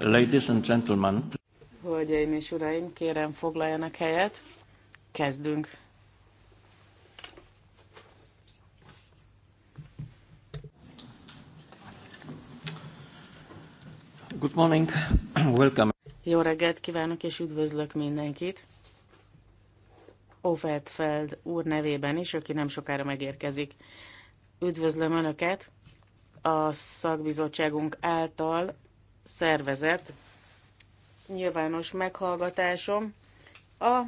Ladies and gentlemen. Hölgyeim és uraim, kérem foglaljanak helyet. Kezdünk. Good morning. Welcome. Jó reggelt kívánok és üdvözlök mindenkit. Overtfeld úr nevében is, aki nem sokára megérkezik. Üdvözlöm Önöket! A szakbizottságunk által szervezett nyilvános meghallgatásom a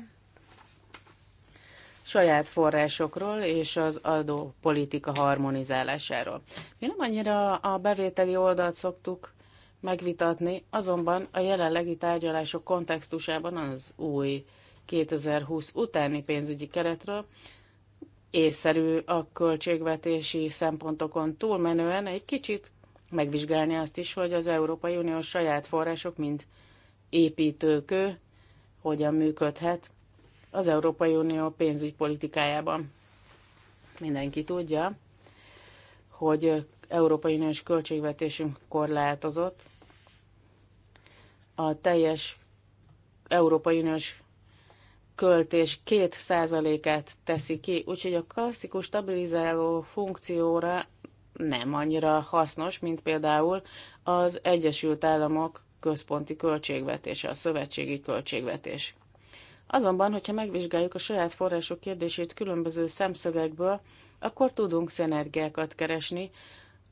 saját forrásokról és az adópolitika harmonizálásáról. Mi nem annyira a bevételi oldalt szoktuk megvitatni, azonban a jelenlegi tárgyalások kontextusában az új 2020 utáni pénzügyi keretről észszerű a költségvetési szempontokon túlmenően egy kicsit megvizsgálni azt is, hogy az Európai Unió saját források, mint építőkő, hogyan működhet az Európai Unió pénzügypolitikájában. Mindenki tudja, hogy Európai Uniós költségvetésünk korlátozott. A teljes Európai Uniós költés két át teszi ki, úgyhogy a klasszikus stabilizáló funkcióra nem annyira hasznos, mint például az Egyesült Államok központi költségvetése, a szövetségi költségvetés. Azonban, hogyha megvizsgáljuk a saját források kérdését különböző szemszögekből, akkor tudunk szenergiákat keresni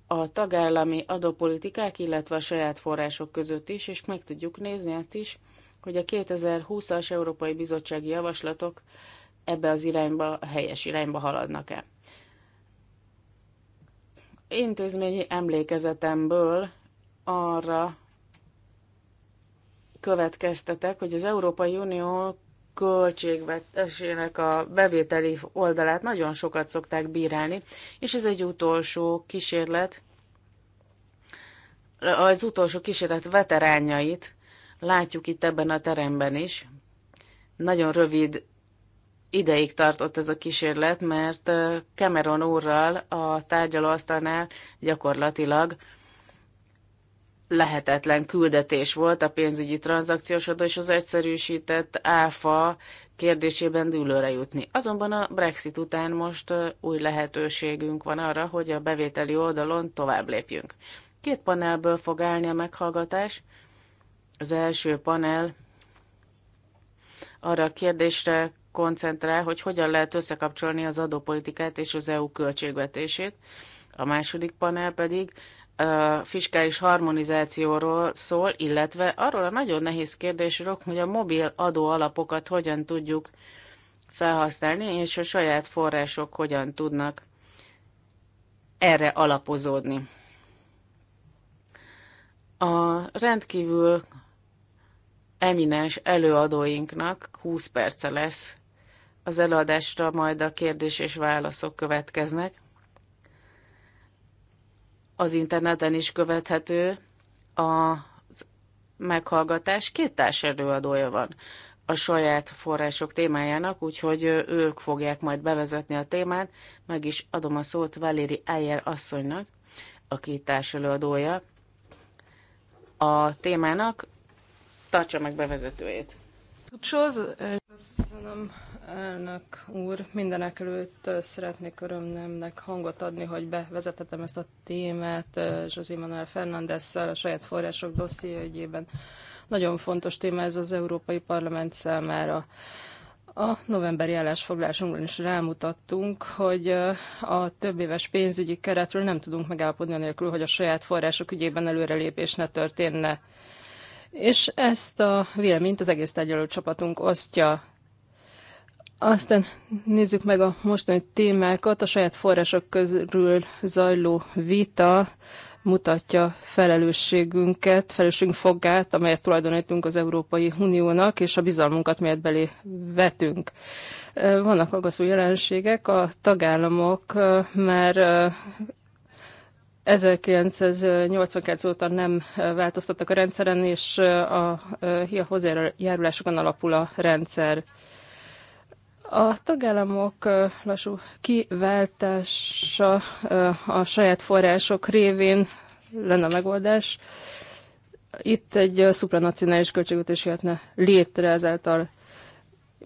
a tagállami adópolitikák, illetve a saját források között is, és meg tudjuk nézni azt is, hogy a 2020-as Európai Bizottsági Javaslatok ebbe az irányba, a helyes irányba haladnak-e intézményi emlékezetemből arra következtetek, hogy az Európai Unió költségvetésének a bevételi oldalát nagyon sokat szokták bírálni, és ez egy utolsó kísérlet, az utolsó kísérlet veterányait látjuk itt ebben a teremben is. Nagyon rövid ideig tartott ez a kísérlet, mert Cameron úrral a tárgyalóasztalnál gyakorlatilag lehetetlen küldetés volt a pénzügyi tranzakciósodó és az egyszerűsített áfa kérdésében dűlőre jutni. Azonban a Brexit után most új lehetőségünk van arra, hogy a bevételi oldalon tovább lépjünk. Két panelből fog állni a meghallgatás. Az első panel arra a kérdésre koncentrál, hogy hogyan lehet összekapcsolni az adópolitikát és az EU költségvetését. A második panel pedig a fiskális harmonizációról szól, illetve arról a nagyon nehéz kérdésről, hogy a mobil adóalapokat hogyan tudjuk felhasználni, és a saját források hogyan tudnak erre alapozódni. A rendkívül eminens előadóinknak 20 perce lesz. Az előadásra majd a kérdés és válaszok következnek. Az interneten is követhető a meghallgatás. Két társ előadója van a saját források témájának, úgyhogy ők fogják majd bevezetni a témát. Meg is adom a szót Valéri Eyer asszonynak, aki előadója a témának tartsa meg bevezetőjét. Köszönöm, elnök úr. Mindenek előtt szeretnék örömnemnek hangot adni, hogy bevezetettem ezt a témát José Manuel fernández a saját források dossziőjében. Nagyon fontos téma ez az Európai Parlament számára. A novemberi állásfoglalásunkban is rámutattunk, hogy a több éves pénzügyi keretről nem tudunk megállapodni anélkül, hogy a saját források ügyében előrelépés ne történne és ezt a véleményt az egész tárgyaló csapatunk osztja. Aztán nézzük meg a mostani témákat. A saját források közül zajló vita mutatja felelősségünket, felelősségünk fogát, amelyet tulajdonítunk az Európai Uniónak, és a bizalmunkat, melyet belé vetünk. Vannak aggasztó jelenségek, a tagállamok már 1989 óta nem változtattak a rendszeren, és a, a hozzájárulásokon alapul a rendszer. A tagállamok lassú kiváltása a saját források révén lenne a megoldás. Itt egy szupranacionális költségvetés jöhetne létre ezáltal.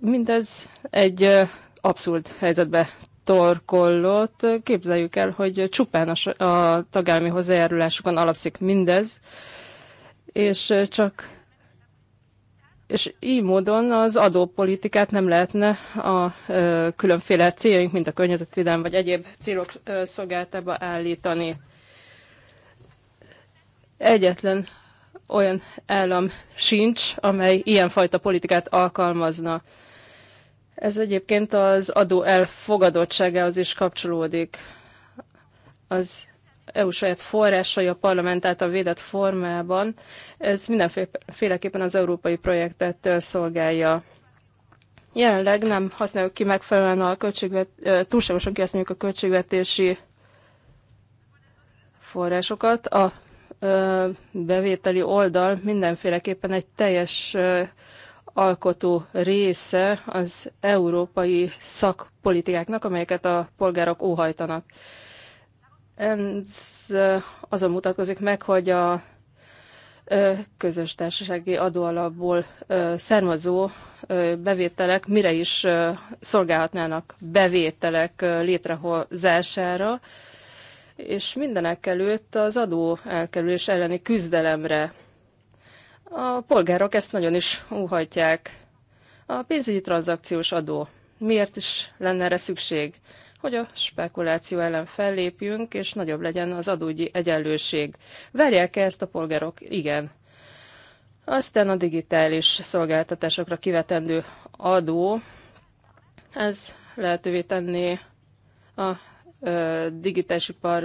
Mindez egy abszurd helyzetbe torkollót. Képzeljük el, hogy csupán a, a tagállami hozzájárulásokon alapszik mindez, és csak és így módon az adópolitikát nem lehetne a ö, különféle céljaink, mint a környezetvédelem vagy egyéb célok ö, szolgáltába állítani. Egyetlen olyan állam sincs, amely ilyenfajta politikát alkalmazna. Ez egyébként az adó elfogadottságához is kapcsolódik. Az EU saját forrásai a parlament által védett formában. Ez mindenféleképpen az európai projektet szolgálja. Jelenleg nem használjuk ki megfelelően a költségvet, túlságosan kihasználjuk a költségvetési forrásokat. A bevételi oldal mindenféleképpen egy teljes alkotó része az európai szakpolitikáknak, amelyeket a polgárok óhajtanak. Ez azon mutatkozik meg, hogy a közös társasági adóalapból származó bevételek mire is szolgálhatnának bevételek létrehozására, és mindenek előtt az adó elkerülés elleni küzdelemre a polgárok ezt nagyon is óhajtják. A pénzügyi tranzakciós adó. Miért is lenne erre szükség? Hogy a spekuláció ellen fellépjünk, és nagyobb legyen az adógyi egyenlőség. Várják-e ezt a polgárok? Igen. Aztán a digitális szolgáltatásokra kivetendő adó, ez lehetővé tenné a digitális ipar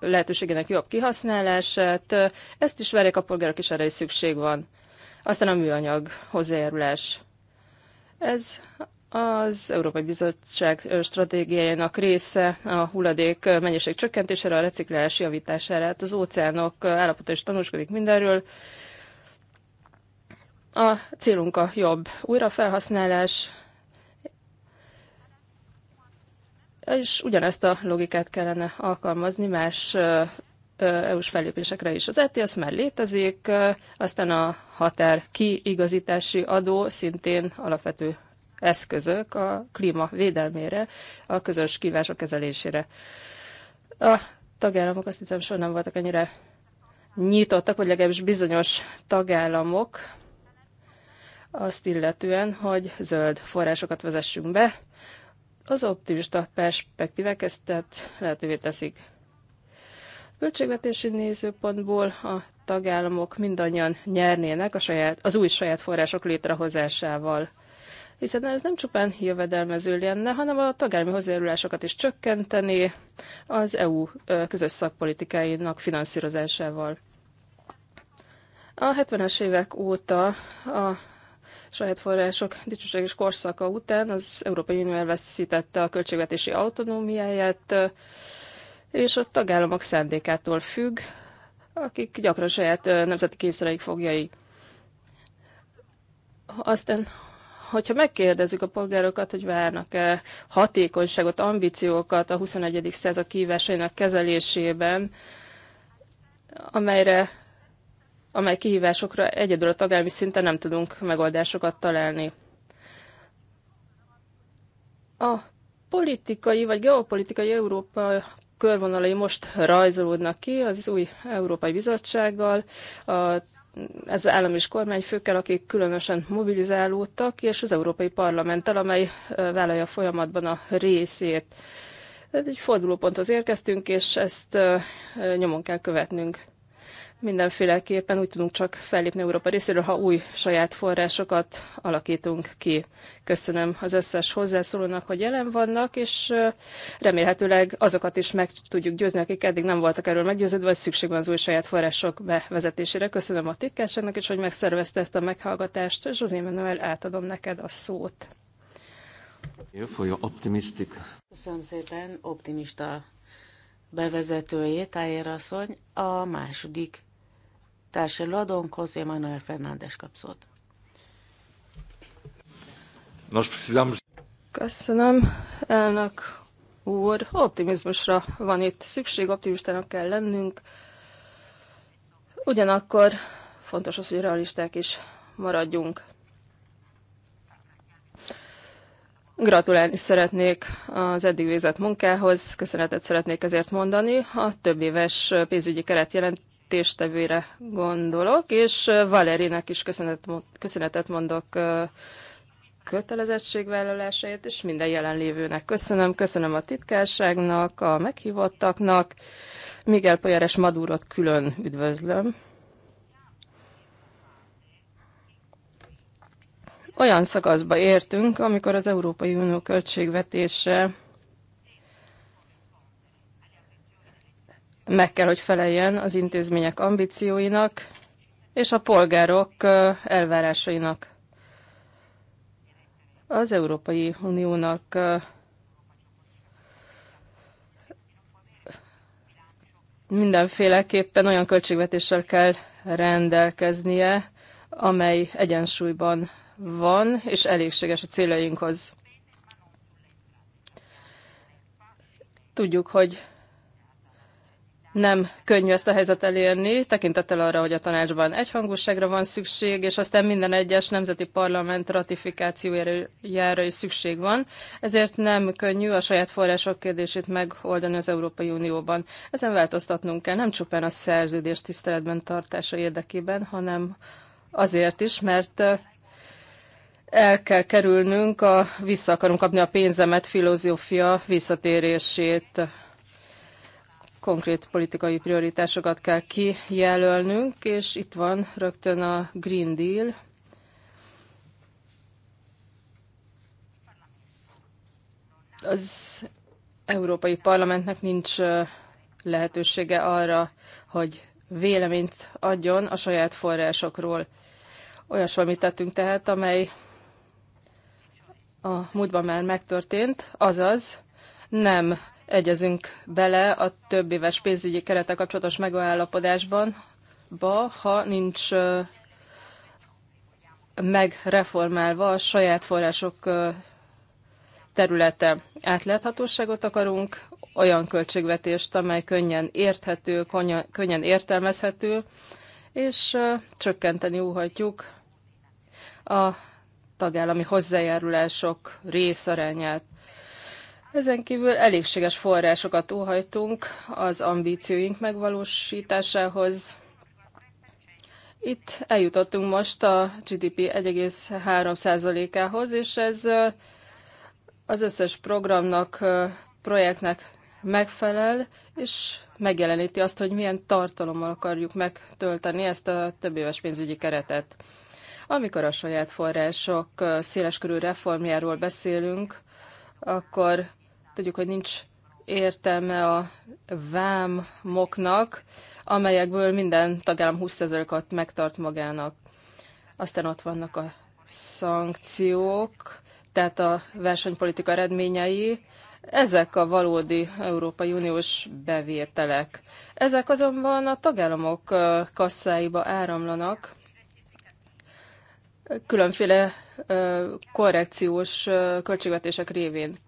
lehetőségének jobb kihasználását. Ezt is várják a polgárok, és erre is szükség van. Aztán a műanyag hozzájárulás. Ez az Európai Bizottság stratégiájának része a hulladék mennyiség csökkentésére, a reciklálás javítására. Hát az óceánok állapota is tanúskodik mindenről. A célunk a jobb újrafelhasználás, és ugyanezt a logikát kellene alkalmazni más EU-s fellépésekre is. Az ETS már létezik, aztán a határ kiigazítási adó szintén alapvető eszközök a klíma védelmére, a közös kívások kezelésére. A tagállamok azt hiszem soha nem voltak ennyire nyitottak, vagy legalábbis bizonyos tagállamok azt illetően, hogy zöld forrásokat vezessünk be, az optimista perspektívek ezt tehát lehetővé teszik. Költségvetési nézőpontból a tagállamok mindannyian nyernének a saját, az új saját források létrehozásával hiszen ez nem csupán jövedelmező lenne, hanem a tagállami hozzájárulásokat is csökkenteni az EU közös szakpolitikáinak finanszírozásával. A 70-es évek óta a saját források dicsőséges korszaka után az Európai Unió elveszítette a költségvetési autonómiáját, és a tagállamok szándékától függ, akik gyakran saját nemzeti kényszereik fogjai. Aztán hogyha megkérdezzük a polgárokat, hogy várnak-e hatékonyságot, ambíciókat a 21. század kívásainak kezelésében, amelyre amely kihívásokra egyedül a tagállami szinten nem tudunk megoldásokat találni. A politikai vagy geopolitikai Európa körvonalai most rajzolódnak ki az új Európai Bizottsággal, a ez állam és kormányfőkkel, akik különösen mobilizálódtak, és az Európai Parlamenttel, amely vállalja folyamatban a részét. Egy fordulóponthoz érkeztünk, és ezt nyomon kell követnünk. Mindenféleképpen úgy tudunk csak fellépni Európa részéről, ha új saját forrásokat alakítunk ki. Köszönöm az összes hozzászólónak, hogy jelen vannak, és remélhetőleg azokat is meg tudjuk győzni, akik eddig nem voltak erről meggyőződve, hogy szükség van az új saját források bevezetésére. Köszönöm a titkásoknak is, hogy megszervezte ezt a meghallgatást, és az én Manuel átadom neked a szót. Köszönöm szépen, optimista bevezetőjét, Tájér asszony, a második Ladon, José Manuel Fernández kapszott. Nos, precisamos... Köszönöm, elnök úr. Optimizmusra van itt szükség, optimistának kell lennünk. Ugyanakkor fontos az, hogy realisták is maradjunk. Gratulálni szeretnék az eddig végzett munkához, köszönetet szeretnék ezért mondani. A több éves pénzügyi keret jelent jelentéstevőre gondolok, és Valerinek is köszönet, köszönetet mondok kötelezettségvállalásáért, és minden jelenlévőnek köszönöm. Köszönöm a titkárságnak, a meghívottaknak. Miguel Poyares Madurot külön üdvözlöm. Olyan szakaszba értünk, amikor az Európai Unió költségvetése meg kell, hogy feleljen az intézmények ambícióinak és a polgárok elvárásainak. Az Európai Uniónak mindenféleképpen olyan költségvetéssel kell rendelkeznie, amely egyensúlyban van, és elégséges a céljainkhoz. Tudjuk, hogy nem könnyű ezt a helyzet elérni, tekintettel arra, hogy a tanácsban egyhangúságra van szükség, és aztán minden egyes nemzeti parlament ratifikációjára is szükség van, ezért nem könnyű a saját források kérdését megoldani az Európai Unióban. Ezen változtatnunk kell, nem csupán a szerződés tiszteletben tartása érdekében, hanem azért is, mert el kell kerülnünk, a, vissza akarunk kapni a pénzemet filozófia visszatérését konkrét politikai prioritásokat kell kijelölnünk, és itt van rögtön a Green Deal. Az Európai Parlamentnek nincs lehetősége arra, hogy véleményt adjon a saját forrásokról. Olyasmit tettünk tehát, amely a múltban már megtörtént, azaz nem egyezünk bele a több éves pénzügyi kerete kapcsolatos megállapodásban, ha nincs megreformálva a saját források területe. Átláthatóságot akarunk, olyan költségvetést, amely könnyen érthető, könnyen értelmezhető, és csökkenteni úhatjuk a tagállami hozzájárulások részarányát. Ezen kívül elégséges forrásokat óhajtunk az ambícióink megvalósításához. Itt eljutottunk most a GDP 1,3%-ához, és ez az összes programnak, projektnek megfelel, és megjeleníti azt, hogy milyen tartalommal akarjuk megtölteni ezt a több éves pénzügyi keretet. Amikor a saját források széleskörű reformjáról beszélünk, akkor Tudjuk, hogy nincs értelme a vámoknak, amelyekből minden tagállam 20%-at megtart magának. Aztán ott vannak a szankciók, tehát a versenypolitika eredményei, ezek a valódi Európai Uniós bevételek. Ezek azonban a tagállamok kasszáiba áramlanak, különféle korrekciós költségvetések révén.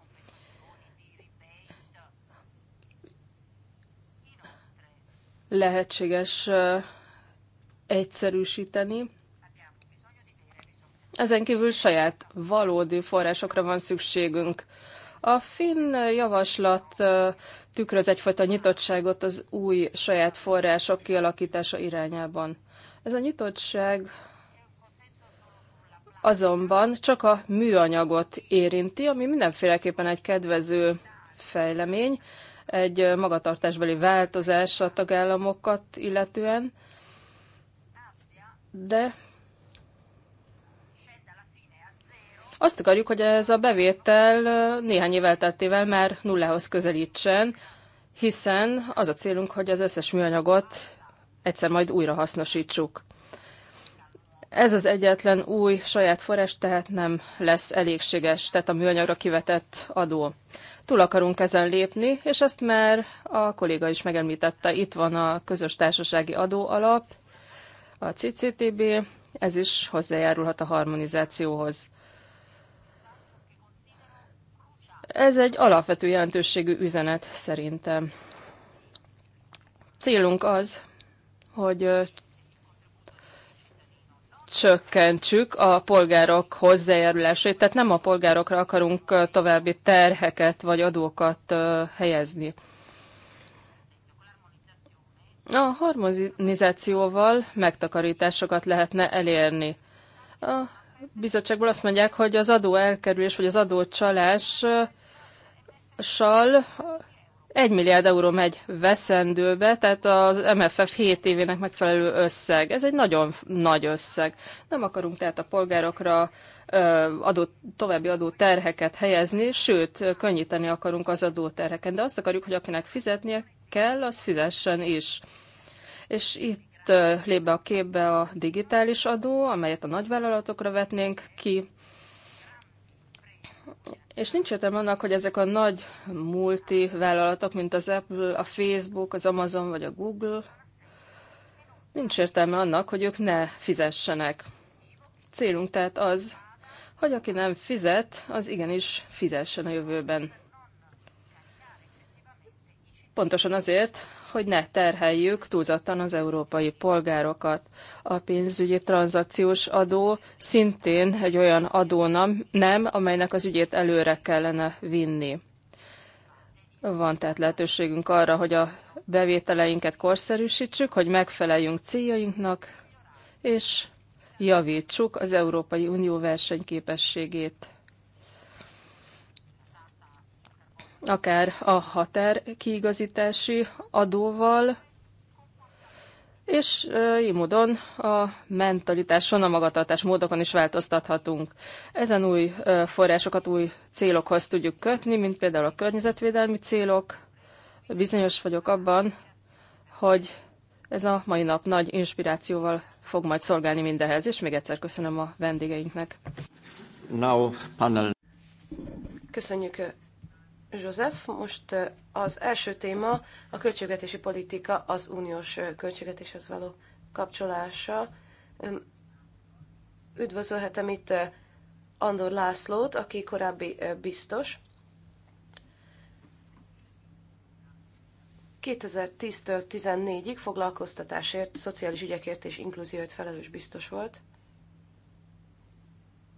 lehetséges egyszerűsíteni. Ezen kívül saját valódi forrásokra van szükségünk. A finn javaslat tükröz egyfajta nyitottságot az új saját források kialakítása irányában. Ez a nyitottság azonban csak a műanyagot érinti, ami mindenféleképpen egy kedvező fejlemény, egy magatartásbeli változás a tagállamokat illetően, de azt akarjuk, hogy ez a bevétel néhány év elteltével már nullához közelítsen, hiszen az a célunk, hogy az összes műanyagot egyszer majd újra hasznosítsuk. Ez az egyetlen új saját forrás, tehát nem lesz elégséges, tehát a műanyagra kivetett adó. Túl akarunk ezen lépni, és ezt már a kolléga is megemlítette. Itt van a közös társasági adó alap, a CCTB, ez is hozzájárulhat a harmonizációhoz. Ez egy alapvető jelentőségű üzenet szerintem. Célunk az, hogy csökkentsük a polgárok hozzájárulásait, tehát nem a polgárokra akarunk további terheket vagy adókat helyezni. A harmonizációval megtakarításokat lehetne elérni. A bizottságból azt mondják, hogy az adó elkerülés vagy az adócsalással 1 milliárd euró megy veszendőbe, tehát az MFF 7 évének megfelelő összeg. Ez egy nagyon nagy összeg. Nem akarunk tehát a polgárokra adó, további adó terheket helyezni, sőt, könnyíteni akarunk az adóterheken, de azt akarjuk, hogy akinek fizetnie kell, az fizessen is. És itt lép be a képbe a digitális adó, amelyet a nagyvállalatokra vetnénk ki, és nincs értem annak, hogy ezek a nagy multi vállalatok, mint az Apple, a Facebook, az Amazon vagy a Google, nincs értelme annak, hogy ők ne fizessenek. Célunk tehát az, hogy aki nem fizet, az igenis fizessen a jövőben. Pontosan azért, hogy ne terheljük túlzottan az európai polgárokat. A pénzügyi tranzakciós adó szintén egy olyan adó nem, amelynek az ügyét előre kellene vinni. Van tehát lehetőségünk arra, hogy a bevételeinket korszerűsítsük, hogy megfeleljünk céljainknak, és javítsuk az Európai Unió versenyképességét. akár a határ kiigazítási adóval, és így módon a mentalitáson, a magatartás módokon is változtathatunk. Ezen új forrásokat új célokhoz tudjuk kötni, mint például a környezetvédelmi célok. Bizonyos vagyok abban, hogy ez a mai nap nagy inspirációval fog majd szolgálni mindehez, és még egyszer köszönöm a vendégeinknek. Now panel. Köszönjük József, most az első téma a költségvetési politika az uniós költségvetéshez való kapcsolása. Üdvözölhetem itt Andor Lászlót, aki korábbi biztos. 2010-től 14-ig foglalkoztatásért, szociális ügyekért és inkluzióért felelős biztos volt.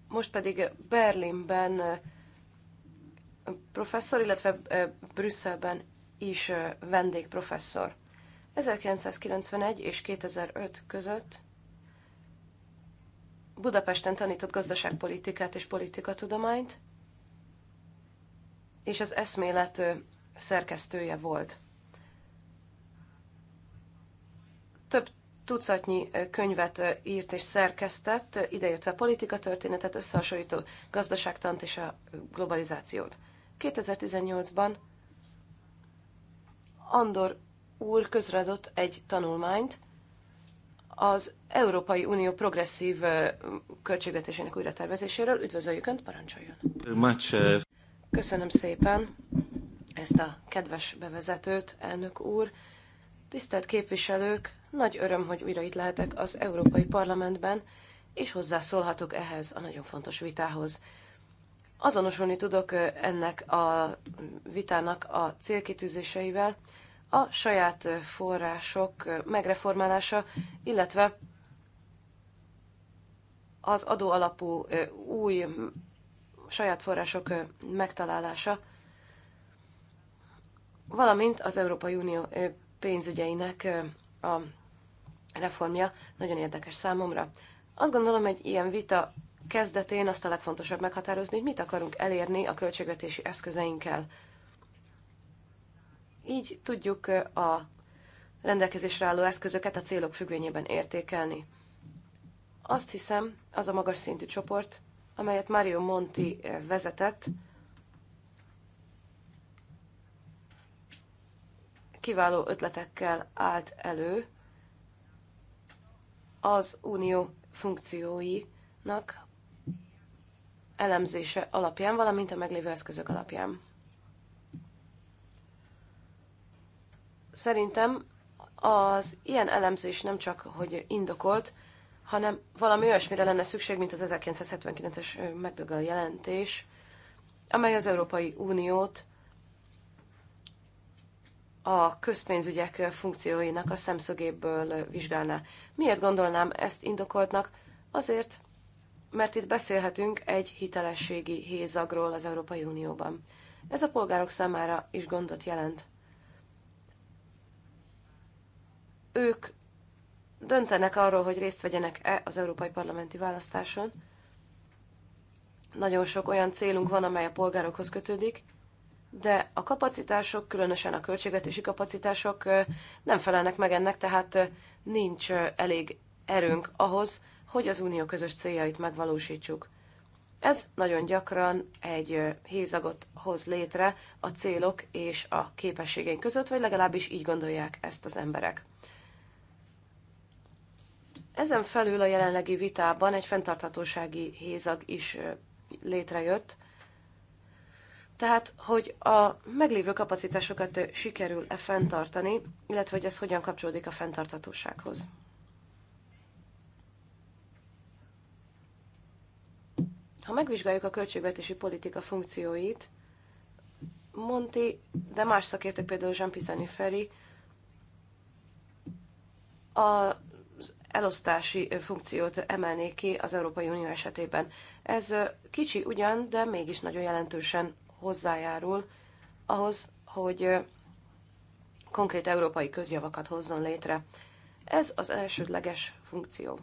Most pedig Berlinben professzor, illetve Brüsszelben is vendégprofesszor. 1991 és 2005 között Budapesten tanított gazdaságpolitikát és politikatudományt, és az eszmélet szerkesztője volt. Több tucatnyi könyvet írt és szerkesztett, idejöttve politikatörténetet, összehasonlító gazdaságtant és a globalizációt. 2018-ban Andor úr közreadott egy tanulmányt az Európai Unió progresszív költségvetésének újratervezéséről. Üdvözöljük Önt, parancsoljon! Uh, Köszönöm szépen ezt a kedves bevezetőt, elnök úr. Tisztelt képviselők, nagy öröm, hogy újra itt lehetek az Európai Parlamentben, és hozzászólhatok ehhez a nagyon fontos vitához. Azonosulni tudok ennek a vitának a célkitűzéseivel, a saját források megreformálása, illetve az adóalapú új saját források megtalálása, valamint az Európai Unió pénzügyeinek a reformja nagyon érdekes számomra. Azt gondolom, egy ilyen vita kezdetén azt a legfontosabb meghatározni, hogy mit akarunk elérni a költségvetési eszközeinkkel. Így tudjuk a rendelkezésre álló eszközöket a célok függvényében értékelni. Azt hiszem, az a magas szintű csoport, amelyet Mario Monti vezetett, kiváló ötletekkel állt elő az unió funkcióinak elemzése alapján, valamint a meglévő eszközök alapján. Szerintem az ilyen elemzés nem csak, hogy indokolt, hanem valami olyasmire lenne szükség, mint az 1979-es McDougall jelentés, amely az Európai Uniót a közpénzügyek funkcióinak a szemszögéből vizsgálná. Miért gondolnám ezt indokoltnak? Azért, mert itt beszélhetünk egy hitelességi hézagról az Európai Unióban. Ez a polgárok számára is gondot jelent. Ők döntenek arról, hogy részt vegyenek-e az európai parlamenti választáson. Nagyon sok olyan célunk van, amely a polgárokhoz kötődik, de a kapacitások, különösen a költségvetési kapacitások nem felelnek meg ennek, tehát nincs elég erőnk ahhoz, hogy az unió közös céljait megvalósítsuk. Ez nagyon gyakran egy hézagot hoz létre a célok és a képességeink között, vagy legalábbis így gondolják ezt az emberek. Ezen felül a jelenlegi vitában egy fenntarthatósági hézag is létrejött, tehát, hogy a meglévő kapacitásokat sikerül-e fenntartani, illetve hogy ez hogyan kapcsolódik a fenntarthatósághoz. Ha megvizsgáljuk a költségvetési politika funkcióit, Monti, de más szakértők, például Jean Pizani Feri, az elosztási funkciót emelnék ki az Európai Unió esetében. Ez kicsi ugyan, de mégis nagyon jelentősen hozzájárul ahhoz, hogy konkrét európai közjavakat hozzon létre. Ez az elsődleges funkció.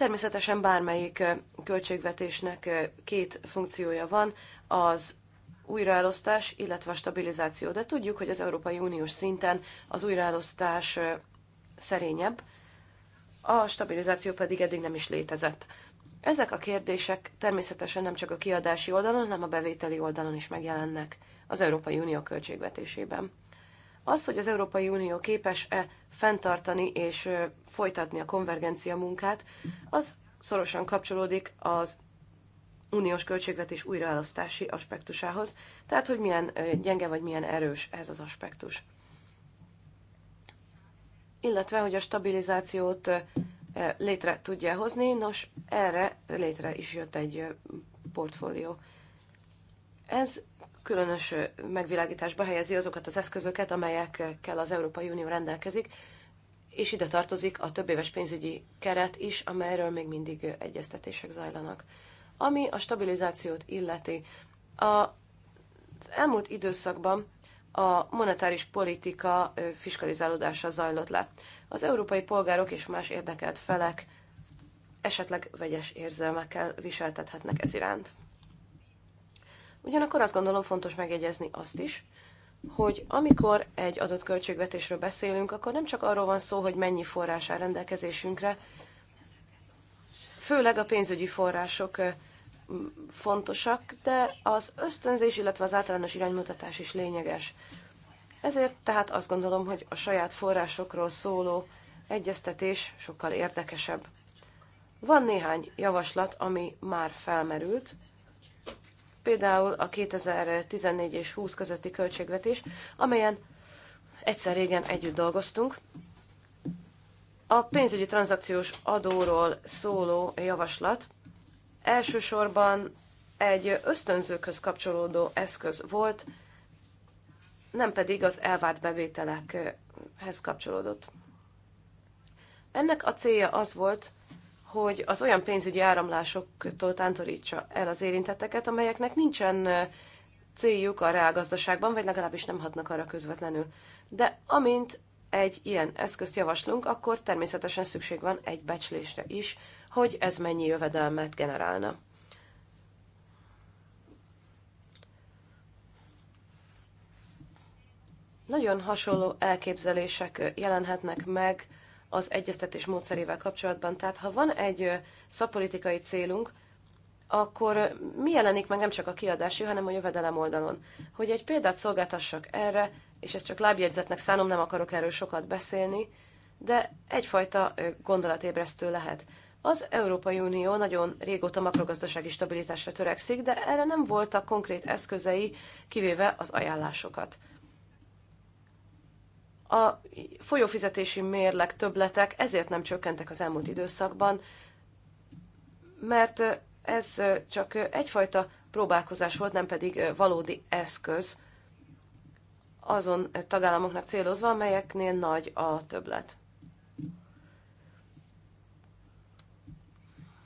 Természetesen bármelyik költségvetésnek két funkciója van, az újraelosztás, illetve a stabilizáció. De tudjuk, hogy az Európai Uniós szinten az újraelosztás szerényebb, a stabilizáció pedig eddig nem is létezett. Ezek a kérdések természetesen nem csak a kiadási oldalon, hanem a bevételi oldalon is megjelennek az Európai Unió költségvetésében. Az, hogy az Európai Unió képes-e fenntartani és folytatni a konvergencia munkát, az szorosan kapcsolódik az uniós költségvetés újraelosztási aspektusához, tehát hogy milyen gyenge vagy milyen erős ez az aspektus. Illetve, hogy a stabilizációt létre tudja hozni, nos, erre létre is jött egy portfólió. Ez különös megvilágításba helyezi azokat az eszközöket, amelyekkel az Európai Unió rendelkezik, és ide tartozik a többéves pénzügyi keret is, amelyről még mindig egyeztetések zajlanak. Ami a stabilizációt illeti, a, az elmúlt időszakban a monetáris politika fiskalizálódása zajlott le. Az európai polgárok és más érdekelt felek esetleg vegyes érzelmekkel viseltethetnek ez iránt. Ugyanakkor azt gondolom fontos megjegyezni azt is, hogy amikor egy adott költségvetésről beszélünk, akkor nem csak arról van szó, hogy mennyi forrás áll rendelkezésünkre, főleg a pénzügyi források fontosak, de az ösztönzés, illetve az általános iránymutatás is lényeges. Ezért tehát azt gondolom, hogy a saját forrásokról szóló egyeztetés sokkal érdekesebb. Van néhány javaslat, ami már felmerült, például a 2014 és 20 közötti költségvetés, amelyen egyszer régen együtt dolgoztunk. A pénzügyi tranzakciós adóról szóló javaslat elsősorban egy ösztönzőkhöz kapcsolódó eszköz volt, nem pedig az elvált bevételekhez kapcsolódott. Ennek a célja az volt, hogy az olyan pénzügyi áramlásoktól tántorítsa el az érintetteket, amelyeknek nincsen céljuk a reálgazdaságban, vagy legalábbis nem hatnak arra közvetlenül. De amint egy ilyen eszközt javaslunk, akkor természetesen szükség van egy becslésre is, hogy ez mennyi jövedelmet generálna. Nagyon hasonló elképzelések jelenhetnek meg az egyeztetés módszerével kapcsolatban. Tehát ha van egy szakpolitikai célunk, akkor mi jelenik meg nem csak a kiadási, hanem a jövedelem oldalon. Hogy egy példát szolgáltassak erre, és ezt csak lábjegyzetnek szánom, nem akarok erről sokat beszélni, de egyfajta gondolatébresztő lehet. Az Európai Unió nagyon régóta makrogazdasági stabilitásra törekszik, de erre nem voltak konkrét eszközei, kivéve az ajánlásokat. A folyófizetési mérleg többletek ezért nem csökkentek az elmúlt időszakban, mert ez csak egyfajta próbálkozás volt, nem pedig valódi eszköz azon tagállamoknak célozva, amelyeknél nagy a többlet.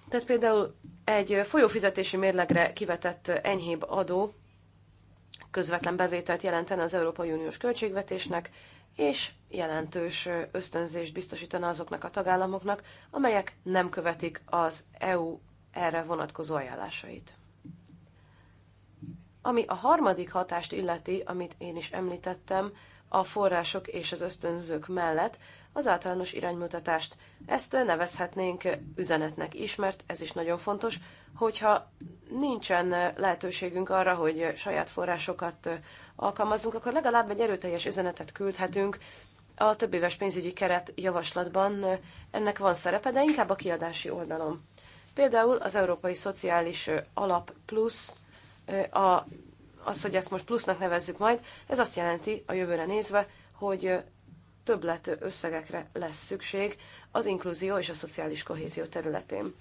Tehát például egy folyófizetési mérlegre kivetett enyhébb adó közvetlen bevételt jelentene az Európai Uniós költségvetésnek, és jelentős ösztönzést biztosítana azoknak a tagállamoknak, amelyek nem követik az EU erre vonatkozó ajánlásait. Ami a harmadik hatást illeti, amit én is említettem, a források és az ösztönzők mellett az általános iránymutatást. Ezt nevezhetnénk üzenetnek is, mert ez is nagyon fontos, hogyha nincsen lehetőségünk arra, hogy saját forrásokat alkalmazunk, akkor legalább egy erőteljes üzenetet küldhetünk. A éves pénzügyi keret javaslatban ennek van szerepe, de inkább a kiadási oldalon. Például az Európai Szociális Alap Plusz, a, az, hogy ezt most plusznak nevezzük majd, ez azt jelenti a jövőre nézve, hogy többlet összegekre lesz szükség az inkluzió és a szociális kohézió területén.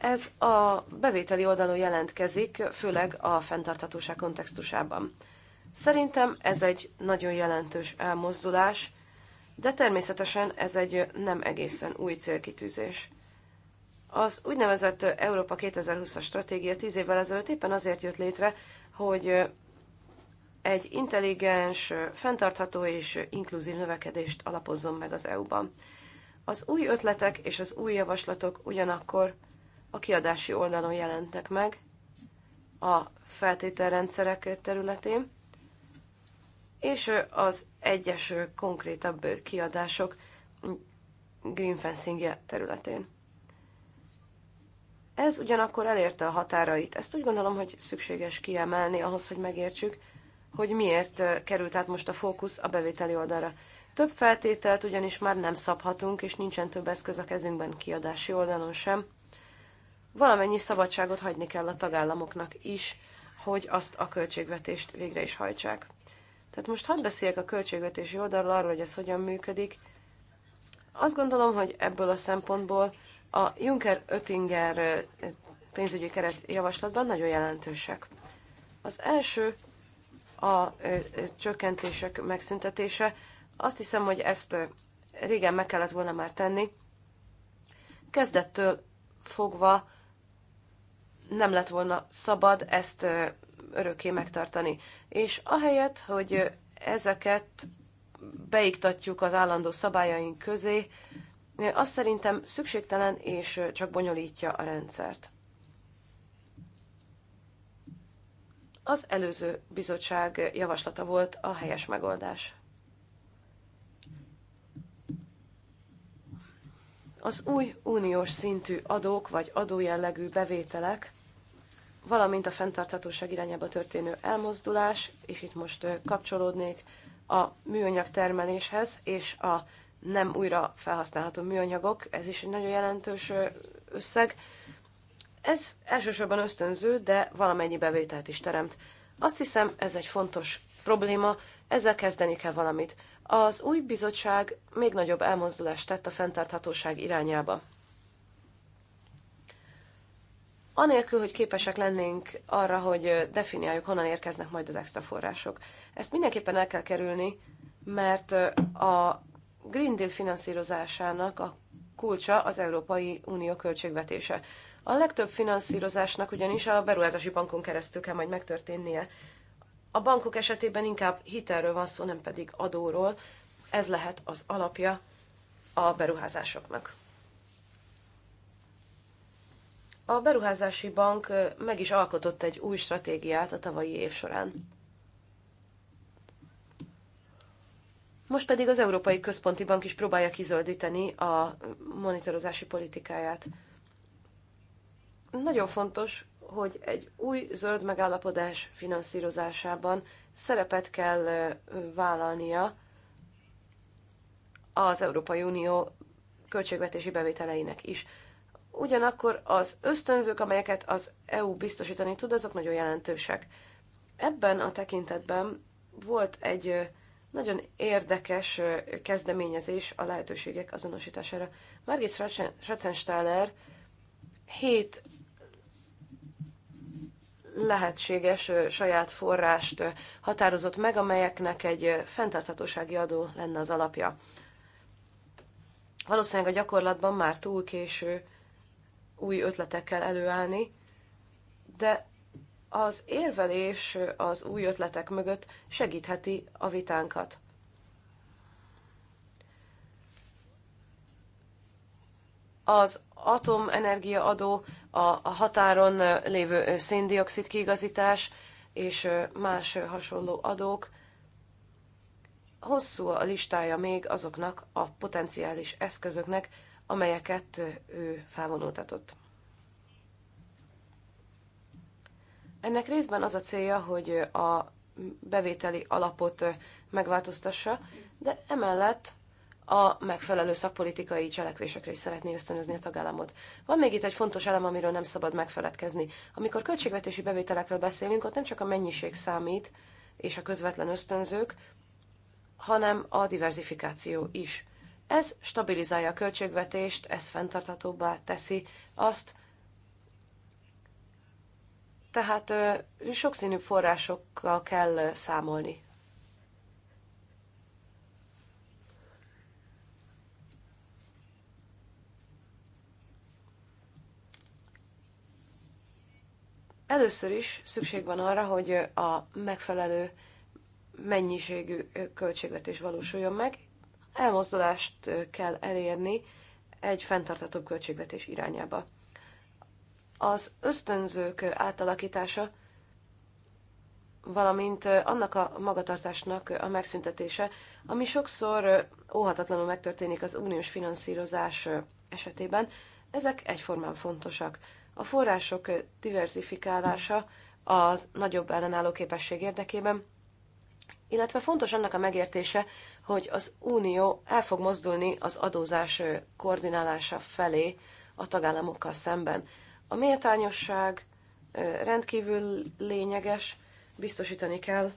Ez a bevételi oldalon jelentkezik, főleg a fenntarthatóság kontextusában. Szerintem ez egy nagyon jelentős elmozdulás, de természetesen ez egy nem egészen új célkitűzés. Az úgynevezett Európa 2020-as stratégia tíz évvel ezelőtt éppen azért jött létre, hogy egy intelligens, fenntartható és inkluzív növekedést alapozzon meg az EU-ban. Az új ötletek és az új javaslatok ugyanakkor a kiadási oldalon jelentek meg a feltételrendszerek területén, és az egyes konkrétabb kiadások greenfencingje területén. Ez ugyanakkor elérte a határait. Ezt úgy gondolom, hogy szükséges kiemelni ahhoz, hogy megértsük, hogy miért került át most a fókusz a bevételi oldalra. Több feltételt ugyanis már nem szabhatunk, és nincsen több eszköz a kezünkben kiadási oldalon sem valamennyi szabadságot hagyni kell a tagállamoknak is, hogy azt a költségvetést végre is hajtsák. Tehát most hadd beszéljek a költségvetési oldalról arról, hogy ez hogyan működik. Azt gondolom, hogy ebből a szempontból a Juncker-Öttinger pénzügyi keret javaslatban nagyon jelentősek. Az első a csökkentések megszüntetése. Azt hiszem, hogy ezt régen meg kellett volna már tenni. Kezdettől fogva nem lett volna szabad ezt örökké megtartani. És ahelyett, hogy ezeket beiktatjuk az állandó szabályaink közé, az szerintem szükségtelen és csak bonyolítja a rendszert. Az előző bizottság javaslata volt a helyes megoldás. Az új uniós szintű adók vagy adójellegű bevételek valamint a fenntarthatóság irányába történő elmozdulás, és itt most kapcsolódnék a műanyag termeléshez, és a nem újra felhasználható műanyagok, ez is egy nagyon jelentős összeg. Ez elsősorban ösztönző, de valamennyi bevételt is teremt. Azt hiszem, ez egy fontos probléma, ezzel kezdeni kell valamit. Az új bizottság még nagyobb elmozdulást tett a fenntarthatóság irányába anélkül, hogy képesek lennénk arra, hogy definiáljuk, honnan érkeznek majd az extra források. Ezt mindenképpen el kell kerülni, mert a Green Deal finanszírozásának a kulcsa az Európai Unió költségvetése. A legtöbb finanszírozásnak ugyanis a beruházási bankon keresztül kell majd megtörténnie. A bankok esetében inkább hitelről van szó, nem pedig adóról. Ez lehet az alapja a beruházásoknak. A beruházási bank meg is alkotott egy új stratégiát a tavalyi év során. Most pedig az Európai Központi Bank is próbálja kizöldíteni a monitorozási politikáját. Nagyon fontos, hogy egy új zöld megállapodás finanszírozásában szerepet kell vállalnia az Európai Unió költségvetési bevételeinek is ugyanakkor az ösztönzők, amelyeket az EU biztosítani tud, azok nagyon jelentősek. Ebben a tekintetben volt egy nagyon érdekes kezdeményezés a lehetőségek azonosítására. Margit Ratzensteiner hét lehetséges saját forrást határozott meg, amelyeknek egy fenntarthatósági adó lenne az alapja. Valószínűleg a gyakorlatban már túl késő új ötletekkel előállni, de az érvelés az új ötletek mögött segítheti a vitánkat. Az atomenergia adó, a határon lévő széndiokszid kiigazítás és más hasonló adók. Hosszú a listája még azoknak a potenciális eszközöknek, amelyeket ő felvonultatott. Ennek részben az a célja, hogy a bevételi alapot megváltoztassa, de emellett a megfelelő szakpolitikai cselekvésekre is szeretné ösztönözni a tagállamot. Van még itt egy fontos elem, amiről nem szabad megfeledkezni. Amikor költségvetési bevételekről beszélünk, ott nem csak a mennyiség számít, és a közvetlen ösztönzők, hanem a diversifikáció is. Ez stabilizálja a költségvetést, ez fenntarthatóbbá teszi azt, tehát sokszínű forrásokkal kell számolni. Először is szükség van arra, hogy a megfelelő mennyiségű költségvetés valósuljon meg, elmozdulást kell elérni egy fenntartatóbb költségvetés irányába. Az ösztönzők átalakítása, valamint annak a magatartásnak a megszüntetése, ami sokszor óhatatlanul megtörténik az uniós finanszírozás esetében, ezek egyformán fontosak. A források diversifikálása az nagyobb ellenálló képesség érdekében, illetve fontos annak a megértése, hogy az Unió el fog mozdulni az adózás koordinálása felé a tagállamokkal szemben. A méltányosság rendkívül lényeges, biztosítani kell,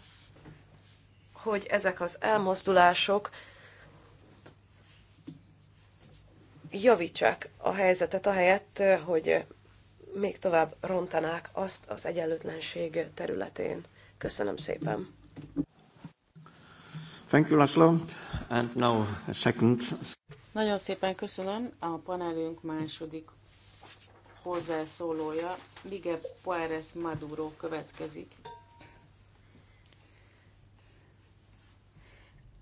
hogy ezek az elmozdulások javítsák a helyzetet, ahelyett, hogy még tovább rontanák azt az egyenlőtlenség területén. Köszönöm szépen! Thank you, And now a second. Nagyon szépen köszönöm. A panelünk második hozzászólója, Miguel Poárez Maduro következik.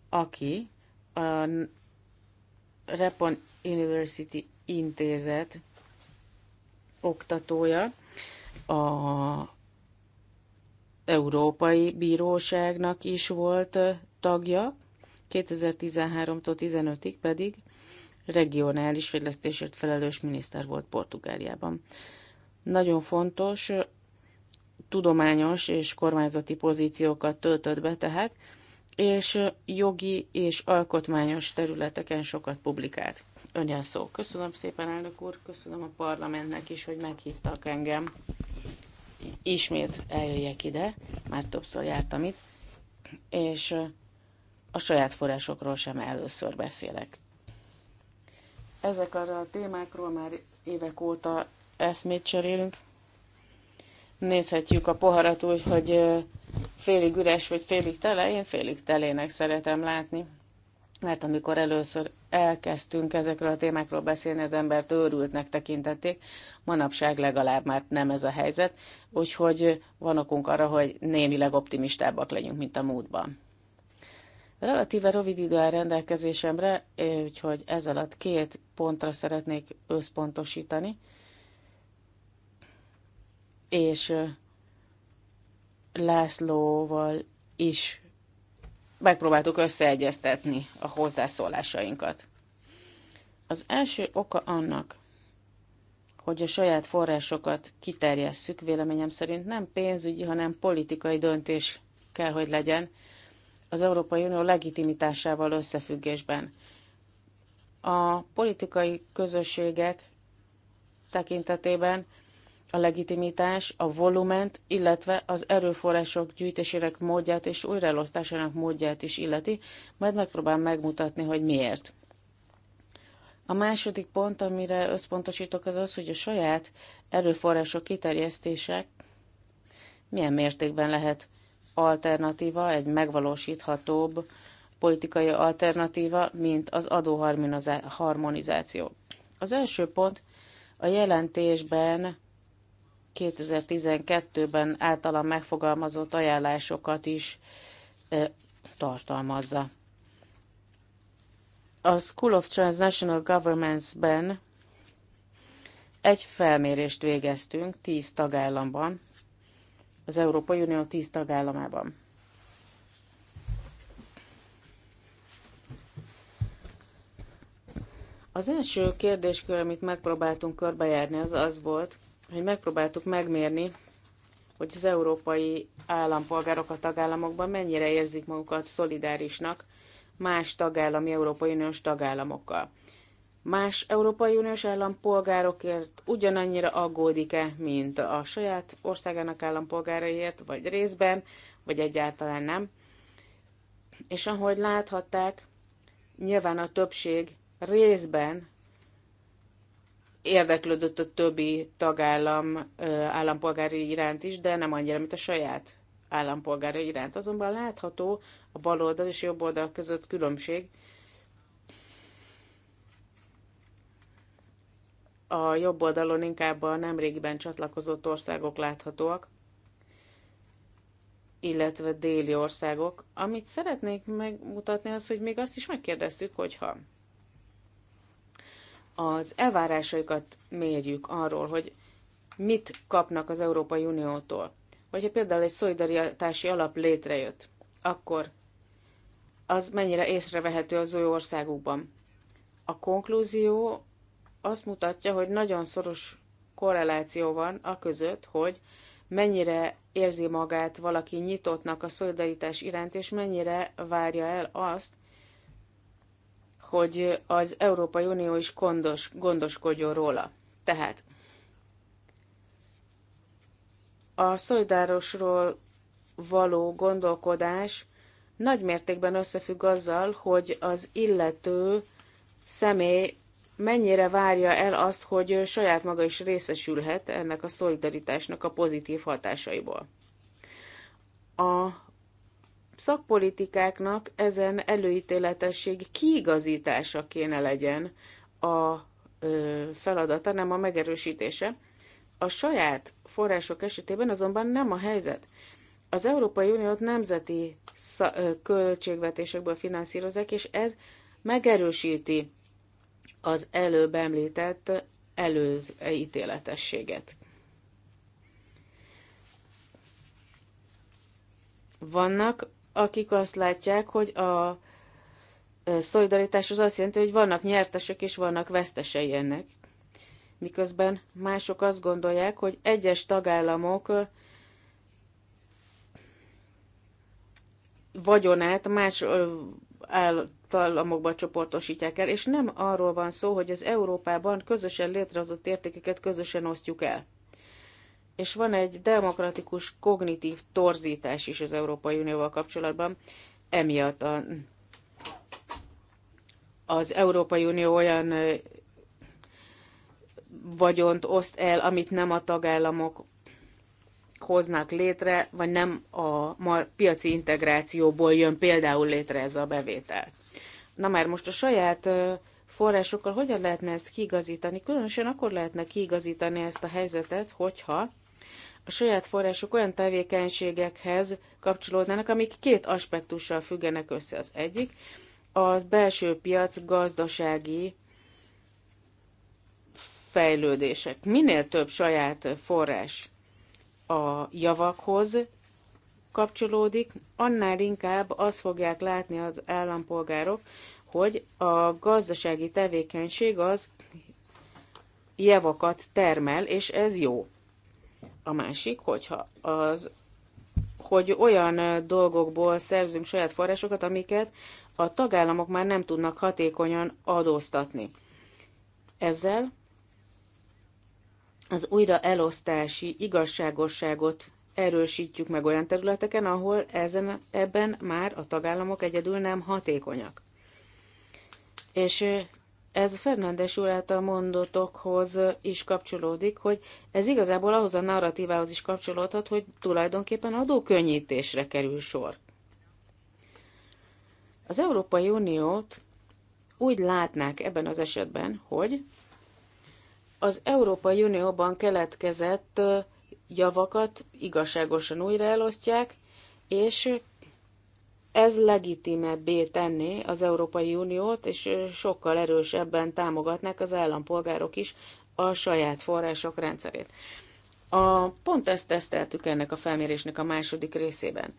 Aki a Repon University intézet oktatója, a Európai Bíróságnak is volt tagja, 2013-tól 15-ig pedig regionális fejlesztésért felelős miniszter volt Portugáliában. Nagyon fontos tudományos és kormányzati pozíciókat töltött be tehát, és jogi és alkotmányos területeken sokat publikált. Önjel szó. Köszönöm szépen, elnök úr, köszönöm a parlamentnek is, hogy meghívtak engem. Ismét eljöjjek ide, már többször jártam itt, és a saját forrásokról sem először beszélek. Ezek arra a témákról már évek óta eszmét cserélünk. Nézhetjük a poharat úgy, hogy félig üres vagy félig tele, én félig telének szeretem látni. Mert amikor először elkezdtünk ezekről a témákról beszélni, az embert őrültnek tekintették. Manapság legalább már nem ez a helyzet, úgyhogy van okunk arra, hogy némileg optimistábbak legyünk, mint a múltban. Relatíve rövid idő áll rendelkezésemre, úgyhogy ez alatt két pontra szeretnék összpontosítani, és Lászlóval is megpróbáltuk összeegyeztetni a hozzászólásainkat. Az első oka annak, hogy a saját forrásokat kiterjesszük, véleményem szerint nem pénzügyi, hanem politikai döntés kell, hogy legyen, az Európai Unió legitimitásával összefüggésben. A politikai közösségek tekintetében a legitimitás, a volument, illetve az erőforrások gyűjtésének módját és újraelosztásának módját is illeti, majd megpróbál megmutatni, hogy miért. A második pont, amire összpontosítok, az az, hogy a saját erőforrások kiterjesztések milyen mértékben lehet alternatíva, egy megvalósíthatóbb politikai alternatíva, mint az adóharmonizáció. Az első pont a jelentésben 2012-ben általam megfogalmazott ajánlásokat is e, tartalmazza. A School of Transnational Governments-ben egy felmérést végeztünk 10 tagállamban, az Európai Unió 10 tagállamában. Az első kérdéskör, amit megpróbáltunk körbejárni, az az volt, hogy megpróbáltuk megmérni, hogy az európai állampolgárok a tagállamokban mennyire érzik magukat szolidárisnak más tagállami Európai Uniós tagállamokkal más Európai Uniós állampolgárokért ugyanannyira aggódik-e, mint a saját országának állampolgáraiért, vagy részben, vagy egyáltalán nem. És ahogy láthatták, nyilván a többség részben érdeklődött a többi tagállam állampolgári iránt is, de nem annyira, mint a saját állampolgára iránt. Azonban látható a baloldal és jobb oldal között különbség, a jobb oldalon inkább a nemrégiben csatlakozott országok láthatóak, illetve déli országok. Amit szeretnék megmutatni az, hogy még azt is megkérdeztük, hogyha az elvárásaikat mérjük arról, hogy mit kapnak az Európai Uniótól. Hogyha például egy szolidaritási alap létrejött, akkor az mennyire észrevehető az új országukban. A konklúzió azt mutatja, hogy nagyon szoros korreláció van a között, hogy mennyire érzi magát valaki nyitottnak a szolidaritás iránt, és mennyire várja el azt, hogy az Európai Unió is gondos, gondoskodjon róla. Tehát a szolidárosról való gondolkodás nagy mértékben összefügg azzal, hogy az illető személy mennyire várja el azt, hogy saját maga is részesülhet ennek a szolidaritásnak a pozitív hatásaiból. A szakpolitikáknak ezen előítéletesség kiigazítása kéne legyen a feladata, nem a megerősítése. A saját források esetében azonban nem a helyzet. Az Európai Uniót nemzeti költségvetésekből finanszírozák, és ez megerősíti az előbb említett előz ítéletességet. Vannak, akik azt látják, hogy a szolidaritás az azt jelenti, hogy vannak nyertesek és vannak vesztesei ennek, miközben mások azt gondolják, hogy egyes tagállamok vagyonát más tagállamokba csoportosítják el, és nem arról van szó, hogy az Európában közösen létrehozott értékeket közösen osztjuk el. És van egy demokratikus kognitív torzítás is az Európai Unióval kapcsolatban, emiatt a, az Európai Unió olyan vagyont oszt el, amit nem a tagállamok hoznak létre, vagy nem a piaci integrációból jön például létre ez a bevétel. Na már most a saját forrásokkal hogyan lehetne ezt kiigazítani? Különösen akkor lehetne kiigazítani ezt a helyzetet, hogyha a saját források olyan tevékenységekhez kapcsolódnának, amik két aspektussal függenek össze. Az egyik a belső piac gazdasági fejlődések. Minél több saját forrás a javakhoz, kapcsolódik, annál inkább azt fogják látni az állampolgárok, hogy a gazdasági tevékenység az javakat termel, és ez jó. A másik, hogyha az, hogy olyan dolgokból szerzünk saját forrásokat, amiket a tagállamok már nem tudnak hatékonyan adóztatni. Ezzel az újraelosztási igazságosságot erősítjük meg olyan területeken, ahol ezen, ebben már a tagállamok egyedül nem hatékonyak. És ez Fernándes úr által mondatokhoz is kapcsolódik, hogy ez igazából ahhoz a narratívához is kapcsolódhat, hogy tulajdonképpen adókönnyítésre kerül sor. Az Európai Uniót úgy látnák ebben az esetben, hogy az Európai Unióban keletkezett javakat igazságosan újraelosztják, és ez legitimebbé tenné az Európai Uniót, és sokkal erősebben támogatnák az állampolgárok is a saját források rendszerét. A, pont ezt teszteltük ennek a felmérésnek a második részében.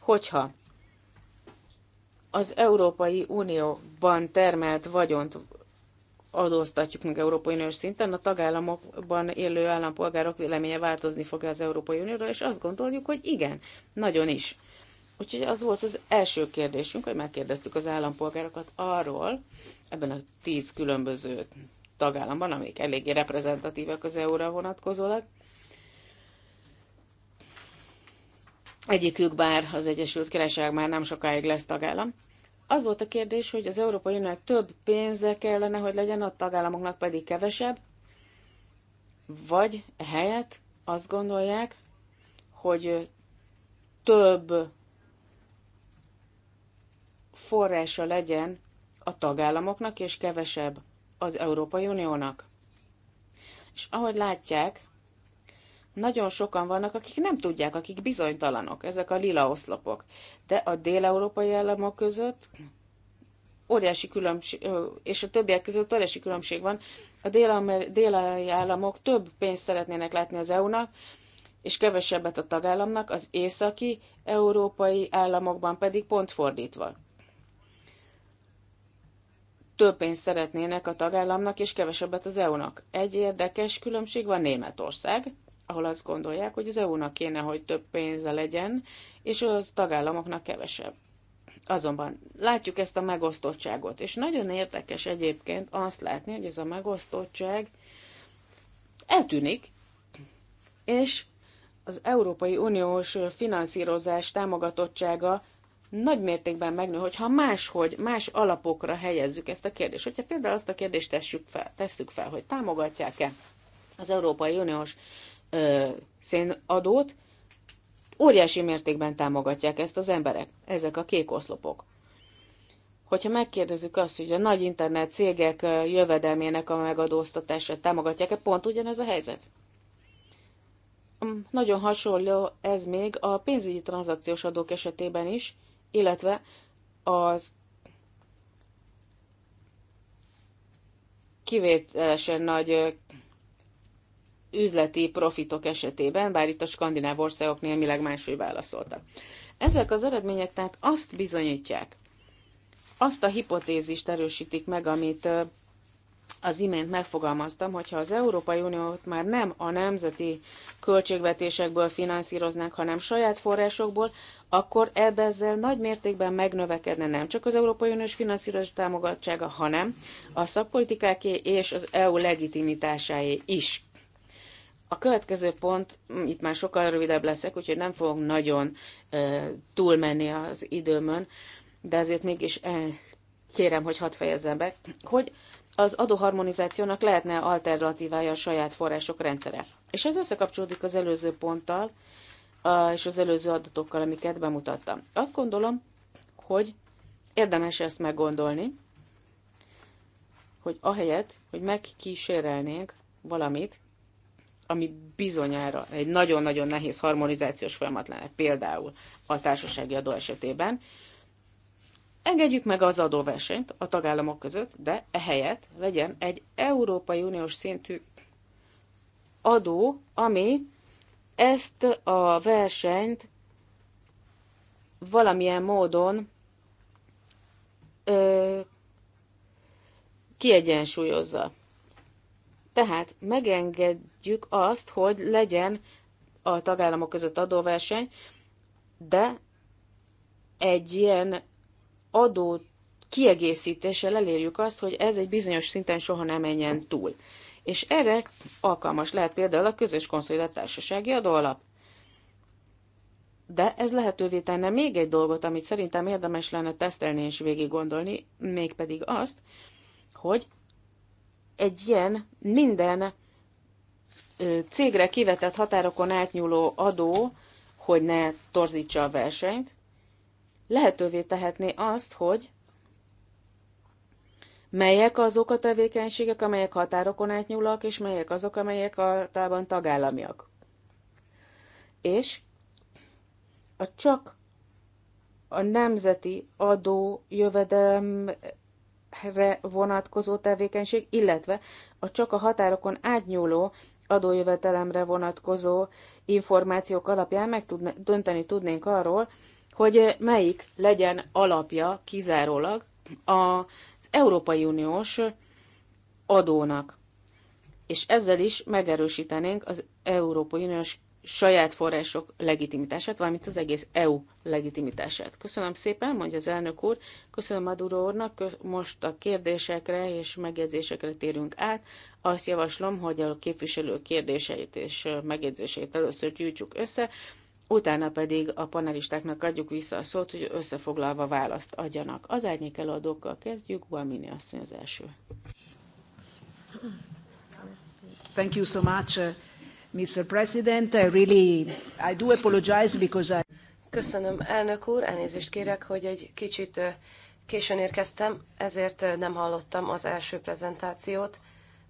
Hogyha az Európai Unióban termelt vagyont adóztatjuk meg Európai Uniós szinten, a tagállamokban élő állampolgárok véleménye változni fog az Európai Unióról, és azt gondoljuk, hogy igen, nagyon is. Úgyhogy az volt az első kérdésünk, hogy megkérdeztük az állampolgárokat arról, ebben a tíz különböző tagállamban, amik eléggé reprezentatívak az EU-ra vonatkozólag. Egyikük bár az Egyesült Királyság már nem sokáig lesz tagállam. Az volt a kérdés, hogy az Európai Uniónak több pénze kellene, hogy legyen, a tagállamoknak pedig kevesebb, vagy helyett azt gondolják, hogy több forrása legyen a tagállamoknak, és kevesebb az Európai Uniónak. És ahogy látják, nagyon sokan vannak, akik nem tudják, akik bizonytalanok, ezek a lila oszlopok. De a dél-európai államok között óriási különbség, és a többiek között óriási különbség van. A déli államok több pénzt szeretnének látni az EU-nak, és kevesebbet a tagállamnak, az északi európai államokban pedig pont fordítva. Több pénzt szeretnének a tagállamnak, és kevesebbet az EU-nak. Egy érdekes különbség van Németország ahol azt gondolják, hogy az EU-nak kéne, hogy több pénze legyen, és az tagállamoknak kevesebb. Azonban látjuk ezt a megosztottságot, és nagyon érdekes egyébként azt látni, hogy ez a megosztottság eltűnik, és az Európai Uniós finanszírozás támogatottsága nagy mértékben megnő, hogyha máshogy, más alapokra helyezzük ezt a kérdést. Hogyha például azt a kérdést tesszük fel, tesszük fel hogy támogatják-e az Európai Uniós ö, szénadót, óriási mértékben támogatják ezt az emberek, ezek a kék oszlopok. Hogyha megkérdezzük azt, hogy a nagy internet cégek jövedelmének a megadóztatását támogatják-e, pont ugyanez a helyzet. Mm, nagyon hasonló ez még a pénzügyi tranzakciós adók esetében is, illetve az kivételesen nagy üzleti profitok esetében, bár itt a skandináv országok némileg máshogy válaszoltak. Ezek az eredmények tehát azt bizonyítják, azt a hipotézist erősítik meg, amit az imént megfogalmaztam, hogyha az Európai Uniót már nem a nemzeti költségvetésekből finanszíroznánk, hanem saját forrásokból, akkor ezzel nagy mértékben megnövekedne nem csak az Európai Uniós finanszírozás támogatása, hanem a szakpolitikáké és az EU legitimitásáé is. A következő pont, mm, itt már sokkal rövidebb leszek, úgyhogy nem fogok nagyon e, túlmenni az időmön, de azért mégis e, kérem, hogy hadd fejezzem be, hogy az adóharmonizációnak lehetne alternatívája a saját források rendszere. És ez összekapcsolódik az előző ponttal és az előző adatokkal, amiket bemutattam. Azt gondolom, hogy érdemes ezt meggondolni, hogy ahelyett, hogy megkísérelnénk valamit, ami bizonyára egy nagyon-nagyon nehéz harmonizációs folyamat lenne, például a társasági adó esetében. Engedjük meg az adóversenyt a tagállamok között, de ehelyett legyen egy Európai Uniós szintű adó, ami ezt a versenyt valamilyen módon ö, kiegyensúlyozza. Tehát megengedjük azt, hogy legyen a tagállamok között adóverseny, de egy ilyen adó kiegészítéssel elérjük azt, hogy ez egy bizonyos szinten soha nem menjen túl. És erre alkalmas lehet például a közös konszolidált társasági adóalap. De ez lehetővé tenne még egy dolgot, amit szerintem érdemes lenne tesztelni és végig gondolni, mégpedig azt, hogy egy ilyen minden cégre kivetett határokon átnyúló adó, hogy ne torzítsa a versenyt, lehetővé tehetné azt, hogy melyek azok a tevékenységek, amelyek határokon átnyúlak, és melyek azok, amelyek általában tagállamiak. És a csak a nemzeti adó jövedelem re vonatkozó tevékenység, illetve a csak a határokon átnyúló adójövetelemre vonatkozó információk alapján meg tudne, dönteni tudnénk arról, hogy melyik legyen alapja kizárólag az Európai Uniós adónak. És ezzel is megerősítenénk az Európai Uniós saját források legitimitását, valamint az egész EU legitimitását. Köszönöm szépen, mondja az elnök úr, köszönöm Maduro úrnak, most a kérdésekre és megjegyzésekre térünk át. Azt javaslom, hogy a képviselő kérdéseit és megjegyzéseit először gyűjtsük össze, utána pedig a panelistáknak adjuk vissza a szót, hogy összefoglalva választ adjanak. Az árnyék előadókkal kezdjük, Balmini asszony az első. Thank you so much. Mr. President, I really, I do apologize because I... Köszönöm, elnök úr, elnézést kérek, hogy egy kicsit későn érkeztem, ezért nem hallottam az első prezentációt,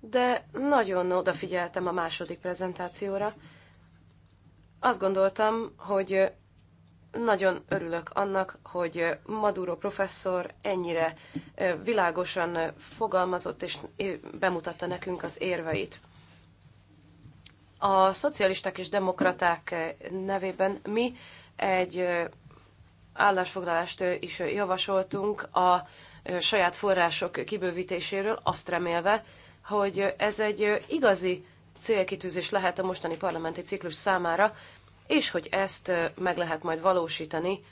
de nagyon odafigyeltem a második prezentációra. Azt gondoltam, hogy nagyon örülök annak, hogy Maduro professzor ennyire világosan fogalmazott és bemutatta nekünk az érveit. A szocialisták és demokraták nevében mi egy állásfoglalást is javasoltunk a saját források kibővítéséről, azt remélve, hogy ez egy igazi célkitűzés lehet a mostani parlamenti ciklus számára, és hogy ezt meg lehet majd valósítani,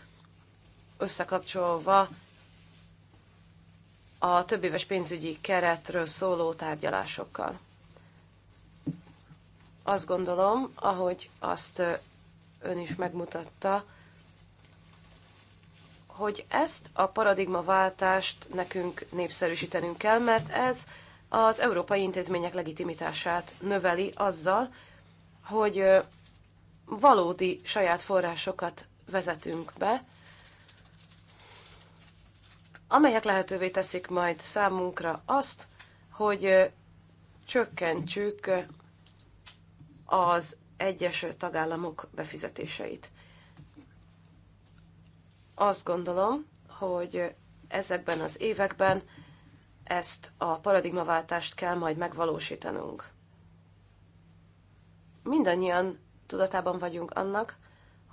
összekapcsolva a többéves pénzügyi keretről szóló tárgyalásokkal azt gondolom, ahogy azt ön is megmutatta, hogy ezt a paradigmaváltást nekünk népszerűsítenünk kell, mert ez az európai intézmények legitimitását növeli azzal, hogy valódi saját forrásokat vezetünk be, amelyek lehetővé teszik majd számunkra azt, hogy csökkentsük az egyes tagállamok befizetéseit. Azt gondolom, hogy ezekben az években ezt a paradigmaváltást kell majd megvalósítanunk. Mindannyian tudatában vagyunk annak,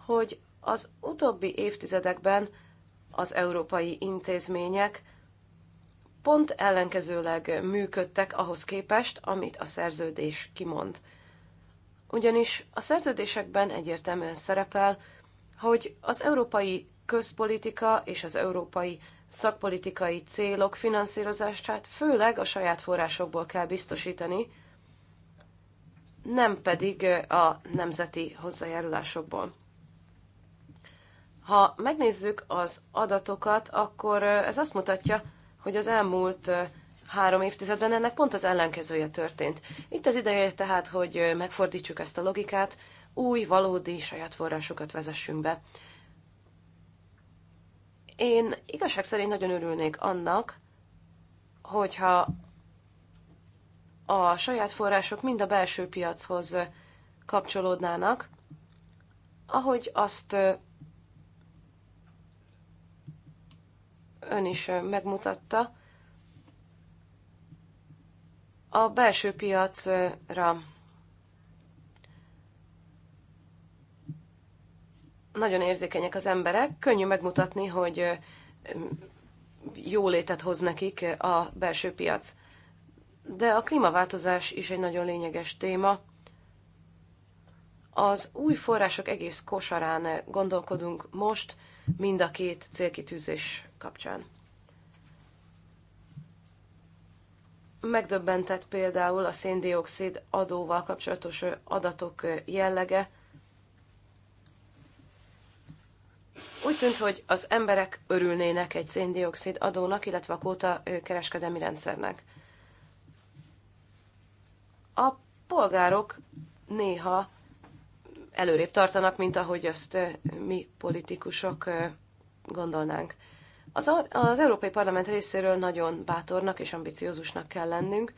hogy az utóbbi évtizedekben az európai intézmények pont ellenkezőleg működtek ahhoz képest, amit a szerződés kimond. Ugyanis a szerződésekben egyértelműen szerepel, hogy az európai közpolitika és az európai szakpolitikai célok finanszírozását főleg a saját forrásokból kell biztosítani, nem pedig a nemzeti hozzájárulásokból. Ha megnézzük az adatokat, akkor ez azt mutatja, hogy az elmúlt három évtizedben ennek pont az ellenkezője történt. Itt az ideje tehát, hogy megfordítsuk ezt a logikát, új, valódi saját forrásokat vezessünk be. Én igazság szerint nagyon örülnék annak, hogyha a saját források mind a belső piachoz kapcsolódnának, ahogy azt ön is megmutatta, a belső piacra nagyon érzékenyek az emberek, könnyű megmutatni, hogy jólétet hoz nekik a belső piac. De a klímaváltozás is egy nagyon lényeges téma. Az új források egész kosarán gondolkodunk most, mind a két célkitűzés kapcsán. Megdöbbentett például a széndiokszid adóval kapcsolatos adatok jellege. Úgy tűnt, hogy az emberek örülnének egy széndiokszid adónak, illetve a kóta kereskedelmi rendszernek. A polgárok néha előrébb tartanak, mint ahogy azt mi politikusok gondolnánk. Az, az Európai Parlament részéről nagyon bátornak és ambiciózusnak kell lennünk,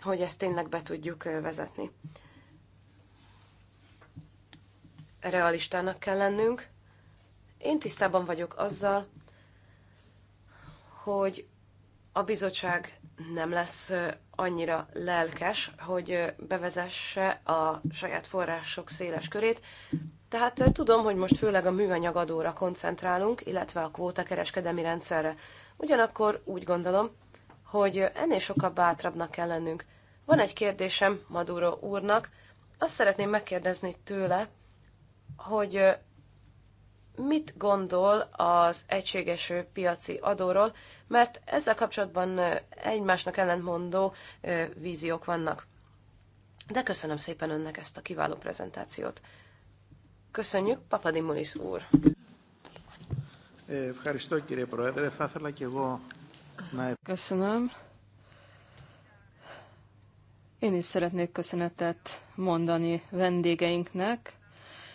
hogy ezt tényleg be tudjuk vezetni. Realistának kell lennünk. Én tisztában vagyok azzal, hogy a bizottság nem lesz annyira lelkes, hogy bevezesse a saját források széles körét, tehát eh, tudom, hogy most főleg a műanyagadóra koncentrálunk, illetve a kvóta kereskedemi rendszerre. Ugyanakkor úgy gondolom, hogy ennél sokkal bátrabbnak kell lennünk. Van egy kérdésem Maduro úrnak, azt szeretném megkérdezni tőle, hogy eh, mit gondol az egységes piaci adóról, mert ezzel kapcsolatban eh, egymásnak ellentmondó víziók vannak. De köszönöm szépen önnek ezt a kiváló prezentációt. Köszönjük, Papadimulis úr. Köszönöm. Én is szeretnék köszönetet mondani vendégeinknek,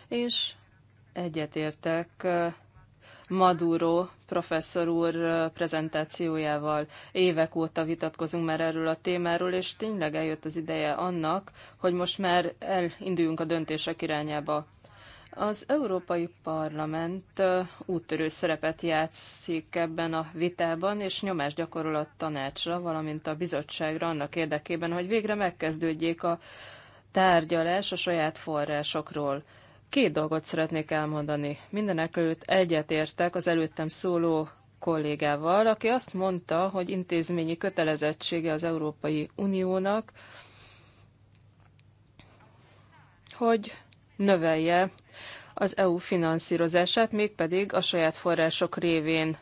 és egyetértek Maduro professzor úr prezentációjával. Évek óta vitatkozunk már erről a témáról, és tényleg eljött az ideje annak, hogy most már elinduljunk a döntések irányába. Az Európai Parlament úttörő szerepet játszik ebben a vitában, és nyomás gyakorol a tanácsra, valamint a bizottságra annak érdekében, hogy végre megkezdődjék a tárgyalás a saját forrásokról. Két dolgot szeretnék elmondani. Mindenek előtt egyetértek az előttem szóló kollégával, aki azt mondta, hogy intézményi kötelezettsége az Európai Uniónak, hogy növelje az EU finanszírozását, mégpedig a saját források révén.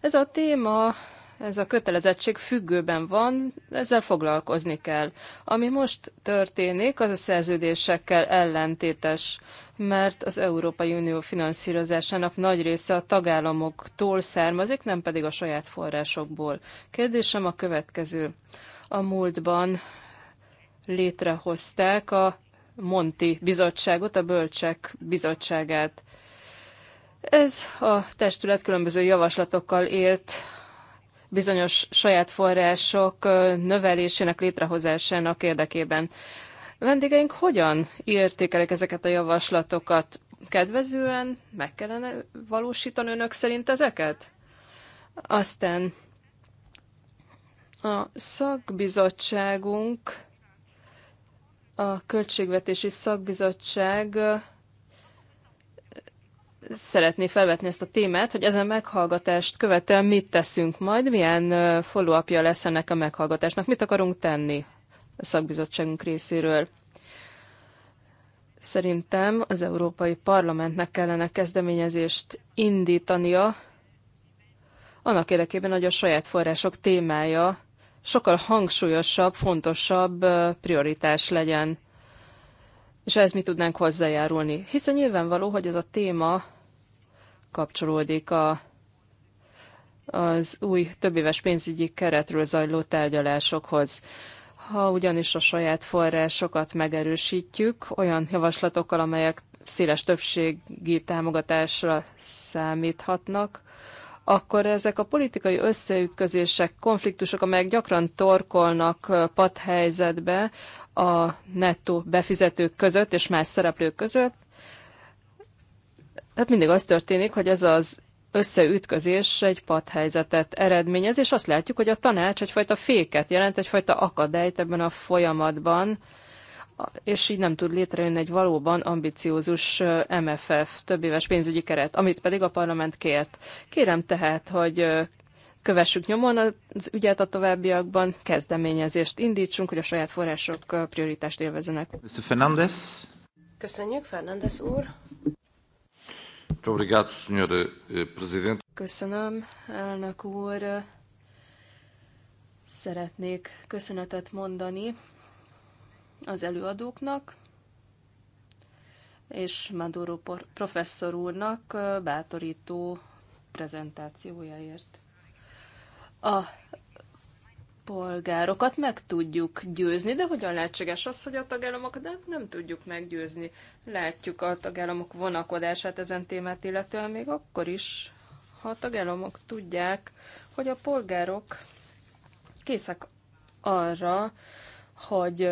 Ez a téma ez a kötelezettség függőben van, ezzel foglalkozni kell. Ami most történik, az a szerződésekkel ellentétes, mert az Európai Unió finanszírozásának nagy része a tagállamoktól származik, nem pedig a saját forrásokból. Kérdésem a következő. A múltban létrehozták a Monti bizottságot, a Bölcsek bizottságát. Ez a testület különböző javaslatokkal élt bizonyos saját források növelésének, létrehozásának érdekében. Vendégeink hogyan értékelik ezeket a javaslatokat? Kedvezően meg kellene valósítani önök szerint ezeket? Aztán a szakbizottságunk a Költségvetési Szakbizottság szeretné felvetni ezt a témát, hogy ezen meghallgatást követően mit teszünk majd, milyen follow lesz ennek a meghallgatásnak, mit akarunk tenni a szakbizottságunk részéről. Szerintem az Európai Parlamentnek kellene kezdeményezést indítania, annak érdekében, hogy a saját források témája sokkal hangsúlyosabb, fontosabb prioritás legyen. És ez mi tudnánk hozzájárulni. Hiszen nyilvánvaló, hogy ez a téma kapcsolódik a, az új többéves pénzügyi keretről zajló tárgyalásokhoz. Ha ugyanis a saját forrásokat megerősítjük olyan javaslatokkal, amelyek széles többségi támogatásra számíthatnak, akkor ezek a politikai összeütközések, konfliktusok, amelyek gyakran torkolnak padhelyzetbe a nettó befizetők között és más szereplők között, tehát mindig az történik, hogy ez az összeütközés egy padhelyzetet eredményez, és azt látjuk, hogy a tanács egyfajta féket jelent, egyfajta akadályt ebben a folyamatban, és így nem tud létrejönni egy valóban ambiciózus MFF, többéves pénzügyi keret, amit pedig a parlament kért. Kérem tehát, hogy kövessük nyomon az ügyet a továbbiakban, kezdeményezést indítsunk, hogy a saját források prioritást élvezenek. Mr. Fernandez. Köszönjük, Fernández úr. Obrigado, senhor eh, eh, Köszönöm, elnök úr. Szeretnék köszönetet mondani az előadóknak és Maduro professzor úrnak bátorító prezentációjáért. A polgárokat meg tudjuk győzni, de hogyan lehetséges az, hogy a tagállamok nem, nem tudjuk meggyőzni? Látjuk a tagállamok vonakodását ezen témát illetően még akkor is, ha a tagállamok tudják, hogy a polgárok készek arra, hogy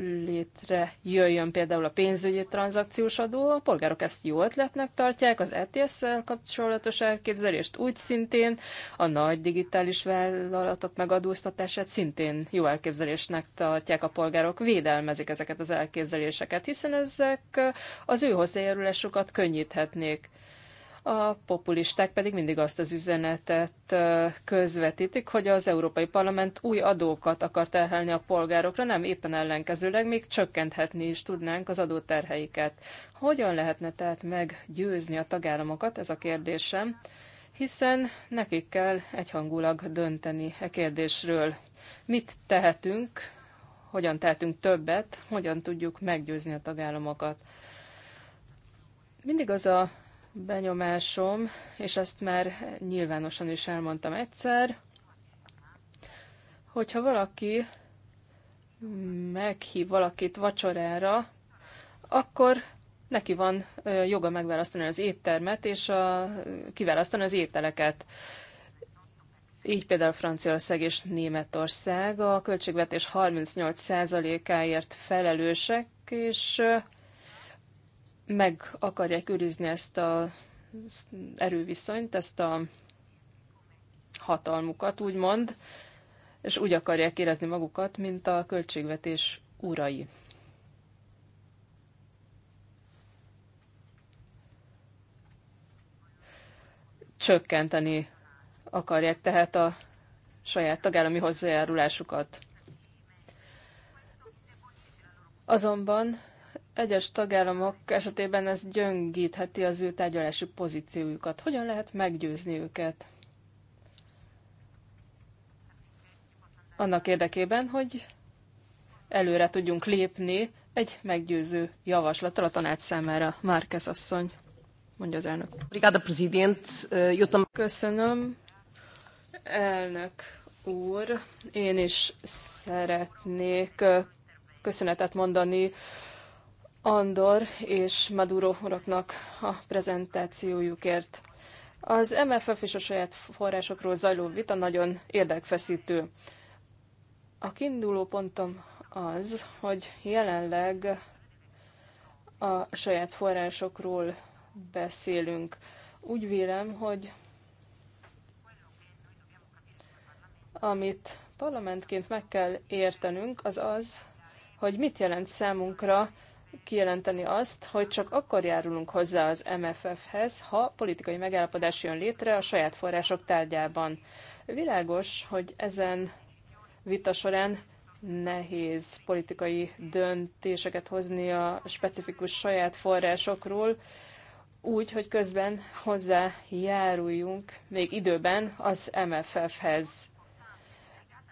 létre jöjjön például a pénzügyi tranzakciós adó, a polgárok ezt jó ötletnek tartják, az ETS-szel kapcsolatos elképzelést úgy szintén, a nagy digitális vállalatok megadóztatását szintén jó elképzelésnek tartják a polgárok, védelmezik ezeket az elképzeléseket, hiszen ezek az ő hozzájárulásukat könnyíthetnék a populisták pedig mindig azt az üzenetet közvetítik, hogy az Európai Parlament új adókat akar terhelni a polgárokra, nem éppen ellenkezőleg, még csökkenthetni is tudnánk az adóterheiket. Hogyan lehetne tehát meggyőzni a tagállamokat, ez a kérdésem, hiszen nekik kell egyhangulag dönteni e kérdésről. Mit tehetünk, hogyan tehetünk többet, hogyan tudjuk meggyőzni a tagállamokat. Mindig az a benyomásom, és ezt már nyilvánosan is elmondtam egyszer, hogyha valaki meghív valakit vacsorára, akkor neki van joga megválasztani az éttermet és a, kiválasztani az ételeket. Így például Franciaország és Németország a költségvetés 38%-áért felelősek, és meg akarják őrizni ezt a erőviszonyt, ezt a hatalmukat, úgymond, és úgy akarják érezni magukat, mint a költségvetés urai. Csökkenteni akarják tehát a saját tagállami hozzájárulásukat. Azonban egyes tagállamok esetében ez gyöngítheti az ő tárgyalási pozíciójukat. Hogyan lehet meggyőzni őket? Annak érdekében, hogy előre tudjunk lépni egy meggyőző javaslattal a tanács számára. Márkez asszony, mondja az elnök. Eh, Köszönöm, elnök úr. Én is szeretnék eh, köszönetet mondani Andor és Maduro uraknak a prezentációjukért. Az MFF és a saját forrásokról zajló vita nagyon érdekfeszítő. A kiinduló pontom az, hogy jelenleg a saját forrásokról beszélünk. Úgy vélem, hogy amit parlamentként meg kell értenünk, az az, hogy mit jelent számunkra kijelenteni azt, hogy csak akkor járulunk hozzá az MFF-hez, ha politikai megállapodás jön létre a saját források tárgyában. Világos, hogy ezen vita során nehéz politikai döntéseket hozni a specifikus saját forrásokról, úgy, hogy közben hozzájáruljunk még időben az MFF-hez.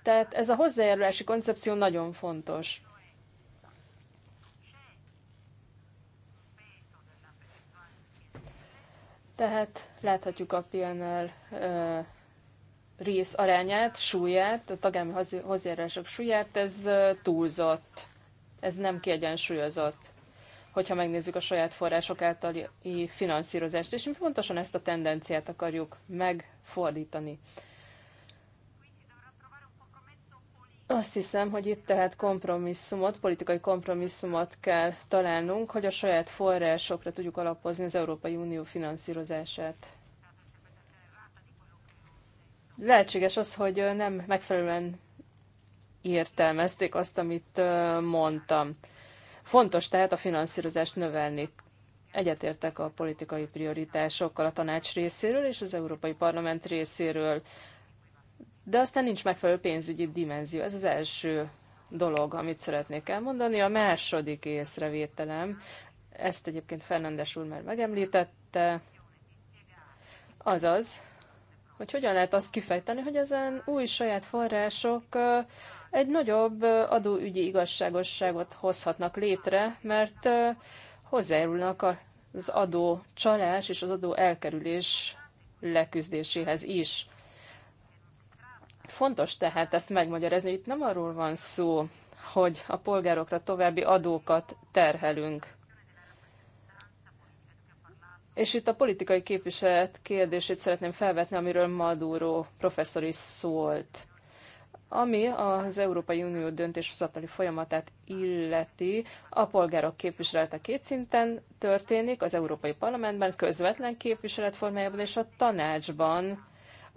Tehát ez a hozzájárulási koncepció nagyon fontos. Tehát láthatjuk a PNL rész arányát, súlyát, a tagállami hozzájárulások súlyát, ez túlzott, ez nem kiegyensúlyozott hogyha megnézzük a saját források általi finanszírozást, és mi pontosan ezt a tendenciát akarjuk megfordítani. Azt hiszem, hogy itt tehát kompromisszumot, politikai kompromisszumot kell találnunk, hogy a saját forrásokra tudjuk alapozni az Európai Unió finanszírozását. Lehetséges az, hogy nem megfelelően értelmezték azt, amit mondtam. Fontos tehát a finanszírozást növelni. Egyetértek a politikai prioritásokkal a tanács részéről és az Európai Parlament részéről de aztán nincs megfelelő pénzügyi dimenzió. Ez az első dolog, amit szeretnék elmondani. A második észrevételem, ezt egyébként Fernandes úr már megemlítette, azaz, hogy hogyan lehet azt kifejteni, hogy ezen új saját források egy nagyobb adóügyi igazságosságot hozhatnak létre, mert hozzájárulnak az adó csalás és az adó elkerülés leküzdéséhez is. Fontos tehát ezt megmagyarázni, itt nem arról van szó, hogy a polgárokra további adókat terhelünk. És itt a politikai képviselet kérdését szeretném felvetni, amiről Maduro professzor is szólt. Ami az Európai Unió döntéshozatali folyamatát illeti, a polgárok képviselete két szinten történik, az Európai Parlamentben közvetlen képviselet formájában és a tanácsban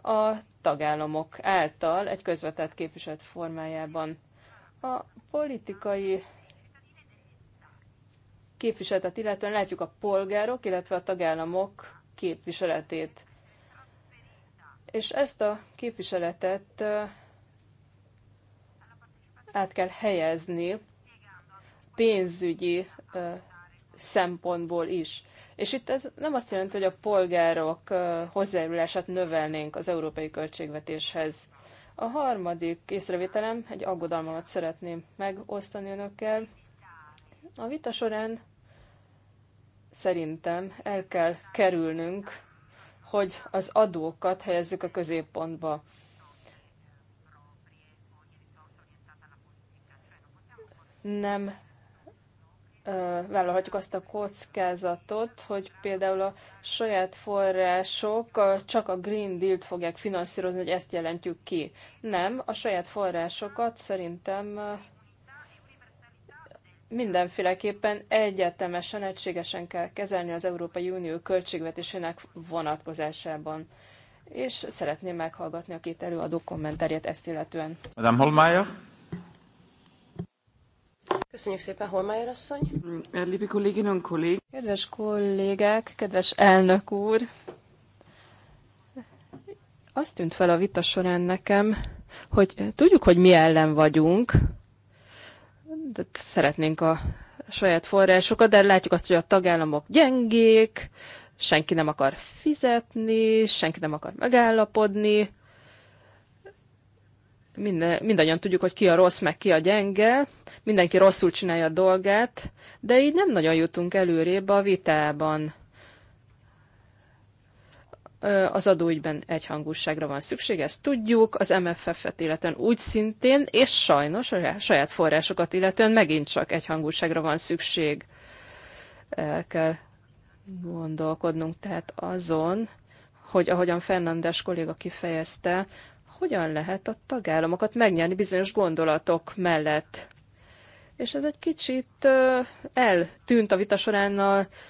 a tagállamok által egy közvetett képviselet formájában. A politikai képviseletet illetően látjuk a polgárok, illetve a tagállamok képviseletét. És ezt a képviseletet át kell helyezni pénzügyi szempontból is. És itt ez nem azt jelenti, hogy a polgárok hozzájárulását növelnénk az európai költségvetéshez. A harmadik észrevételem, egy aggodalmamat szeretném megosztani önökkel. A vita során szerintem el kell kerülnünk, hogy az adókat helyezzük a középpontba. Nem vállalhatjuk azt a kockázatot, hogy például a saját források csak a Green Deal-t fogják finanszírozni, hogy ezt jelentjük ki. Nem, a saját forrásokat szerintem mindenféleképpen egyetemesen, egységesen kell kezelni az Európai Unió költségvetésének vonatkozásában. És szeretném meghallgatni a két előadó kommentárját ezt illetően. Madame Holmeyer? Köszönjük szépen, Holmájer asszony. Mm, eh, liebe Kolleginnen und Kedves kollégák, kedves elnök úr. Azt tűnt fel a vita során nekem, hogy tudjuk, hogy mi ellen vagyunk, de szeretnénk a saját forrásokat, de látjuk azt, hogy a tagállamok gyengék, senki nem akar fizetni, senki nem akar megállapodni, minden, mindannyian tudjuk, hogy ki a rossz, meg ki a gyenge, mindenki rosszul csinálja a dolgát, de így nem nagyon jutunk előrébb a vitában. Az adóügyben egyhangúságra van szükség, ezt tudjuk, az MFF-et illetően úgy szintén, és sajnos a saját forrásokat illetően megint csak egyhangúságra van szükség. El kell gondolkodnunk tehát azon, hogy ahogyan Fernandes kolléga kifejezte, hogyan lehet a tagállamokat megnyerni bizonyos gondolatok mellett. És ez egy kicsit eltűnt a vita során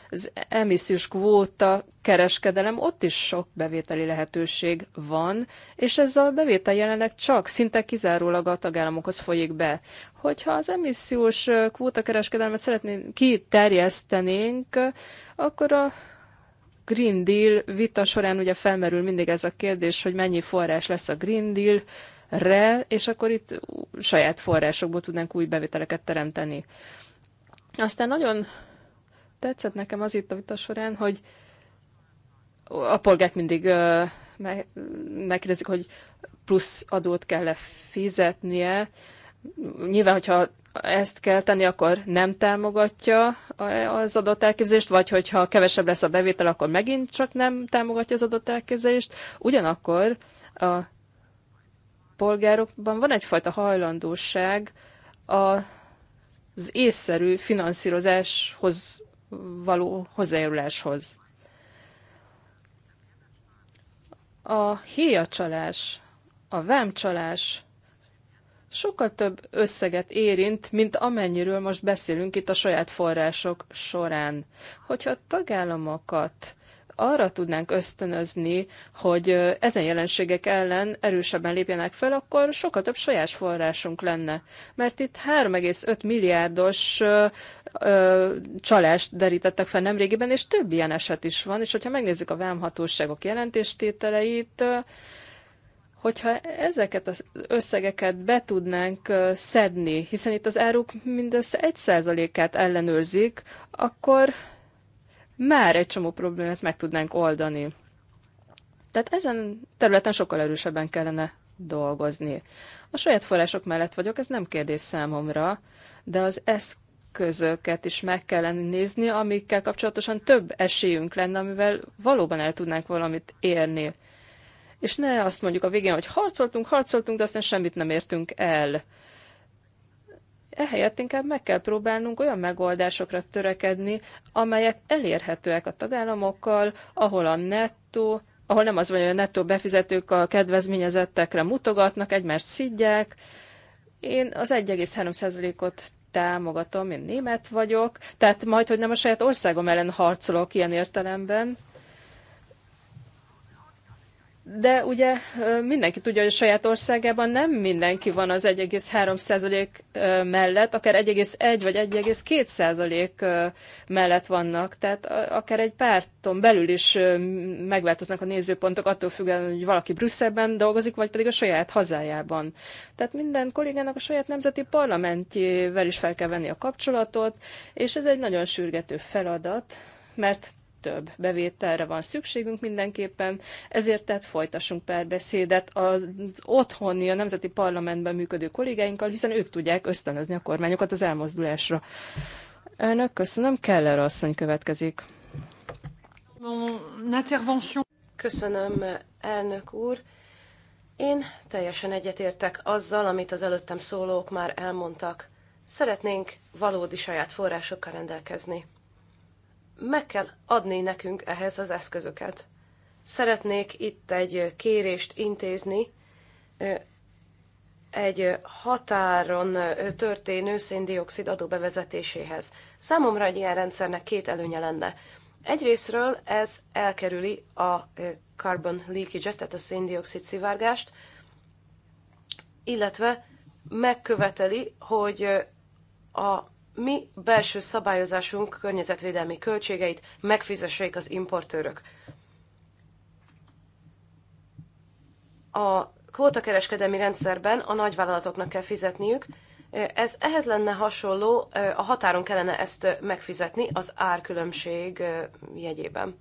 az emissziós kvóta kereskedelem, ott is sok bevételi lehetőség van, és ez a bevétel jelenleg csak szinte kizárólag a tagállamokhoz folyik be. Hogyha az emissziós kvóta kereskedelmet szeretnénk kiterjesztenénk, akkor a Green Deal vita során ugye felmerül mindig ez a kérdés, hogy mennyi forrás lesz a Green Deal, re, és akkor itt saját forrásokból tudnánk új bevételeket teremteni. Aztán nagyon tetszett nekem az itt a vita során, hogy a polgák mindig megkérdezik, hogy plusz adót kell-e fizetnie. Nyilván, hogyha ezt kell tenni, akkor nem támogatja az adott elképzelést, vagy hogyha kevesebb lesz a bevétel, akkor megint csak nem támogatja az adott elképzelést. Ugyanakkor a polgárokban van egyfajta hajlandóság az észszerű finanszírozáshoz való hozzájáruláshoz. A héjacsalás, a vámcsalás, sokkal több összeget érint, mint amennyiről most beszélünk itt a saját források során. Hogyha a tagállamokat arra tudnánk ösztönözni, hogy ezen jelenségek ellen erősebben lépjenek fel, akkor sokkal több saját forrásunk lenne. Mert itt 3,5 milliárdos ö, ö, csalást derítettek fel nemrégiben, és több ilyen eset is van, és hogyha megnézzük a vámhatóságok jelentéstételeit, ö, hogyha ezeket az összegeket be tudnánk szedni, hiszen itt az áruk mindössze egy százalékát ellenőrzik, akkor már egy csomó problémát meg tudnánk oldani. Tehát ezen területen sokkal erősebben kellene dolgozni. A saját források mellett vagyok, ez nem kérdés számomra, de az eszközöket is meg kellene nézni, amikkel kapcsolatosan több esélyünk lenne, amivel valóban el tudnánk valamit érni és ne azt mondjuk a végén, hogy harcoltunk, harcoltunk, de aztán semmit nem értünk el. Ehelyett inkább meg kell próbálnunk olyan megoldásokra törekedni, amelyek elérhetőek a tagállamokkal, ahol a nettó, ahol nem az van, hogy a nettó befizetők a kedvezményezettekre mutogatnak, egymást szidják. Én az 1,3%-ot támogatom, én német vagyok, tehát majd, hogy nem a saját országom ellen harcolok ilyen értelemben, de ugye mindenki tudja, hogy a saját országában nem mindenki van az 1,3% mellett, akár 1,1 vagy 1,2% mellett vannak. Tehát akár egy párton belül is megváltoznak a nézőpontok, attól függően, hogy valaki Brüsszelben dolgozik, vagy pedig a saját hazájában. Tehát minden kollégának a saját nemzeti parlamentjével is fel kell venni a kapcsolatot, és ez egy nagyon sürgető feladat, mert több bevételre van szükségünk mindenképpen, ezért tehát folytassunk párbeszédet az otthoni, a nemzeti parlamentben működő kollégáinkkal, hiszen ők tudják ösztönözni a kormányokat az elmozdulásra. Elnök, köszönöm. Keller asszony következik. Köszönöm, elnök úr. Én teljesen egyetértek azzal, amit az előttem szólók már elmondtak. Szeretnénk valódi saját forrásokkal rendelkezni meg kell adni nekünk ehhez az eszközöket. Szeretnék itt egy kérést intézni egy határon történő széndiokszid adó bevezetéséhez. Számomra egy ilyen rendszernek két előnye lenne. Egyrésztről ez elkerüli a carbon leakage tehát a széndiokszid szivárgást, illetve megköveteli, hogy a mi belső szabályozásunk környezetvédelmi költségeit megfizessék az importőrök. A kvótakereskedelmi rendszerben a nagyvállalatoknak kell fizetniük, ez ehhez lenne hasonló, a határon kellene ezt megfizetni az árkülönbség jegyében.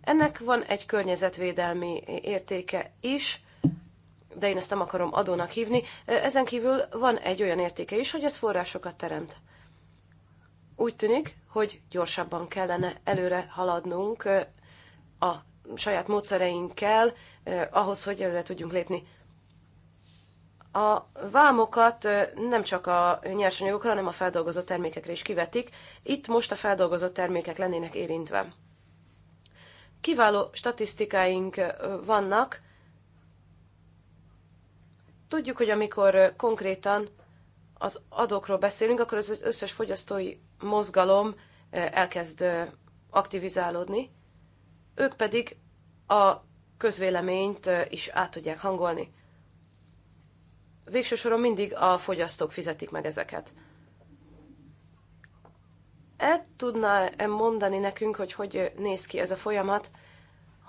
Ennek van egy környezetvédelmi értéke is, de én ezt nem akarom adónak hívni. Ezen kívül van egy olyan értéke is, hogy ez forrásokat teremt. Úgy tűnik, hogy gyorsabban kellene előre haladnunk a saját módszereinkkel, ahhoz, hogy előre tudjunk lépni. A vámokat nem csak a nyersanyagokra, hanem a feldolgozott termékekre is kivetik. Itt most a feldolgozott termékek lennének érintve. Kiváló statisztikáink vannak. Tudjuk, hogy amikor konkrétan az adókról beszélünk, akkor az összes fogyasztói mozgalom eh, elkezd eh, aktivizálódni, ők pedig a közvéleményt eh, is át tudják hangolni. Végső soron mindig a fogyasztók fizetik meg ezeket. El tudná -e mondani nekünk, hogy hogy néz ki ez a folyamat,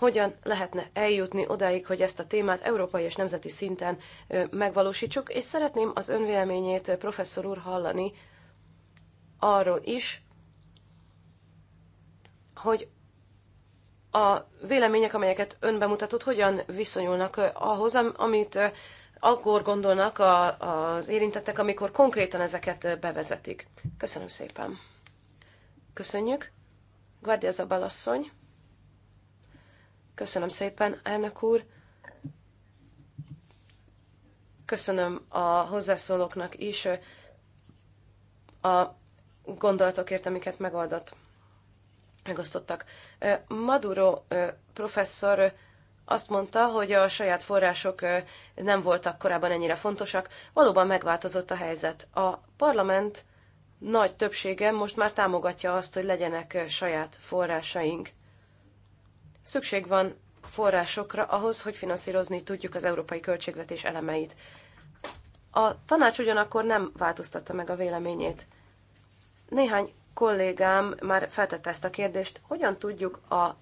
hogyan lehetne eljutni odáig, hogy ezt a témát európai és nemzeti szinten megvalósítsuk, és szeretném az önvéleményét professzor úr hallani arról is, hogy a vélemények, amelyeket ön bemutatott, hogyan viszonyulnak ahhoz, amit akkor gondolnak az érintettek, amikor konkrétan ezeket bevezetik. Köszönöm szépen. Köszönjük. Guardia Zabalasszony. Köszönöm szépen, elnök úr. Köszönöm a hozzászólóknak is a gondolatokért, amiket megoldott, megosztottak. Maduro professzor azt mondta, hogy a saját források nem voltak korábban ennyire fontosak. Valóban megváltozott a helyzet. A parlament nagy többsége most már támogatja azt, hogy legyenek saját forrásaink. Szükség van forrásokra ahhoz, hogy finanszírozni tudjuk az európai költségvetés elemeit. A tanács ugyanakkor nem változtatta meg a véleményét. Néhány kollégám már feltette ezt a kérdést, hogyan tudjuk a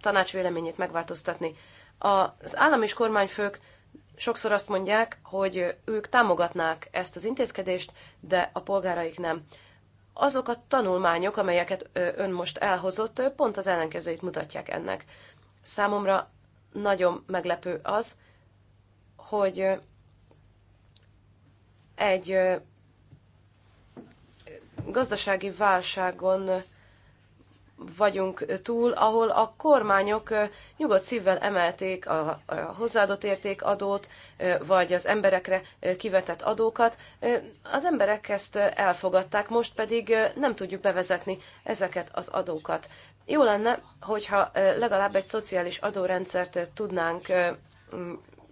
tanács véleményét megváltoztatni. Az állam és kormányfők sokszor azt mondják, hogy ők támogatnák ezt az intézkedést, de a polgáraik nem azok a tanulmányok, amelyeket ön most elhozott, pont az ellenkezőjét mutatják ennek. Számomra nagyon meglepő az, hogy egy gazdasági válságon vagyunk túl, ahol a kormányok nyugodt szívvel emelték a hozzáadott értékadót, vagy az emberekre kivetett adókat. Az emberek ezt elfogadták, most pedig nem tudjuk bevezetni ezeket az adókat. Jó lenne, hogyha legalább egy szociális adórendszert tudnánk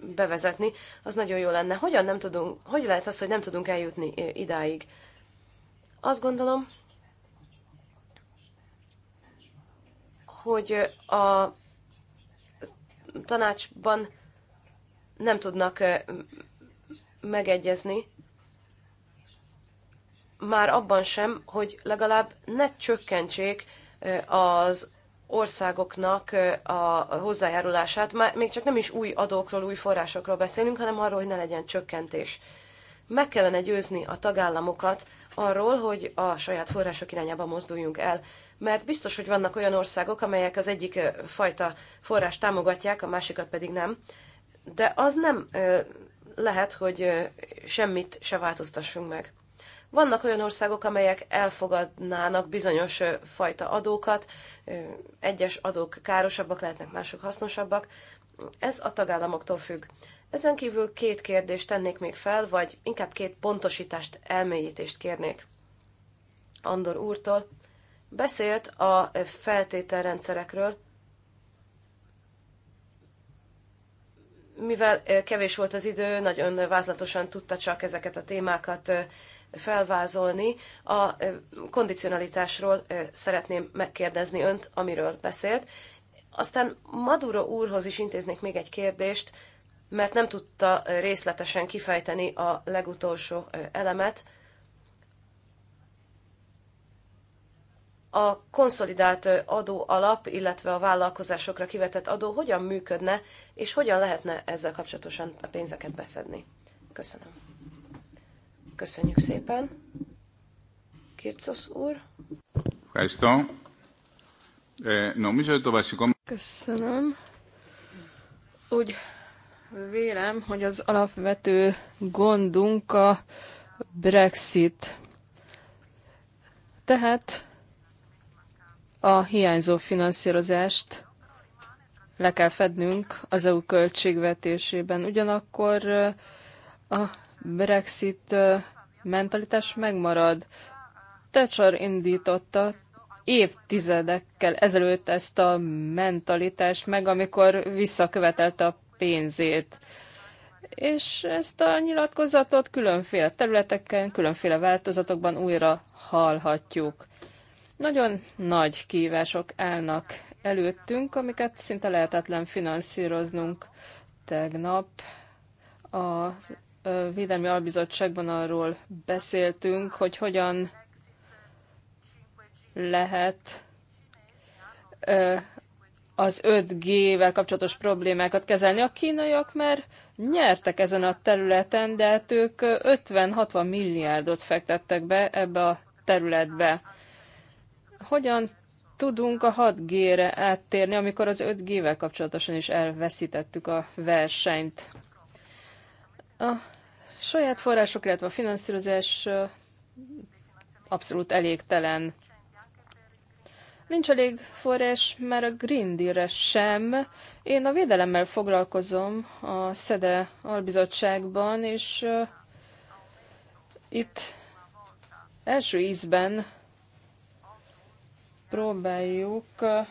bevezetni, az nagyon jó lenne. Hogyan nem tudunk, hogy lehet az, hogy nem tudunk eljutni idáig? Azt gondolom, hogy a tanácsban nem tudnak megegyezni, már abban sem, hogy legalább ne csökkentsék az országoknak a hozzájárulását. Már még csak nem is új adókról, új forrásokról beszélünk, hanem arról, hogy ne legyen csökkentés. Meg kellene győzni a tagállamokat arról, hogy a saját források irányába mozduljunk el mert biztos, hogy vannak olyan országok, amelyek az egyik fajta forrás támogatják, a másikat pedig nem, de az nem lehet, hogy semmit se változtassunk meg. Vannak olyan országok, amelyek elfogadnának bizonyos fajta adókat, egyes adók károsabbak lehetnek, mások hasznosabbak. Ez a tagállamoktól függ. Ezen kívül két kérdést tennék még fel, vagy inkább két pontosítást, elmélyítést kérnék Andor úrtól. Beszélt a feltételrendszerekről, mivel kevés volt az idő, nagyon vázlatosan tudta csak ezeket a témákat felvázolni. A kondicionalitásról szeretném megkérdezni önt, amiről beszélt. Aztán Maduro úrhoz is intéznék még egy kérdést, mert nem tudta részletesen kifejteni a legutolsó elemet. a konszolidált adóalap, illetve a vállalkozásokra kivetett adó hogyan működne, és hogyan lehetne ezzel kapcsolatosan a pénzeket beszedni. Köszönöm. Köszönjük szépen. Kircosz úr. Köszönöm. Úgy vélem, hogy az alapvető gondunk a Brexit. Tehát a hiányzó finanszírozást le kell fednünk az EU költségvetésében. Ugyanakkor a Brexit mentalitás megmarad. Thatcher indította évtizedekkel ezelőtt ezt a mentalitást meg, amikor visszakövetelte a pénzét. És ezt a nyilatkozatot különféle területeken, különféle változatokban újra hallhatjuk. Nagyon nagy kívások állnak előttünk, amiket szinte lehetetlen finanszíroznunk. Tegnap a Védelmi Albizottságban arról beszéltünk, hogy hogyan lehet az 5G-vel kapcsolatos problémákat kezelni. A kínaiak már nyertek ezen a területen, de hát ők 50-60 milliárdot fektettek be ebbe a területbe hogyan tudunk a 6G-re áttérni, amikor az 5G-vel kapcsolatosan is elveszítettük a versenyt. A saját források, illetve a finanszírozás abszolút elégtelen. Nincs elég forrás már a Green Deal-re sem. Én a védelemmel foglalkozom a SZEDE albizottságban, és itt első ízben próbáljuk 8-11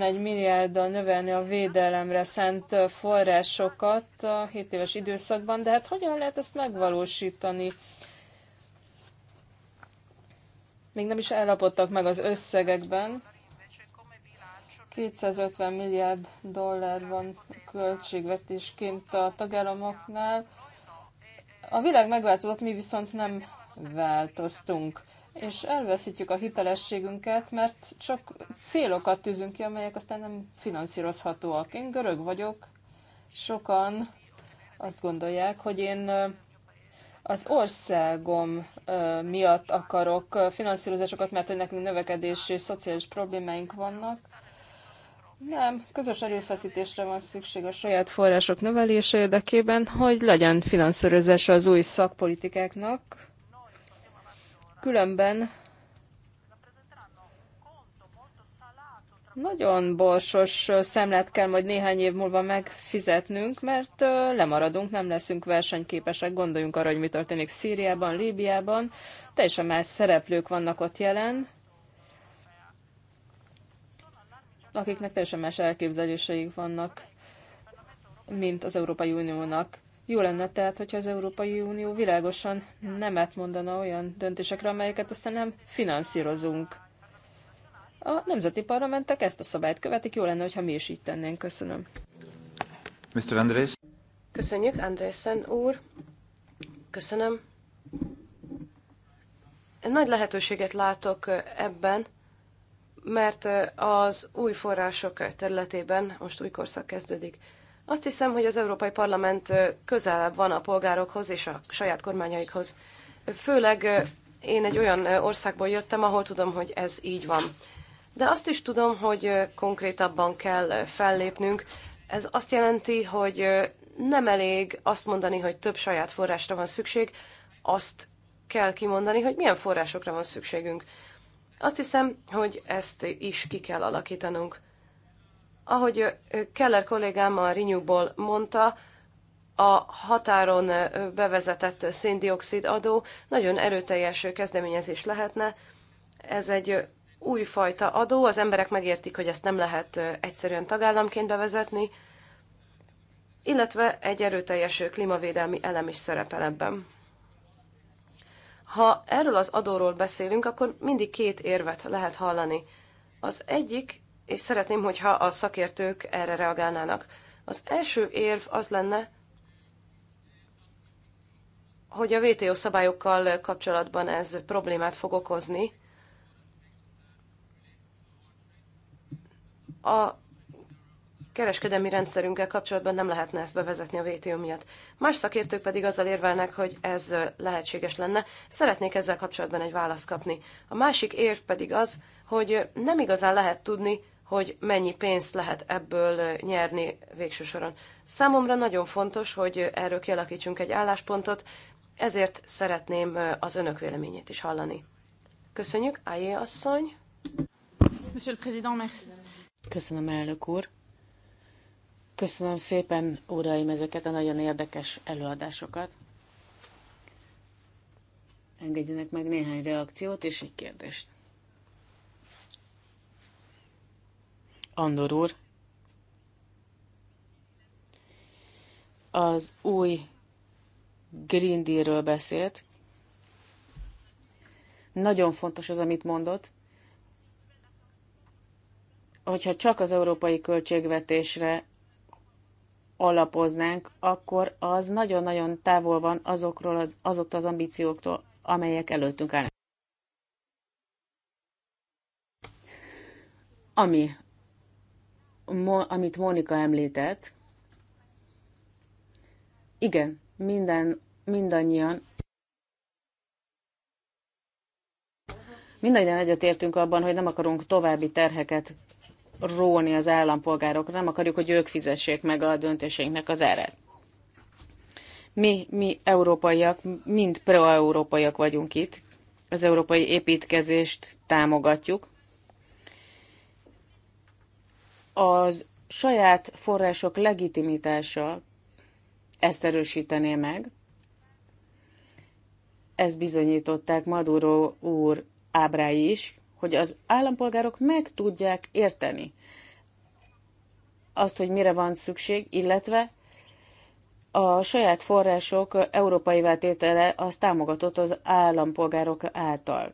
eh, milliárddal növelni a védelemre szent eh, forrásokat a 7 éves időszakban, de hát hogyan lehet ezt megvalósítani? Még nem is ellapodtak meg az összegekben. 250 milliárd dollár van költségvetésként a tagállamoknál. A világ megváltozott, mi viszont nem változtunk és elveszítjük a hitelességünket, mert csak célokat tűzünk ki, amelyek aztán nem finanszírozhatóak. Én görög vagyok, sokan azt gondolják, hogy én az országom miatt akarok finanszírozásokat, mert hogy nekünk növekedési és szociális problémáink vannak. Nem, közös erőfeszítésre van szükség a saját források növelése érdekében, hogy legyen finanszírozása az új szakpolitikáknak, Különben nagyon borsos szemlet kell majd néhány év múlva megfizetnünk, mert lemaradunk, nem leszünk versenyképesek. Gondoljunk arra, hogy mi történik Szíriában, Líbiában. Teljesen más szereplők vannak ott jelen, akiknek teljesen más elképzeléseik vannak, mint az Európai Uniónak. Jó lenne tehát, hogyha az Európai Unió világosan nemet mondana olyan döntésekre, amelyeket aztán nem finanszírozunk. A nemzeti parlamentek ezt a szabályt követik, jó lenne, hogyha mi is így tennénk. Köszönöm. Mr. Andrés. Köszönjük, Andrészen úr. Köszönöm. Nagy lehetőséget látok ebben, mert az új források területében most új korszak kezdődik. Azt hiszem, hogy az Európai Parlament közelebb van a polgárokhoz és a saját kormányaikhoz. Főleg én egy olyan országból jöttem, ahol tudom, hogy ez így van. De azt is tudom, hogy konkrétabban kell fellépnünk. Ez azt jelenti, hogy nem elég azt mondani, hogy több saját forrásra van szükség, azt kell kimondani, hogy milyen forrásokra van szükségünk. Azt hiszem, hogy ezt is ki kell alakítanunk. Ahogy Keller kollégám a Rinyúból mondta, a határon bevezetett széndiokszid adó nagyon erőteljes kezdeményezés lehetne. Ez egy újfajta adó, az emberek megértik, hogy ezt nem lehet egyszerűen tagállamként bevezetni, illetve egy erőteljes klímavédelmi elem is szerepel ebben. Ha erről az adóról beszélünk, akkor mindig két érvet lehet hallani. Az egyik és szeretném, hogyha a szakértők erre reagálnának. Az első érv az lenne, hogy a WTO szabályokkal kapcsolatban ez problémát fog okozni. A kereskedelmi rendszerünkkel kapcsolatban nem lehetne ezt bevezetni a WTO miatt. Más szakértők pedig azzal érvelnek, hogy ez lehetséges lenne. Szeretnék ezzel kapcsolatban egy választ kapni. A másik érv pedig az, hogy nem igazán lehet tudni, hogy mennyi pénzt lehet ebből nyerni végső soron. Számomra nagyon fontos, hogy erről kialakítsunk egy álláspontot, ezért szeretném az önök véleményét is hallani. Köszönjük, Ayé asszony! Monsieur le Président, merci. Köszönöm, elnök úr! Köszönöm szépen, uraim, ezeket a nagyon érdekes előadásokat. Engedjenek meg néhány reakciót és egy kérdést. Andor úr, az új Green Deal-ről beszélt. Nagyon fontos az, amit mondott, hogyha csak az európai költségvetésre alapoznánk, akkor az nagyon-nagyon távol van azokról az, azoktól az ambícióktól, amelyek előttünk állnak. Ami amit Mónika említett, igen, minden, mindannyian mindannyian egyetértünk abban, hogy nem akarunk további terheket róni az állampolgárokra, nem akarjuk, hogy ők fizessék meg a döntéseinknek az árát. Mi, mi európaiak, mind pro-európaiak vagyunk itt, az európai építkezést támogatjuk, az saját források legitimitása ezt erősítené meg. Ezt bizonyították Maduro úr ábrái is, hogy az állampolgárok meg tudják érteni azt, hogy mire van szükség, illetve a saját források európai Váltétele az támogatott az állampolgárok által.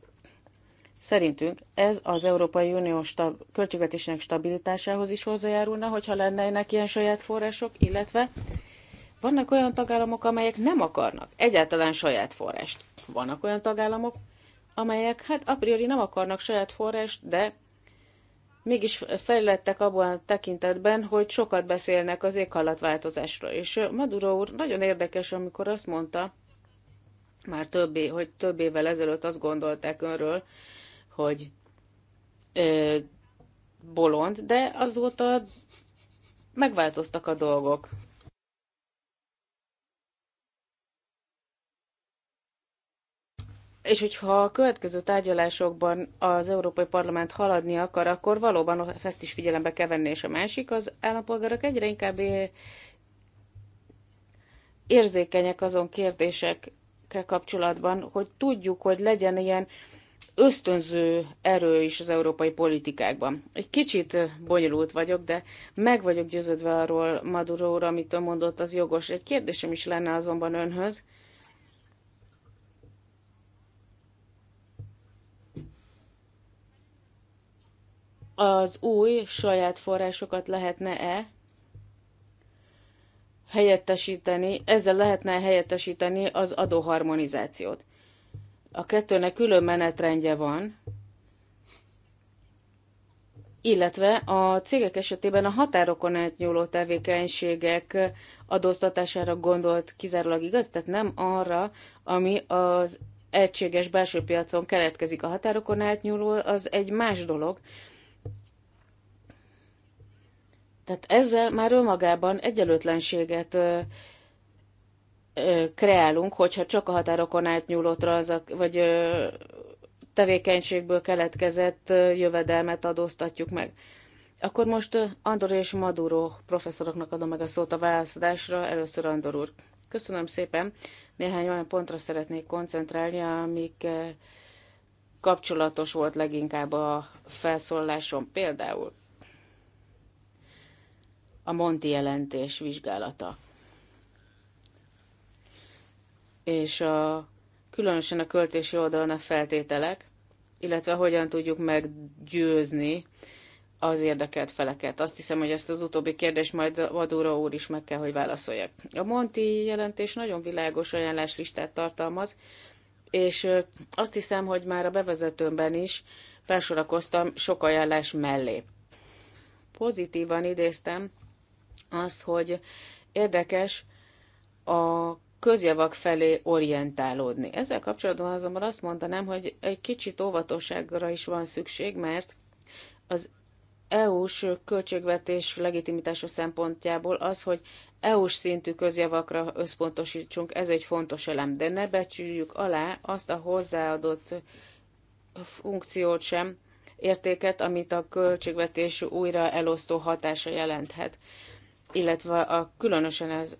Szerintünk ez az Európai Unió stab- költségvetésének stabilitásához is hozzájárulna, hogyha lennének ilyen saját források, illetve vannak olyan tagállamok, amelyek nem akarnak egyáltalán saját forrást. Vannak olyan tagállamok, amelyek hát a priori nem akarnak saját forrást, de mégis fejlettek abban a tekintetben, hogy sokat beszélnek az éghajlatváltozásról. És Maduro úr nagyon érdekes, amikor azt mondta, már többé, hogy több évvel ezelőtt azt gondolták önről, hogy ö, bolond, de azóta megváltoztak a dolgok. És hogyha a következő tárgyalásokban az Európai Parlament haladni akar, akkor valóban ezt is figyelembe kell venni, és a másik, az állampolgárok egyre inkább érzékenyek azon kérdésekkel kapcsolatban, hogy tudjuk, hogy legyen ilyen ösztönző erő is az európai politikákban. Egy kicsit bonyolult vagyok, de meg vagyok győződve arról Maduro úr, amit ön mondott, az jogos. Egy kérdésem is lenne azonban önhöz. Az új saját forrásokat lehetne-e helyettesíteni, ezzel lehetne helyettesíteni az adóharmonizációt? A kettőnek külön menetrendje van, illetve a cégek esetében a határokon átnyúló tevékenységek adóztatására gondolt kizárólag igaz, tehát nem arra, ami az egységes belső piacon keletkezik a határokon átnyúló, az egy más dolog. Tehát ezzel már önmagában egyenlőtlenséget kreálunk, hogyha csak a határokon átnyúló tranzak, vagy ö, tevékenységből keletkezett ö, jövedelmet adóztatjuk meg. Akkor most Andor és Maduro professzoroknak adom meg a szót a válaszadásra. Először Andor úr. Köszönöm szépen. Néhány olyan pontra szeretnék koncentrálni, amik kapcsolatos volt leginkább a felszólásom. Például a Monti jelentés vizsgálata és a, különösen a költési oldalon a feltételek, illetve hogyan tudjuk meggyőzni az érdekelt feleket. Azt hiszem, hogy ezt az utóbbi kérdést majd Vadúra úr is meg kell, hogy válaszoljak. A Monti jelentés nagyon világos ajánláslistát tartalmaz, és azt hiszem, hogy már a bevezetőmben is felsorakoztam sok ajánlás mellé. Pozitívan idéztem azt, hogy érdekes a közjavak felé orientálódni. Ezzel kapcsolatban azonban azt mondanám, hogy egy kicsit óvatosságra is van szükség, mert az EU-s költségvetés legitimitása szempontjából az, hogy EU-s szintű közjavakra összpontosítsunk, ez egy fontos elem, de ne becsüljük alá azt a hozzáadott funkciót sem, értéket, amit a költségvetés újra elosztó hatása jelenthet, illetve a, különösen az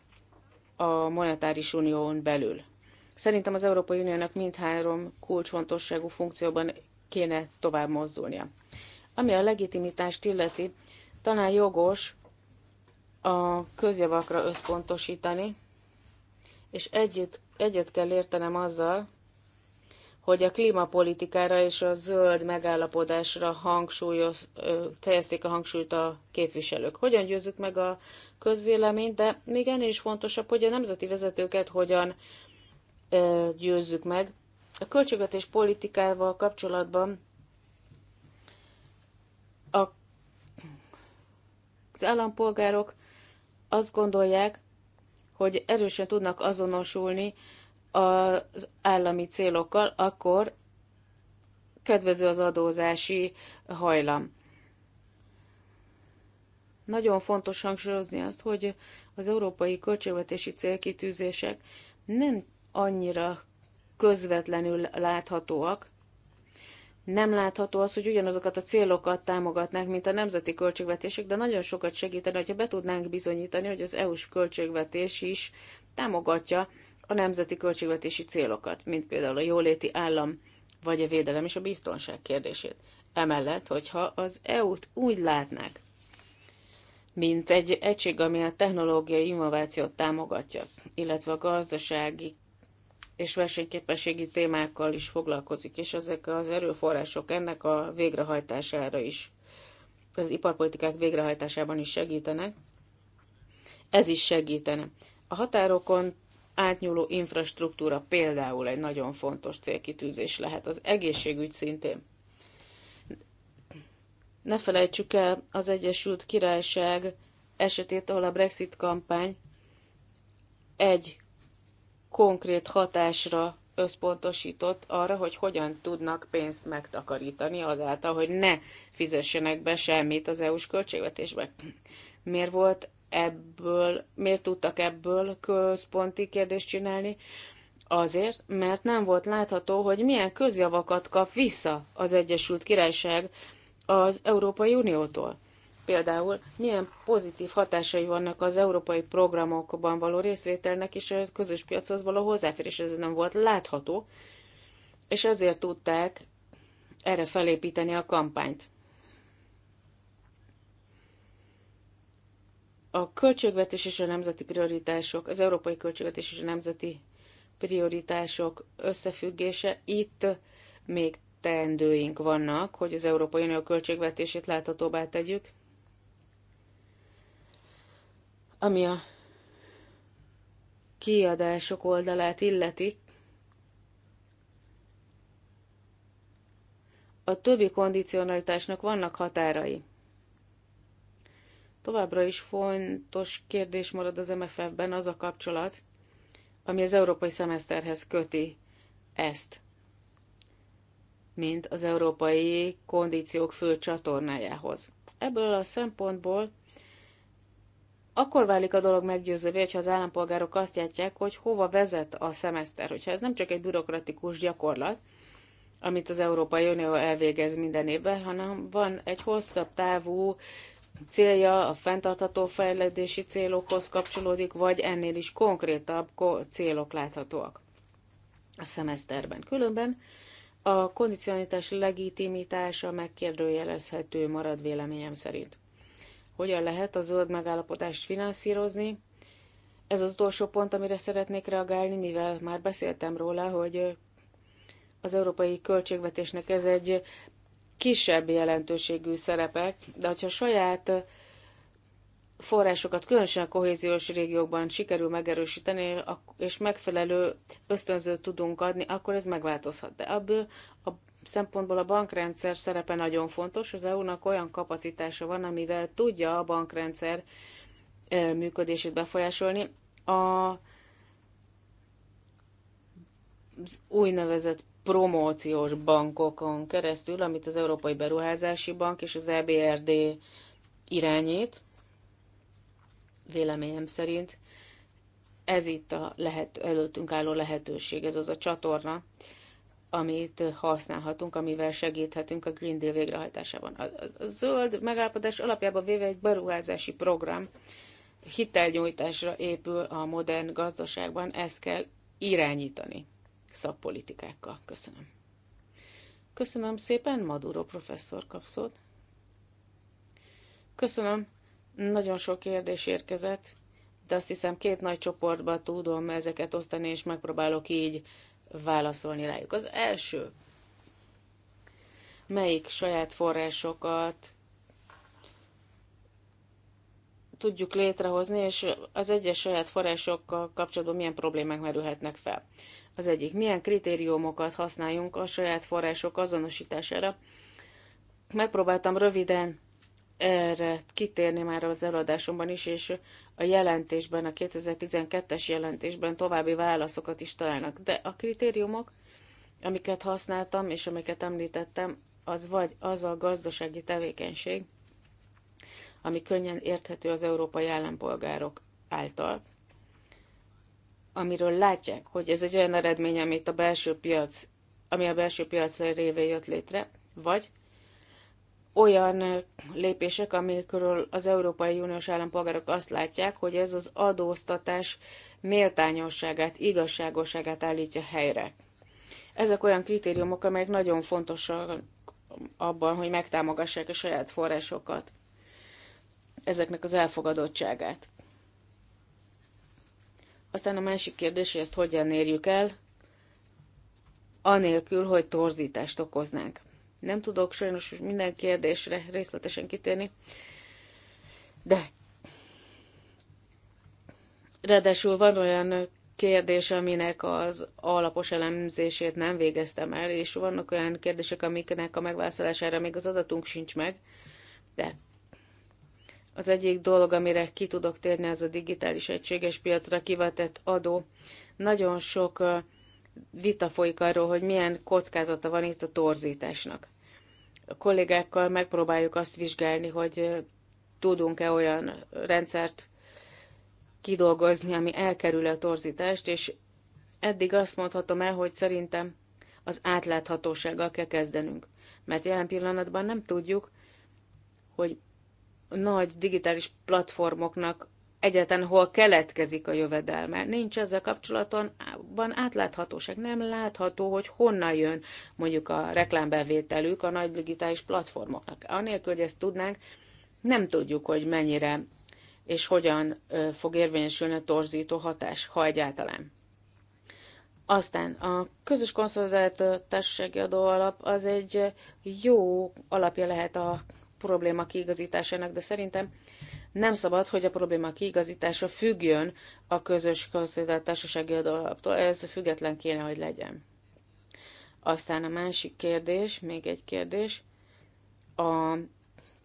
a monetáris unión belül. Szerintem az Európai Uniónak mindhárom kulcsfontosságú funkcióban kéne tovább mozdulnia. Ami a legitimitást illeti, talán jogos a közjavakra összpontosítani, és egyet, egyet kell értenem azzal, hogy a klímapolitikára és a zöld megállapodásra hangsúlyoz, helyezték a hangsúlyt a képviselők. Hogyan győzzük meg a közvéleményt, de még ennél is fontosabb, hogy a nemzeti vezetőket hogyan győzzük meg. A költségvetés politikával kapcsolatban a, az állampolgárok azt gondolják, hogy erősen tudnak azonosulni az állami célokkal, akkor kedvező az adózási hajlam. Nagyon fontos hangsúlyozni azt, hogy az európai költségvetési célkitűzések nem annyira közvetlenül láthatóak, nem látható az, hogy ugyanazokat a célokat támogatnák, mint a nemzeti költségvetések, de nagyon sokat segítene, hogyha be tudnánk bizonyítani, hogy az EU-s költségvetés is támogatja a nemzeti költségvetési célokat, mint például a jóléti állam, vagy a védelem és a biztonság kérdését. Emellett, hogyha az EU-t úgy látnák, mint egy egység, ami a technológiai innovációt támogatja, illetve a gazdasági és versenyképességi témákkal is foglalkozik, és ezek az erőforrások ennek a végrehajtására is, az iparpolitikák végrehajtásában is segítenek, ez is segítene. A határokon átnyúló infrastruktúra például egy nagyon fontos célkitűzés lehet, az egészségügy szintén. Ne felejtsük el az Egyesült Királyság esetét, ahol a Brexit kampány egy konkrét hatásra összpontosított arra, hogy hogyan tudnak pénzt megtakarítani azáltal, hogy ne fizessenek be semmit az EU-s költségvetésbe. Miért volt ebből, miért tudtak ebből központi kérdést csinálni? Azért, mert nem volt látható, hogy milyen közjavakat kap vissza az Egyesült Királyság az Európai Uniótól. Például milyen pozitív hatásai vannak az európai programokban való részvételnek és a közös piachoz való hozzáférés, ez nem volt látható, és ezért tudták erre felépíteni a kampányt. a költségvetés és a nemzeti prioritások, az európai költségvetés és a nemzeti prioritások összefüggése. Itt még teendőink vannak, hogy az Európai Unió költségvetését láthatóbbá tegyük. Ami a kiadások oldalát illeti, a többi kondicionalitásnak vannak határai. Továbbra is fontos kérdés marad az MFF-ben az a kapcsolat, ami az európai szemeszterhez köti ezt, mint az európai kondíciók fő csatornájához. Ebből a szempontból akkor válik a dolog meggyőzővé, hogyha az állampolgárok azt látják, hogy hova vezet a szemeszter, hogyha ez nem csak egy bürokratikus gyakorlat, amit az Európai Unió elvégez minden évben, hanem van egy hosszabb távú célja a fenntartható fejlődési célokhoz kapcsolódik, vagy ennél is konkrétabb célok láthatóak a szemeszterben. Különben a kondicionitás legitimitása megkérdőjelezhető marad véleményem szerint. Hogyan lehet a zöld megállapodást finanszírozni? Ez az utolsó pont, amire szeretnék reagálni, mivel már beszéltem róla, hogy az európai költségvetésnek ez egy kisebb jelentőségű szerepek, de hogyha saját forrásokat különösen a kohéziós régiókban sikerül megerősíteni, és megfelelő ösztönzőt tudunk adni, akkor ez megváltozhat. De abből a szempontból a bankrendszer szerepe nagyon fontos. Az EU-nak olyan kapacitása van, amivel tudja a bankrendszer működését befolyásolni. A az úgynevezett promóciós bankokon keresztül, amit az Európai Beruházási Bank és az EBRD irányít, véleményem szerint. Ez itt a lehet, előttünk álló lehetőség, ez az a csatorna, amit használhatunk, amivel segíthetünk a Green Deal végrehajtásában. A, a, a zöld megállapodás alapjában véve egy beruházási program hitelnyújtásra épül a modern gazdaságban, ezt kell irányítani szakpolitikákkal. Köszönöm. Köszönöm szépen, Maduro professzor kapszót. Köszönöm, nagyon sok kérdés érkezett, de azt hiszem két nagy csoportba tudom ezeket osztani, és megpróbálok így válaszolni rájuk. Az első, melyik saját forrásokat tudjuk létrehozni, és az egyes saját forrásokkal kapcsolatban milyen problémák merülhetnek fel. Az egyik, milyen kritériumokat használjunk a saját források azonosítására. Megpróbáltam röviden erre kitérni már az előadásomban is, és a jelentésben, a 2012-es jelentésben további válaszokat is találnak. De a kritériumok, amiket használtam, és amiket említettem, az vagy az a gazdasági tevékenység, ami könnyen érthető az európai állampolgárok által, amiről látják, hogy ez egy olyan eredmény, amit a belső piac, ami a belső piac révén jött létre, vagy olyan lépések, amikről az Európai Uniós állampolgárok azt látják, hogy ez az adóztatás méltányosságát, igazságosságát állítja helyre. Ezek olyan kritériumok, amelyek nagyon fontosak abban, hogy megtámogassák a saját forrásokat, ezeknek az elfogadottságát. Aztán a másik kérdés, hogy ezt hogyan érjük el, anélkül, hogy torzítást okoznánk. Nem tudok sajnos minden kérdésre részletesen kitérni, de ráadásul van olyan kérdés, aminek az alapos elemzését nem végeztem el, és vannak olyan kérdések, amiknek a megválaszolására még az adatunk sincs meg, de az egyik dolog, amire ki tudok térni, az a digitális egységes piacra kivetett adó. Nagyon sok vita folyik arról, hogy milyen kockázata van itt a torzításnak. A kollégákkal megpróbáljuk azt vizsgálni, hogy tudunk-e olyan rendszert kidolgozni, ami elkerül a torzítást, és eddig azt mondhatom el, hogy szerintem az átláthatósággal kell kezdenünk. Mert jelen pillanatban nem tudjuk, hogy nagy digitális platformoknak egyáltalán hol keletkezik a jövedelme. Nincs ezzel kapcsolatban átláthatóság. Nem látható, hogy honnan jön mondjuk a reklámbevételük a nagy digitális platformoknak. Anélkül, hogy ezt tudnánk, nem tudjuk, hogy mennyire és hogyan fog érvényesülni a torzító hatás, ha egyáltalán. Aztán a közös konszolidált társasági adóalap az egy jó alapja lehet a probléma kiigazításának, de szerintem nem szabad, hogy a probléma kiigazítása függjön a közös konszolidált társasági adóalaptól. Ez független kéne, hogy legyen. Aztán a másik kérdés, még egy kérdés, a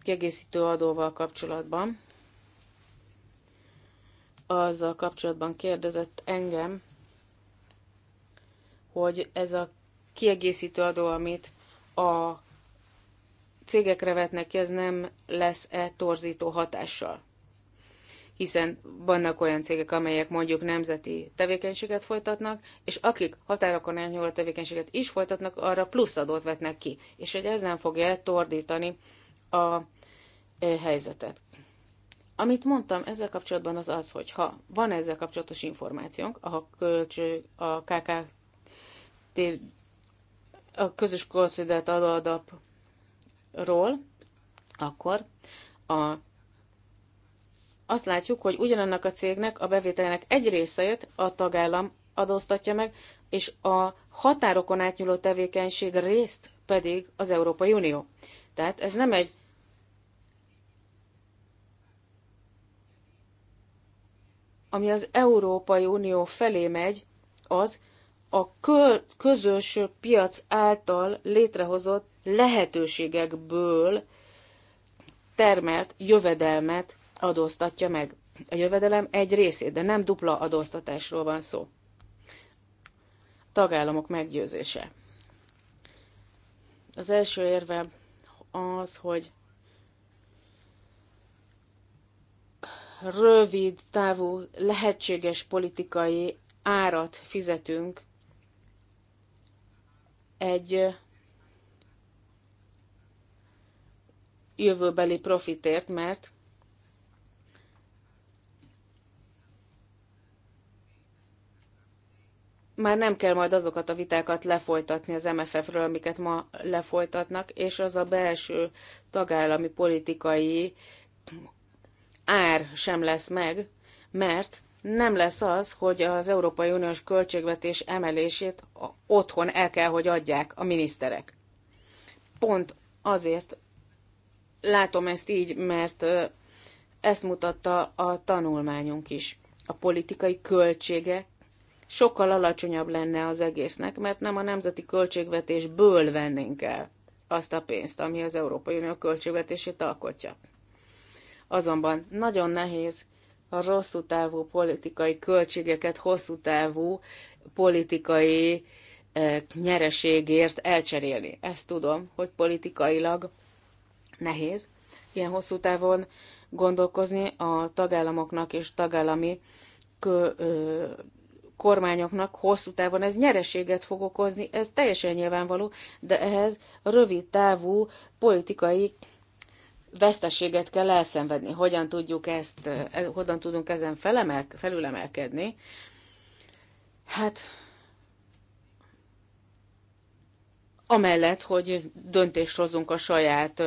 kiegészítő adóval kapcsolatban. Azzal kapcsolatban kérdezett engem, hogy ez a kiegészítő adó, amit a cégekre vetnek ki, ez nem lesz-e torzító hatással? Hiszen vannak olyan cégek, amelyek mondjuk nemzeti tevékenységet folytatnak, és akik határokon elnyúló tevékenységet is folytatnak, arra plusz adót vetnek ki, és hogy ez nem fogja tordítani a e, helyzetet. Amit mondtam ezzel kapcsolatban az az, hogy ha van ezzel kapcsolatos információnk, a, költség, a KKT, a közös konszolidált adóadap ról, akkor a, azt látjuk, hogy ugyanannak a cégnek a bevételének egy részét a tagállam adóztatja meg, és a határokon átnyúló tevékenység részt pedig az Európai Unió. Tehát ez nem egy ami az Európai Unió felé megy, az a közös piac által létrehozott lehetőségekből termelt jövedelmet adóztatja meg. A jövedelem egy részét, de nem dupla adóztatásról van szó. Tagállamok meggyőzése. Az első érve az, hogy rövid távú lehetséges politikai árat fizetünk egy jövőbeli profitért, mert már nem kell majd azokat a vitákat lefolytatni az MFF-ről, amiket ma lefolytatnak, és az a belső tagállami politikai ár sem lesz meg, mert nem lesz az, hogy az Európai Uniós költségvetés emelését otthon el kell, hogy adják a miniszterek. Pont azért, látom ezt így, mert ezt mutatta a tanulmányunk is. A politikai költsége sokkal alacsonyabb lenne az egésznek, mert nem a nemzeti költségvetésből vennénk el azt a pénzt, ami az Európai Unió költségvetését alkotja. Azonban nagyon nehéz a rosszú távú politikai költségeket hosszú távú politikai eh, nyereségért elcserélni. Ezt tudom, hogy politikailag nehéz ilyen hosszú távon gondolkozni a tagállamoknak és tagállami kö, ö, kormányoknak hosszú távon ez nyereséget fog okozni, ez teljesen nyilvánvaló, de ehhez rövid távú politikai veszteséget kell elszenvedni. Hogyan tudjuk ezt, e, hogyan tudunk ezen felemel, felülemelkedni? Hát amellett, hogy döntést hozunk a saját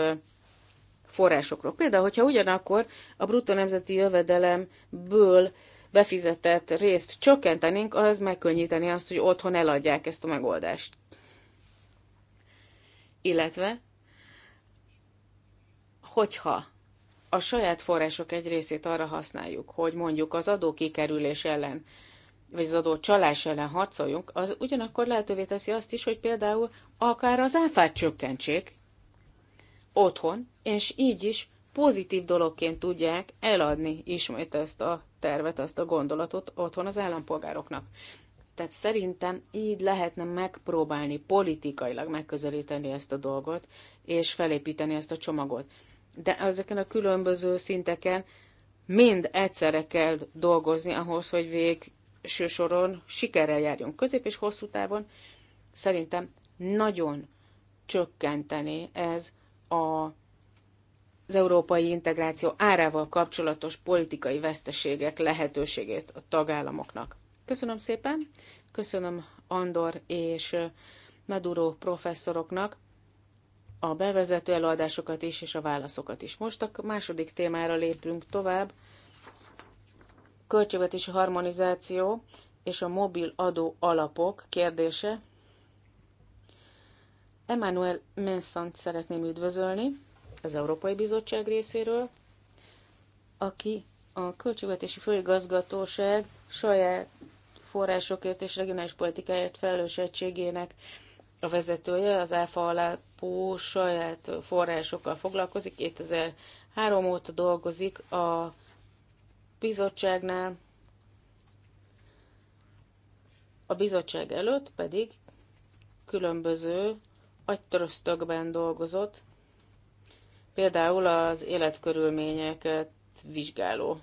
forrásokról. Például, hogyha ugyanakkor a bruttó nemzeti jövedelemből befizetett részt csökkentenénk, az megkönnyíteni azt, hogy otthon eladják ezt a megoldást. Illetve, hogyha a saját források egy részét arra használjuk, hogy mondjuk az kikerülés ellen, vagy az adó csalás ellen harcoljunk, az ugyanakkor lehetővé teszi azt is, hogy például akár az áfát csökkentsék, otthon, és így is pozitív dologként tudják eladni ismét ezt a tervet, ezt a gondolatot otthon az állampolgároknak. Tehát szerintem így lehetne megpróbálni politikailag megközelíteni ezt a dolgot, és felépíteni ezt a csomagot. De ezeken a különböző szinteken mind egyszerre kell dolgozni ahhoz, hogy végső soron sikerrel járjunk. Közép és hosszú távon szerintem nagyon csökkenteni ez a, az európai integráció árával kapcsolatos politikai veszteségek lehetőségét a tagállamoknak. Köszönöm szépen, köszönöm Andor és Maduro professzoroknak a bevezető előadásokat is, és a válaszokat is. Most a második témára lépünk tovább. Költségvetési harmonizáció és a mobil adó alapok kérdése, Emmanuel Mensant szeretném üdvözölni az Európai Bizottság részéről, aki a Költségvetési Főigazgatóság saját forrásokért és regionális politikáért felelős egységének a vezetője, az ÁFA alápó saját forrásokkal foglalkozik, 2003 óta dolgozik a bizottságnál, a bizottság előtt pedig különböző agytöröztökben dolgozott, például az életkörülményeket vizsgáló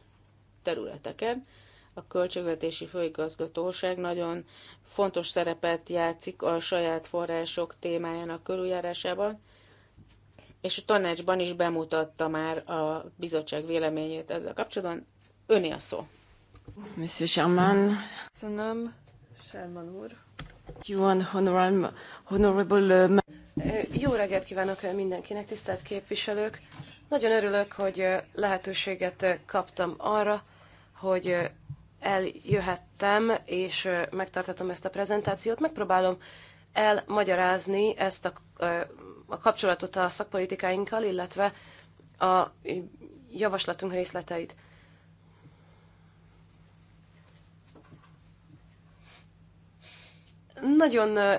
területeken. A Költségvetési Főigazgatóság nagyon fontos szerepet játszik a saját források témájának körüljárásában, és a tanácsban is bemutatta már a bizottság véleményét ezzel kapcsolatban. Öné a szó. Monsieur Sherman. Köszönöm, Sherman úr. Jó reggelt kívánok mindenkinek, tisztelt képviselők! Nagyon örülök, hogy lehetőséget kaptam arra, hogy eljöhettem és megtartatom ezt a prezentációt. Megpróbálom elmagyarázni ezt a, a kapcsolatot a szakpolitikáinkkal, illetve a javaslatunk részleteit. Nagyon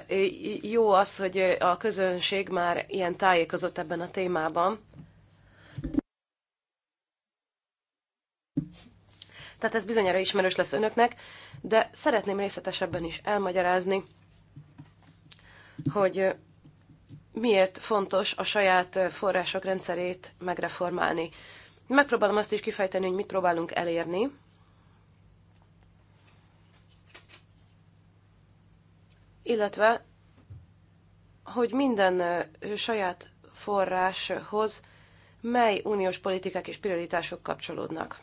jó az, hogy a közönség már ilyen tájékozott ebben a témában. Tehát ez bizonyára ismerős lesz önöknek, de szeretném részletesebben is elmagyarázni, hogy miért fontos a saját források rendszerét megreformálni. Megpróbálom azt is kifejteni, hogy mit próbálunk elérni, illetve hogy minden saját forráshoz mely uniós politikák és prioritások kapcsolódnak.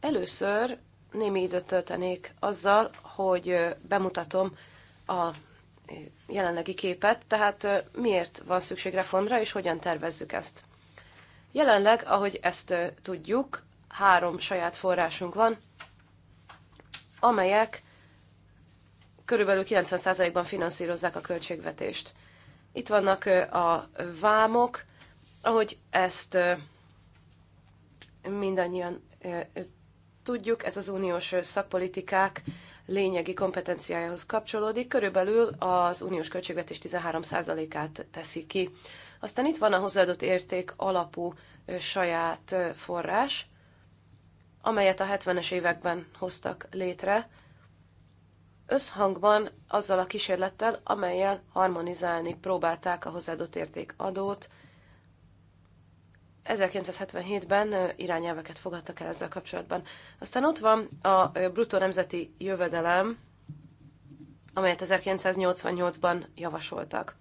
Először némi időt töltenék azzal, hogy bemutatom a jelenlegi képet, tehát miért van szükség reformra, és hogyan tervezzük ezt. Jelenleg, ahogy ezt tudjuk, három saját forrásunk van, amelyek körülbelül 90%-ban finanszírozzák a költségvetést. Itt vannak a vámok, ahogy ezt mindannyian tudjuk, ez az uniós szakpolitikák lényegi kompetenciájához kapcsolódik, körülbelül az uniós költségvetés 13%-át teszi ki. Aztán itt van a hozzáadott érték alapú saját forrás, amelyet a 70-es években hoztak létre, összhangban azzal a kísérlettel, amelyel harmonizálni próbálták a hozzáadott érték adót. 1977-ben irányelveket fogadtak el ezzel kapcsolatban. Aztán ott van a bruttó nemzeti jövedelem, amelyet 1988-ban javasoltak.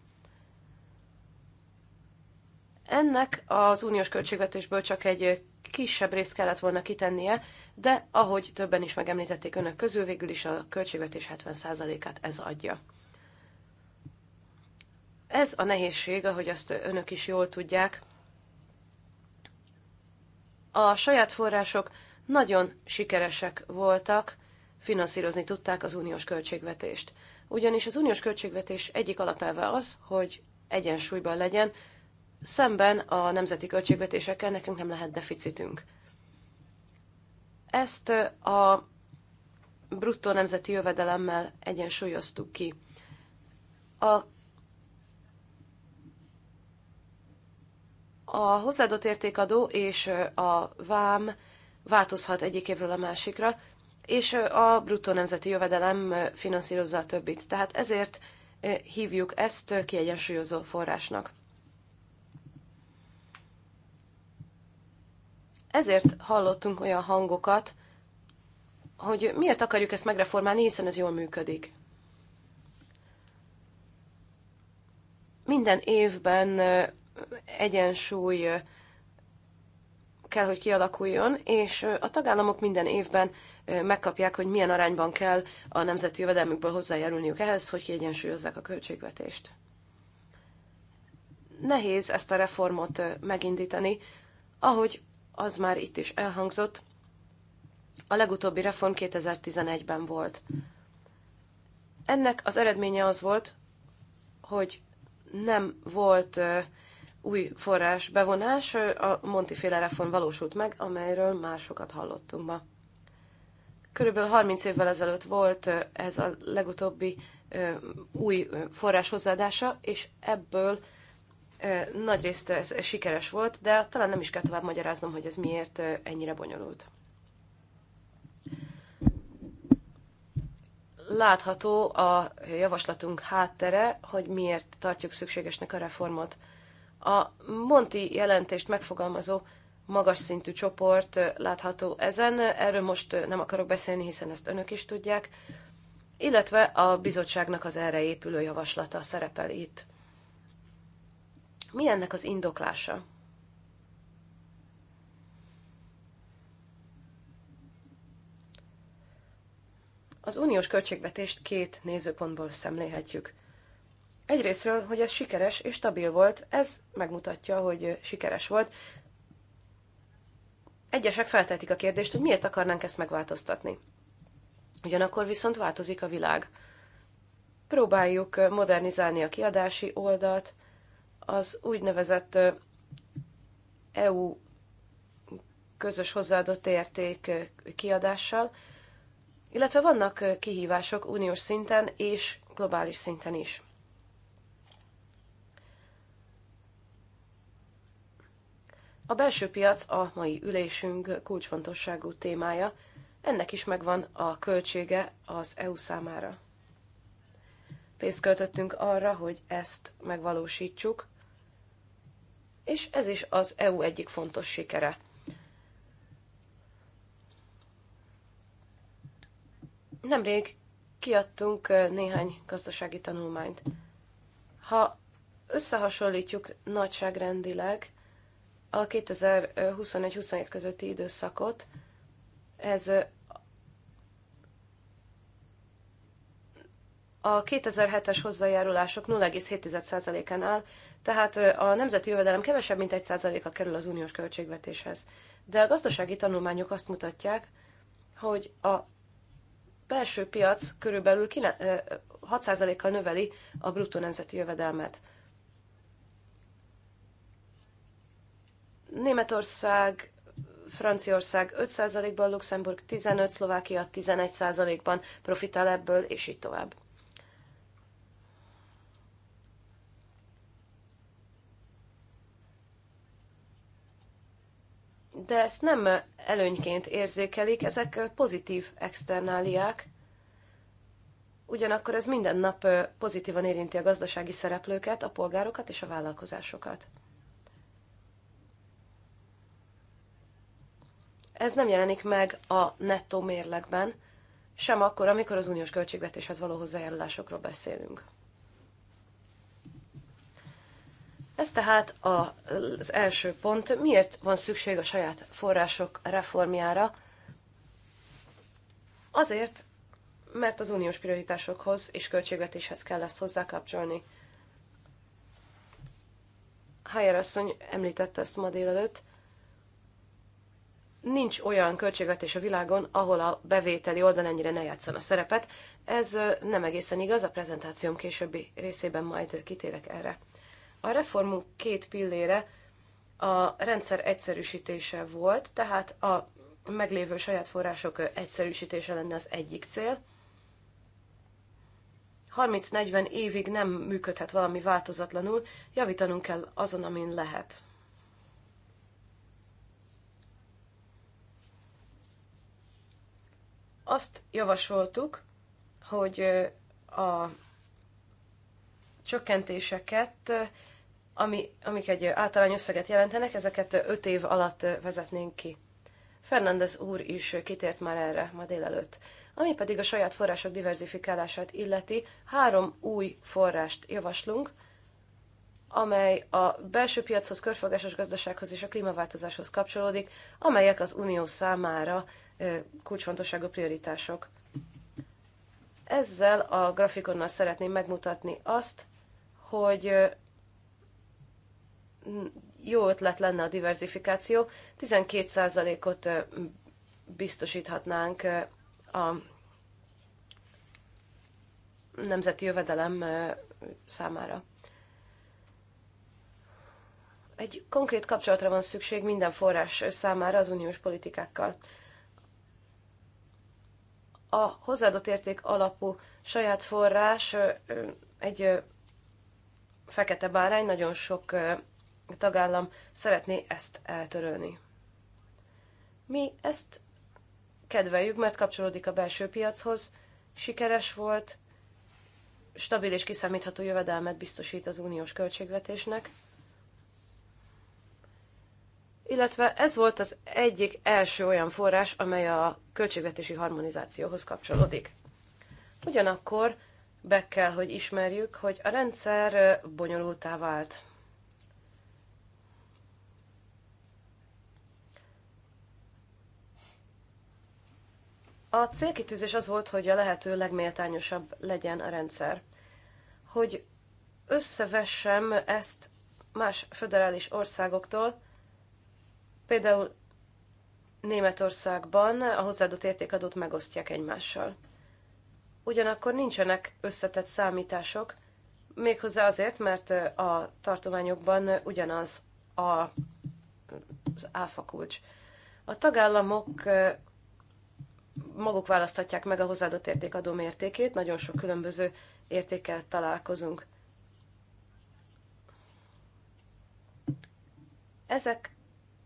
Ennek az uniós költségvetésből csak egy kisebb részt kellett volna kitennie, de ahogy többen is megemlítették önök közül, végül is a költségvetés 70%-át ez adja. Ez a nehézség, ahogy azt önök is jól tudják. A saját források nagyon sikeresek voltak, finanszírozni tudták az uniós költségvetést. Ugyanis az uniós költségvetés egyik alapelve az, hogy egyensúlyban legyen szemben a nemzeti költségvetésekkel nekünk nem lehet deficitünk. Ezt a bruttó nemzeti jövedelemmel egyensúlyoztuk ki. A A hozzáadott értékadó és a vám változhat egyik évről a másikra, és a bruttó nemzeti jövedelem finanszírozza a többit. Tehát ezért hívjuk ezt kiegyensúlyozó forrásnak. Ezért hallottunk olyan hangokat, hogy miért akarjuk ezt megreformálni, hiszen ez jól működik. Minden évben egyensúly kell, hogy kialakuljon, és a tagállamok minden évben megkapják, hogy milyen arányban kell a nemzeti jövedelmükből hozzájárulniuk ehhez, hogy kiegyensúlyozzák a költségvetést. Nehéz ezt a reformot megindítani, ahogy az már itt is elhangzott. A legutóbbi reform 2011-ben volt. Ennek az eredménye az volt, hogy nem volt új forrás bevonás, a Montiféle reform valósult meg, amelyről már sokat hallottunk ma. Körülbelül 30 évvel ezelőtt volt ez a legutóbbi új forrás hozzáadása, és ebből Nagyrészt ez sikeres volt, de talán nem is kell tovább magyaráznom, hogy ez miért ennyire bonyolult. Látható a javaslatunk háttere, hogy miért tartjuk szükségesnek a reformot. A Monti jelentést megfogalmazó magas szintű csoport látható ezen, erről most nem akarok beszélni, hiszen ezt önök is tudják, illetve a bizottságnak az erre épülő javaslata szerepel itt. Mi ennek az indoklása? Az uniós költségvetést két nézőpontból szemlélhetjük. Egyrésztről, hogy ez sikeres és stabil volt, ez megmutatja, hogy sikeres volt. Egyesek feltetik a kérdést, hogy miért akarnánk ezt megváltoztatni. Ugyanakkor viszont változik a világ. Próbáljuk modernizálni a kiadási oldalt, az úgynevezett EU közös hozzáadott érték kiadással, illetve vannak kihívások uniós szinten és globális szinten is. A belső piac a mai ülésünk kulcsfontosságú témája, ennek is megvan a költsége az EU számára. Pénzt költöttünk arra, hogy ezt megvalósítsuk – és ez is az EU egyik fontos sikere. Nemrég kiadtunk néhány gazdasági tanulmányt. Ha összehasonlítjuk nagyságrendileg a 2021-27 közötti időszakot, ez a 2007-es hozzájárulások 07 en áll, tehát a nemzeti jövedelem kevesebb, mint 1%-a kerül az uniós költségvetéshez. De a gazdasági tanulmányok azt mutatják, hogy a belső piac körülbelül 6%-kal növeli a bruttó nemzeti jövedelmet. Németország, Franciaország 5%-ban, Luxemburg 15, Szlovákia 11%-ban profitál ebből, és így tovább. de ezt nem előnyként érzékelik, ezek pozitív externáliák. Ugyanakkor ez minden nap pozitívan érinti a gazdasági szereplőket, a polgárokat és a vállalkozásokat. Ez nem jelenik meg a nettó mérlegben, sem akkor, amikor az uniós költségvetéshez való hozzájárulásokról beszélünk. Ez tehát az első pont. Miért van szükség a saját források reformjára? Azért, mert az uniós prioritásokhoz és költségvetéshez kell ezt hozzákapcsolni. Hayer asszony említette ezt ma délelőtt. Nincs olyan költségvetés a világon, ahol a bevételi oldal ennyire ne játszan a szerepet. Ez nem egészen igaz, a prezentációm későbbi részében majd kitérek erre. A reformunk két pillére a rendszer egyszerűsítése volt, tehát a meglévő saját források egyszerűsítése lenne az egyik cél. 30-40 évig nem működhet valami változatlanul, javítanunk kell azon, amin lehet. Azt javasoltuk, hogy a csökkentéseket ami, amik egy általány összeget jelentenek, ezeket öt év alatt vezetnénk ki. Fernández úr is kitért már erre ma délelőtt. Ami pedig a saját források diverzifikálását illeti, három új forrást javaslunk, amely a belső piachoz, körforgásos gazdasághoz és a klímaváltozáshoz kapcsolódik, amelyek az unió számára kulcsfontosságú prioritások. Ezzel a grafikonnal szeretném megmutatni azt, hogy jó ötlet lenne a diversifikáció, 12%-ot biztosíthatnánk a nemzeti jövedelem számára. Egy konkrét kapcsolatra van szükség minden forrás számára az uniós politikákkal. A hozzáadott érték alapú saját forrás egy fekete bárány, nagyon sok a tagállam szeretné ezt eltörölni. Mi ezt kedveljük, mert kapcsolódik a belső piachoz, sikeres volt, stabil és kiszámítható jövedelmet biztosít az uniós költségvetésnek, illetve ez volt az egyik első olyan forrás, amely a költségvetési harmonizációhoz kapcsolódik. Ugyanakkor be kell, hogy ismerjük, hogy a rendszer bonyolultá vált. A célkitűzés az volt, hogy a lehető legméltányosabb legyen a rendszer. Hogy összevessem ezt más föderális országoktól, például Németországban a hozzáadott értékadót megosztják egymással. Ugyanakkor nincsenek összetett számítások, méghozzá azért, mert a tartományokban ugyanaz a, az áfa A tagállamok maguk választhatják meg a hozzáadott értékadó mértékét, nagyon sok különböző értékkel találkozunk. Ezek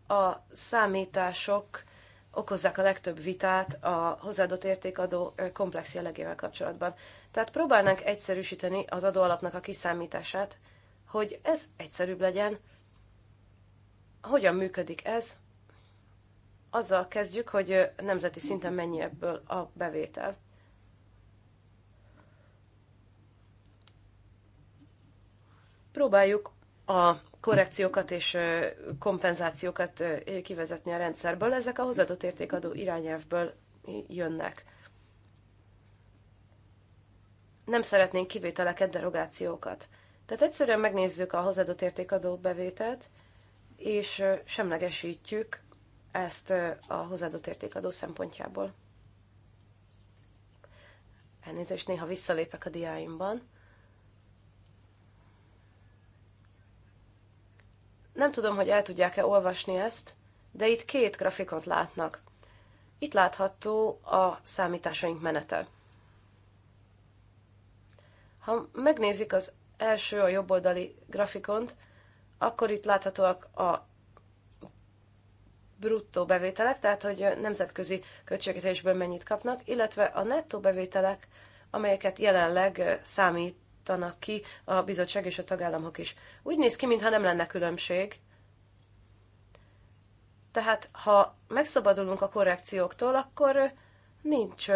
a számítások okozzák a legtöbb vitát a hozzáadott értékadó komplex jellegével kapcsolatban. Tehát próbálnánk egyszerűsíteni az adóalapnak a kiszámítását, hogy ez egyszerűbb legyen. Hogyan működik ez? azzal kezdjük, hogy nemzeti szinten mennyi ebből a bevétel. Próbáljuk a korrekciókat és kompenzációkat kivezetni a rendszerből. Ezek a hozadott értékadó irányelvből jönnek. Nem szeretnénk kivételeket, derogációkat. Tehát egyszerűen megnézzük a hozadott értékadó bevételt, és semlegesítjük ezt a hozzáadott értékadó szempontjából. Elnézést, néha visszalépek a diáimban. Nem tudom, hogy el tudják-e olvasni ezt, de itt két grafikont látnak. Itt látható a számításaink menete. Ha megnézik az első, a jobboldali grafikont, akkor itt láthatóak a bruttó bevételek, tehát hogy nemzetközi költségvetésből mennyit kapnak, illetve a nettó bevételek, amelyeket jelenleg számítanak ki a bizottság és a tagállamok is. Úgy néz ki, mintha nem lenne különbség. Tehát, ha megszabadulunk a korrekcióktól, akkor nincs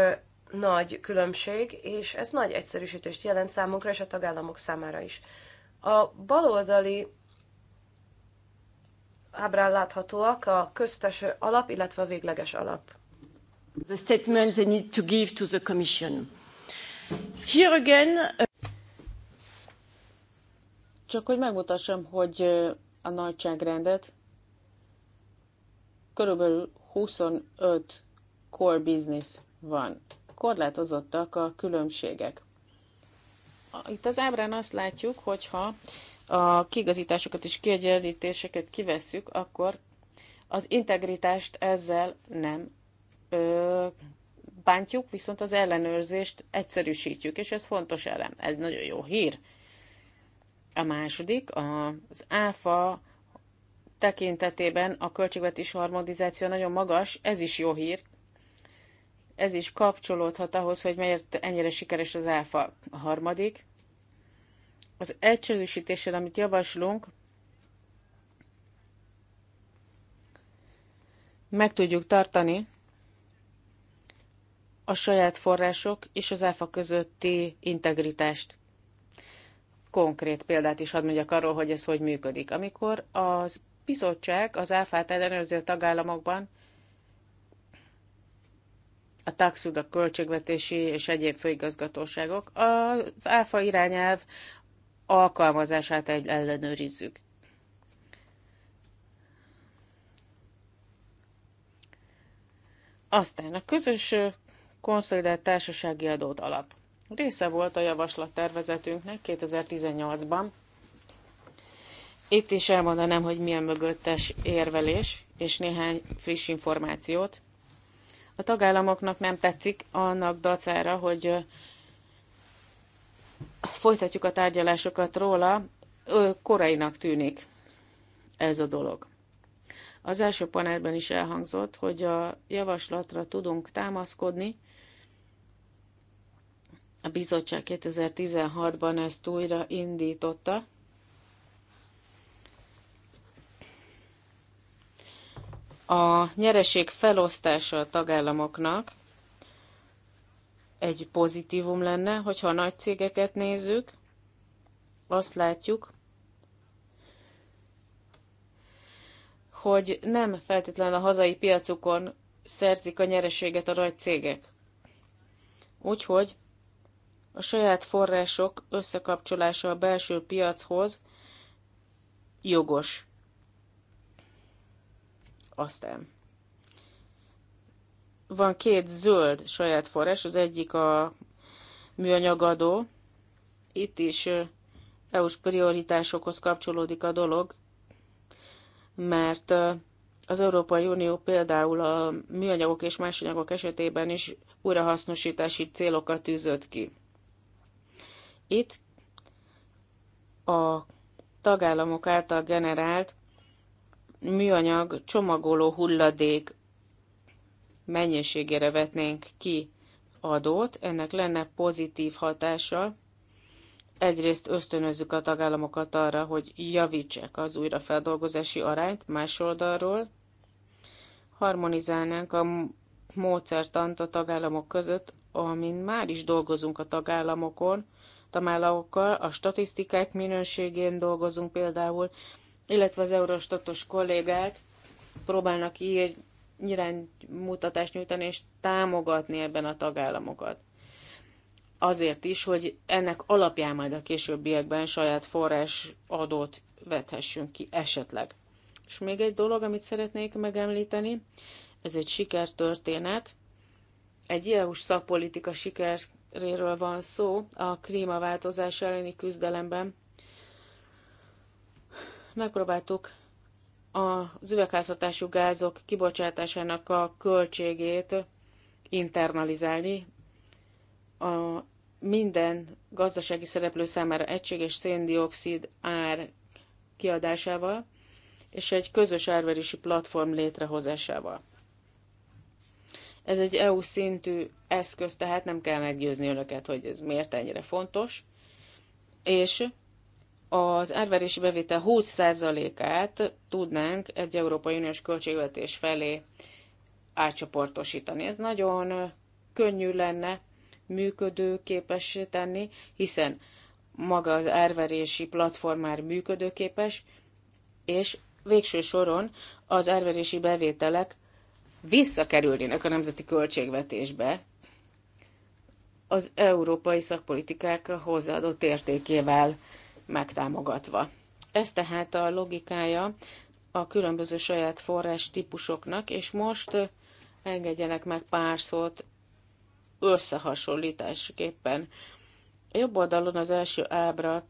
nagy különbség, és ez nagy egyszerűsítést jelent számunkra és a tagállamok számára is. A baloldali ábrán láthatóak a köztes alap, illetve a végleges alap. The statement they need to give to the Commission. Here again, uh, csak hogy megmutassam, hogy uh, a nagyságrendet körülbelül 25 core business van. Korlátozottak a különbségek. Itt az ábrán azt látjuk, hogyha a kigazításokat és kiegyenlítéseket kivesszük, akkor az integritást ezzel nem ö, bántjuk, viszont az ellenőrzést egyszerűsítjük, és ez fontos elem. Ez nagyon jó hír. A második, az áfa tekintetében a költségvetés harmonizáció nagyon magas, ez is jó hír. Ez is kapcsolódhat ahhoz, hogy miért ennyire sikeres az áfa. A harmadik, az egyszerűsítéssel, amit javaslunk, meg tudjuk tartani a saját források és az áfa közötti integritást. Konkrét példát is hadd mondjak arról, hogy ez hogy működik. Amikor az bizottság az áfát ellenőrzi a tagállamokban, a taxud, a költségvetési és egyéb főigazgatóságok, az áfa irányelv alkalmazását ellenőrizzük. Aztán a közös konszolidált társasági adót alap. Része volt a javaslat tervezetünknek 2018-ban. Itt is elmondanám, hogy milyen mögöttes érvelés, és néhány friss információt. A tagállamoknak nem tetszik annak dacára, hogy folytatjuk a tárgyalásokat róla, korainak tűnik ez a dolog. Az első panelben is elhangzott, hogy a javaslatra tudunk támaszkodni. A bizottság 2016-ban ezt újra indította. A nyereség felosztása a tagállamoknak egy pozitívum lenne, hogyha a nagy cégeket nézzük, azt látjuk, hogy nem feltétlenül a hazai piacukon szerzik a nyereséget a nagy cégek. Úgyhogy a saját források összekapcsolása a belső piachoz jogos. Aztán van két zöld saját forrás, az egyik a műanyagadó. Itt is EU-s prioritásokhoz kapcsolódik a dolog, mert az Európai Unió például a műanyagok és más anyagok esetében is újrahasznosítási célokat tűzött ki. Itt a tagállamok által generált műanyag csomagoló hulladék mennyiségére vetnénk ki adót, ennek lenne pozitív hatása. Egyrészt ösztönözzük a tagállamokat arra, hogy javítsák az újrafeldolgozási arányt más oldalról, harmonizálnánk a módszertant a tagállamok között, amin már is dolgozunk a tagállamokon, tagállamokkal, a statisztikák minőségén dolgozunk például, illetve az Eurostatos kollégák próbálnak így iránymutatást nyújtani és támogatni ebben a tagállamokat. Azért is, hogy ennek alapján majd a későbbiekben saját forrás adót vethessünk ki esetleg. És még egy dolog, amit szeretnék megemlíteni, ez egy sikertörténet. Egy EU-s szakpolitika sikeréről van szó a klímaváltozás elleni küzdelemben. Megpróbáltuk az üvegházhatású gázok kibocsátásának a költségét internalizálni, a minden gazdasági szereplő számára egységes széndiokszid ár kiadásával és egy közös árverési platform létrehozásával. Ez egy EU szintű eszköz, tehát nem kell meggyőzni önöket, hogy ez miért ennyire fontos, és az árverési bevétel 20%-át tudnánk egy Európai Uniós költségvetés felé átcsoportosítani. Ez nagyon könnyű lenne működőképes tenni, hiszen maga az árverési platform már működőképes, és végső soron az árverési bevételek visszakerülnének a nemzeti költségvetésbe az európai szakpolitikák hozzáadott értékével megtámogatva. Ez tehát a logikája a különböző saját forrás típusoknak, és most engedjenek meg pár szót összehasonlításképpen. A jobb oldalon az első ábra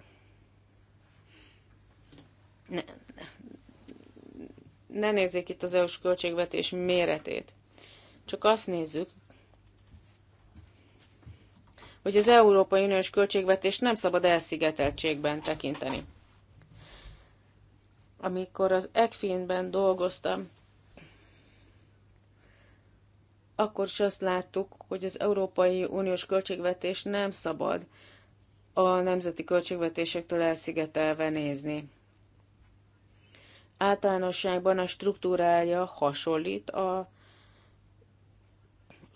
ne, ne nézzék itt az EU-s költségvetés méretét. Csak azt nézzük, hogy az Európai Uniós költségvetést nem szabad elszigeteltségben tekinteni. Amikor az ECFIN-ben dolgoztam, akkor is azt láttuk, hogy az Európai Uniós költségvetés nem szabad a nemzeti költségvetésektől elszigetelve nézni. Általánosságban a struktúrája hasonlít a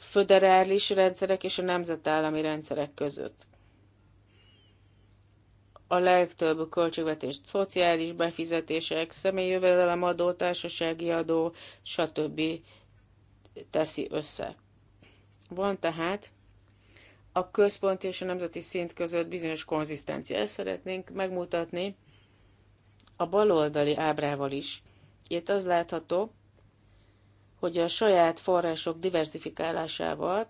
föderális rendszerek és a nemzetállami rendszerek között. A legtöbb költségvetés, szociális befizetések, személyjövedelem adó, társasági adó, stb. teszi össze. Van tehát a központi és a nemzeti szint között bizonyos konzisztencia. Ezt szeretnénk megmutatni a baloldali ábrával is. Itt az látható, hogy a saját források diversifikálásával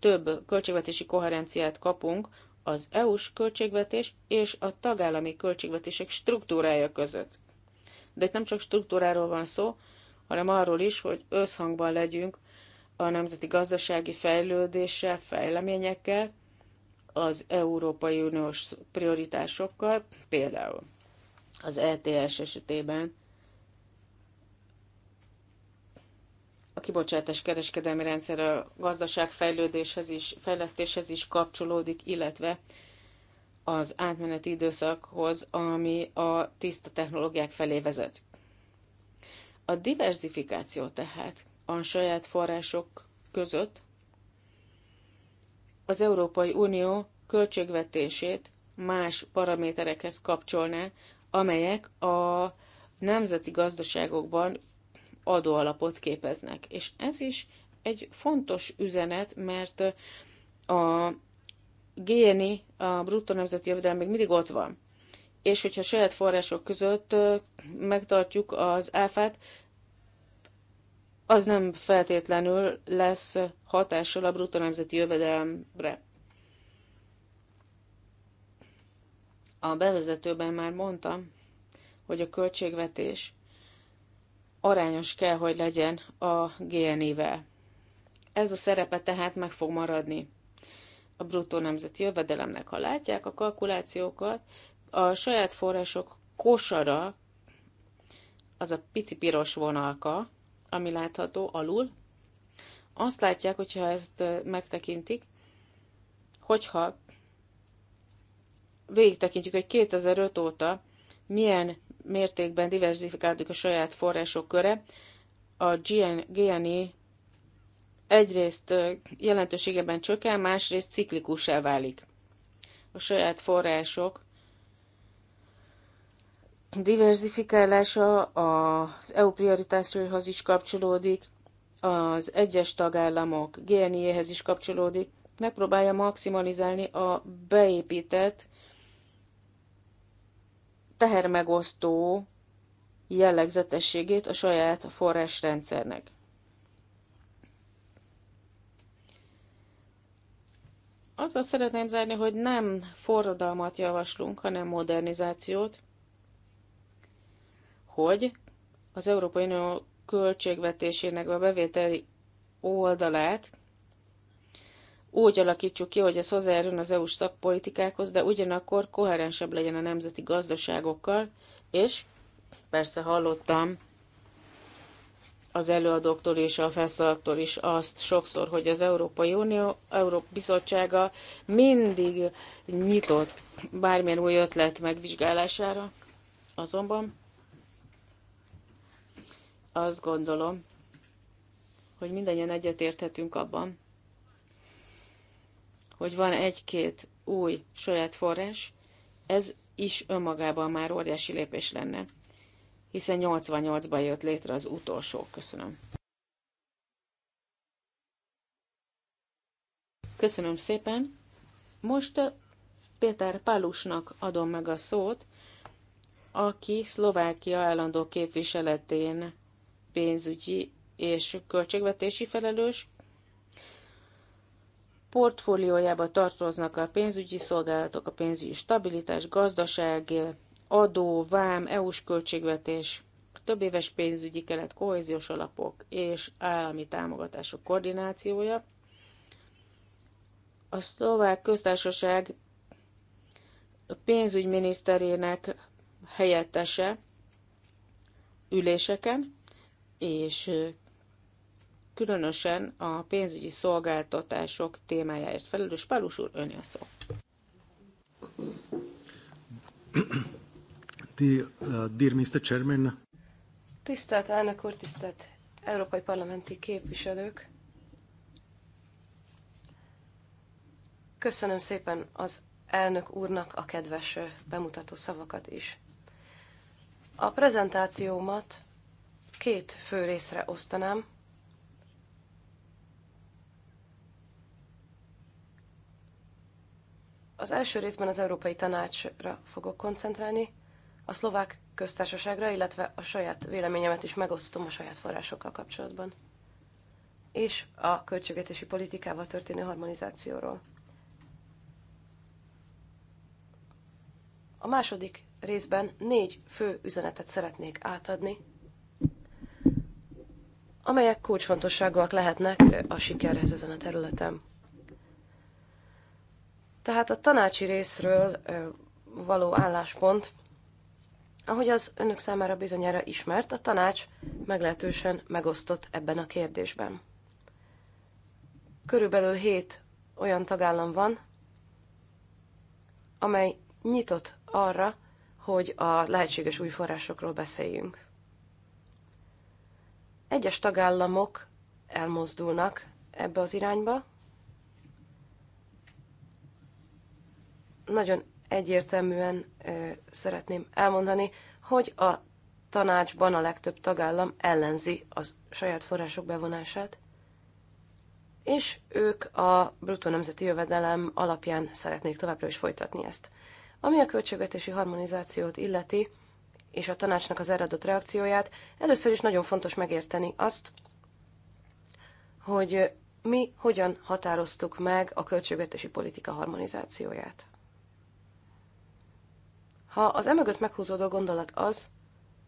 több költségvetési koherenciát kapunk az EU-s költségvetés és a tagállami költségvetések struktúrája között. De itt nem csak struktúráról van szó, hanem arról is, hogy összhangban legyünk a nemzeti gazdasági fejlődéssel, fejleményekkel, az Európai Uniós prioritásokkal, például az ETS esetében a kibocsátás kereskedelmi rendszer a gazdaság fejlődéshez is, fejlesztéshez is kapcsolódik, illetve az átmeneti időszakhoz, ami a tiszta technológiák felé vezet. A diversifikáció tehát a saját források között az Európai Unió költségvetését más paraméterekhez kapcsolná, amelyek a nemzeti gazdaságokban adóalapot képeznek. És ez is egy fontos üzenet, mert a GNI, a bruttó nemzeti jövedelem még mindig ott van. És hogyha saját források között megtartjuk az áfát, az nem feltétlenül lesz hatással a bruttó nemzeti jövedelemre. A bevezetőben már mondtam, hogy a költségvetés arányos kell, hogy legyen a GNI-vel. Ez a szerepe tehát meg fog maradni. A bruttó nemzeti jövedelemnek, ha látják a kalkulációkat, a saját források kosara, az a pici piros vonalka, ami látható alul, azt látják, hogyha ezt megtekintik, hogyha végigtekintjük, hogy 2005 óta milyen mértékben diversifikálódik a saját források köre. A GNI e egyrészt jelentőségeben csökken, másrészt ciklikussá válik. A saját források diversifikálása az EU prioritásaihoz is kapcsolódik, az egyes tagállamok GNI-hez is kapcsolódik, megpróbálja maximalizálni a beépített tehermegosztó jellegzetességét a saját forrásrendszernek. Azzal szeretném zárni, hogy nem forradalmat javaslunk, hanem modernizációt, hogy az Európai Unió költségvetésének a bevételi oldalát úgy alakítsuk ki, hogy ez hozzájárul az EU-s szakpolitikákhoz, de ugyanakkor koherensebb legyen a nemzeti gazdaságokkal, és persze hallottam az előadóktól és a felszólalóktól is azt sokszor, hogy az Európai Unió, Európa Bizottsága mindig nyitott bármilyen új ötlet megvizsgálására. Azonban azt gondolom, hogy mindannyian egyetérthetünk abban, hogy van egy-két új saját forrás, ez is önmagában már óriási lépés lenne, hiszen 88-ban jött létre az utolsó. Köszönöm. Köszönöm szépen. Most eh, Péter Pálusnak adom meg a szót, aki Szlovákia állandó képviseletén pénzügyi és költségvetési felelős, portfóliójába tartoznak a pénzügyi szolgálatok, a pénzügyi stabilitás, gazdaság, adó, vám, EU-s költségvetés, több éves pénzügyi kelet, kohéziós alapok és állami támogatások koordinációja. A szlovák köztársaság pénzügyminiszterének helyettese üléseken és különösen a pénzügyi szolgáltatások témájáért felelős. Pálus úr, ön a szó. Dear Mr. Uh, Chairman. Tisztelt elnök úr, tisztelt európai parlamenti képviselők! Köszönöm szépen az elnök úrnak a kedves bemutató szavakat is. A prezentációmat két fő részre osztanám. Az első részben az Európai Tanácsra fogok koncentrálni, a szlovák köztársaságra, illetve a saját véleményemet is megosztom a saját forrásokkal kapcsolatban. És a költségetési politikával történő harmonizációról. A második részben négy fő üzenetet szeretnék átadni, amelyek kulcsfontosságúak lehetnek a sikerhez ezen a területen. Tehát a tanácsi részről való álláspont, ahogy az önök számára bizonyára ismert, a tanács meglehetősen megosztott ebben a kérdésben. Körülbelül hét olyan tagállam van, amely nyitott arra, hogy a lehetséges új forrásokról beszéljünk. Egyes tagállamok elmozdulnak ebbe az irányba, nagyon egyértelműen szeretném elmondani, hogy a tanácsban a legtöbb tagállam ellenzi a saját források bevonását, és ők a bruttó nemzeti jövedelem alapján szeretnék továbbra is folytatni ezt. Ami a költségvetési harmonizációt illeti, és a tanácsnak az eredett reakcióját, először is nagyon fontos megérteni azt, hogy mi hogyan határoztuk meg a költségvetési politika harmonizációját. Ha az emögött meghúzódó gondolat az,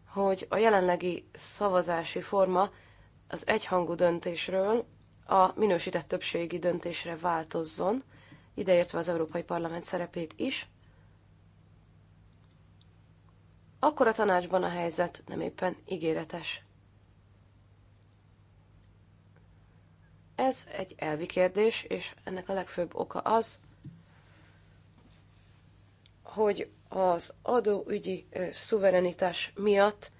hogy a jelenlegi szavazási forma az egyhangú döntésről a minősített többségi döntésre változzon, ideértve az Európai Parlament szerepét is, akkor a tanácsban a helyzet nem éppen ígéretes. Ez egy elvi kérdés, és ennek a legfőbb oka az, hogy az adóügyi szuverenitás miatt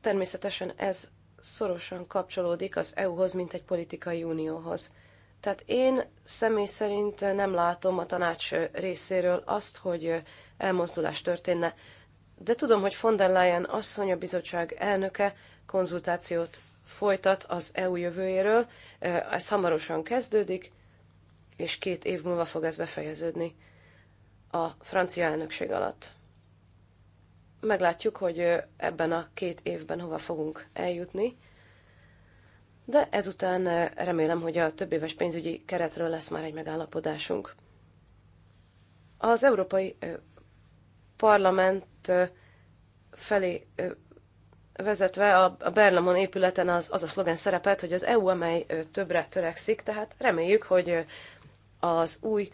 természetesen ez szorosan kapcsolódik az EU-hoz, mint egy politikai unióhoz. Tehát én személy szerint nem látom a tanács részéről azt, hogy elmozdulás történne. De tudom, hogy von der Leyen asszony, a bizottság elnöke konzultációt folytat az EU jövőjéről. Ez hamarosan kezdődik, és két év múlva fog ez befejeződni a francia elnökség alatt. Meglátjuk, hogy ebben a két évben hova fogunk eljutni, de ezután remélem, hogy a több éves pénzügyi keretről lesz már egy megállapodásunk. Az Európai Parlament felé vezetve a Berlamon épületen az, az a szlogen szerepelt, hogy az EU, amely többre törekszik, tehát reméljük, hogy az új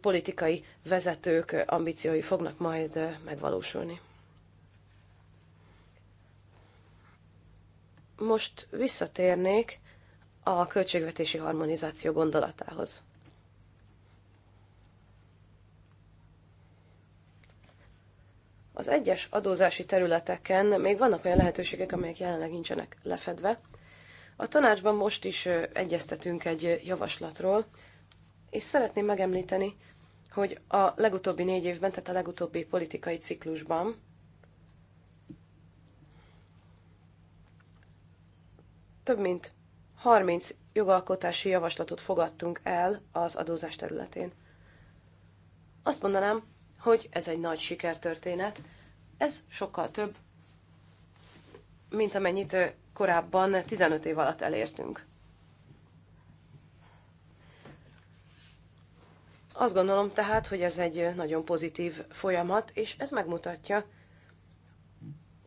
politikai vezetők ambíciói fognak majd megvalósulni. Most visszatérnék a költségvetési harmonizáció gondolatához. Az egyes adózási területeken még vannak olyan lehetőségek, amelyek jelenleg nincsenek lefedve. A tanácsban most is egyeztetünk egy javaslatról, és szeretném megemlíteni, hogy a legutóbbi négy évben, tehát a legutóbbi politikai ciklusban több mint 30 jogalkotási javaslatot fogadtunk el az adózás területén. Azt mondanám, hogy ez egy nagy sikertörténet, ez sokkal több, mint amennyit korábban 15 év alatt elértünk. Azt gondolom tehát, hogy ez egy nagyon pozitív folyamat, és ez megmutatja,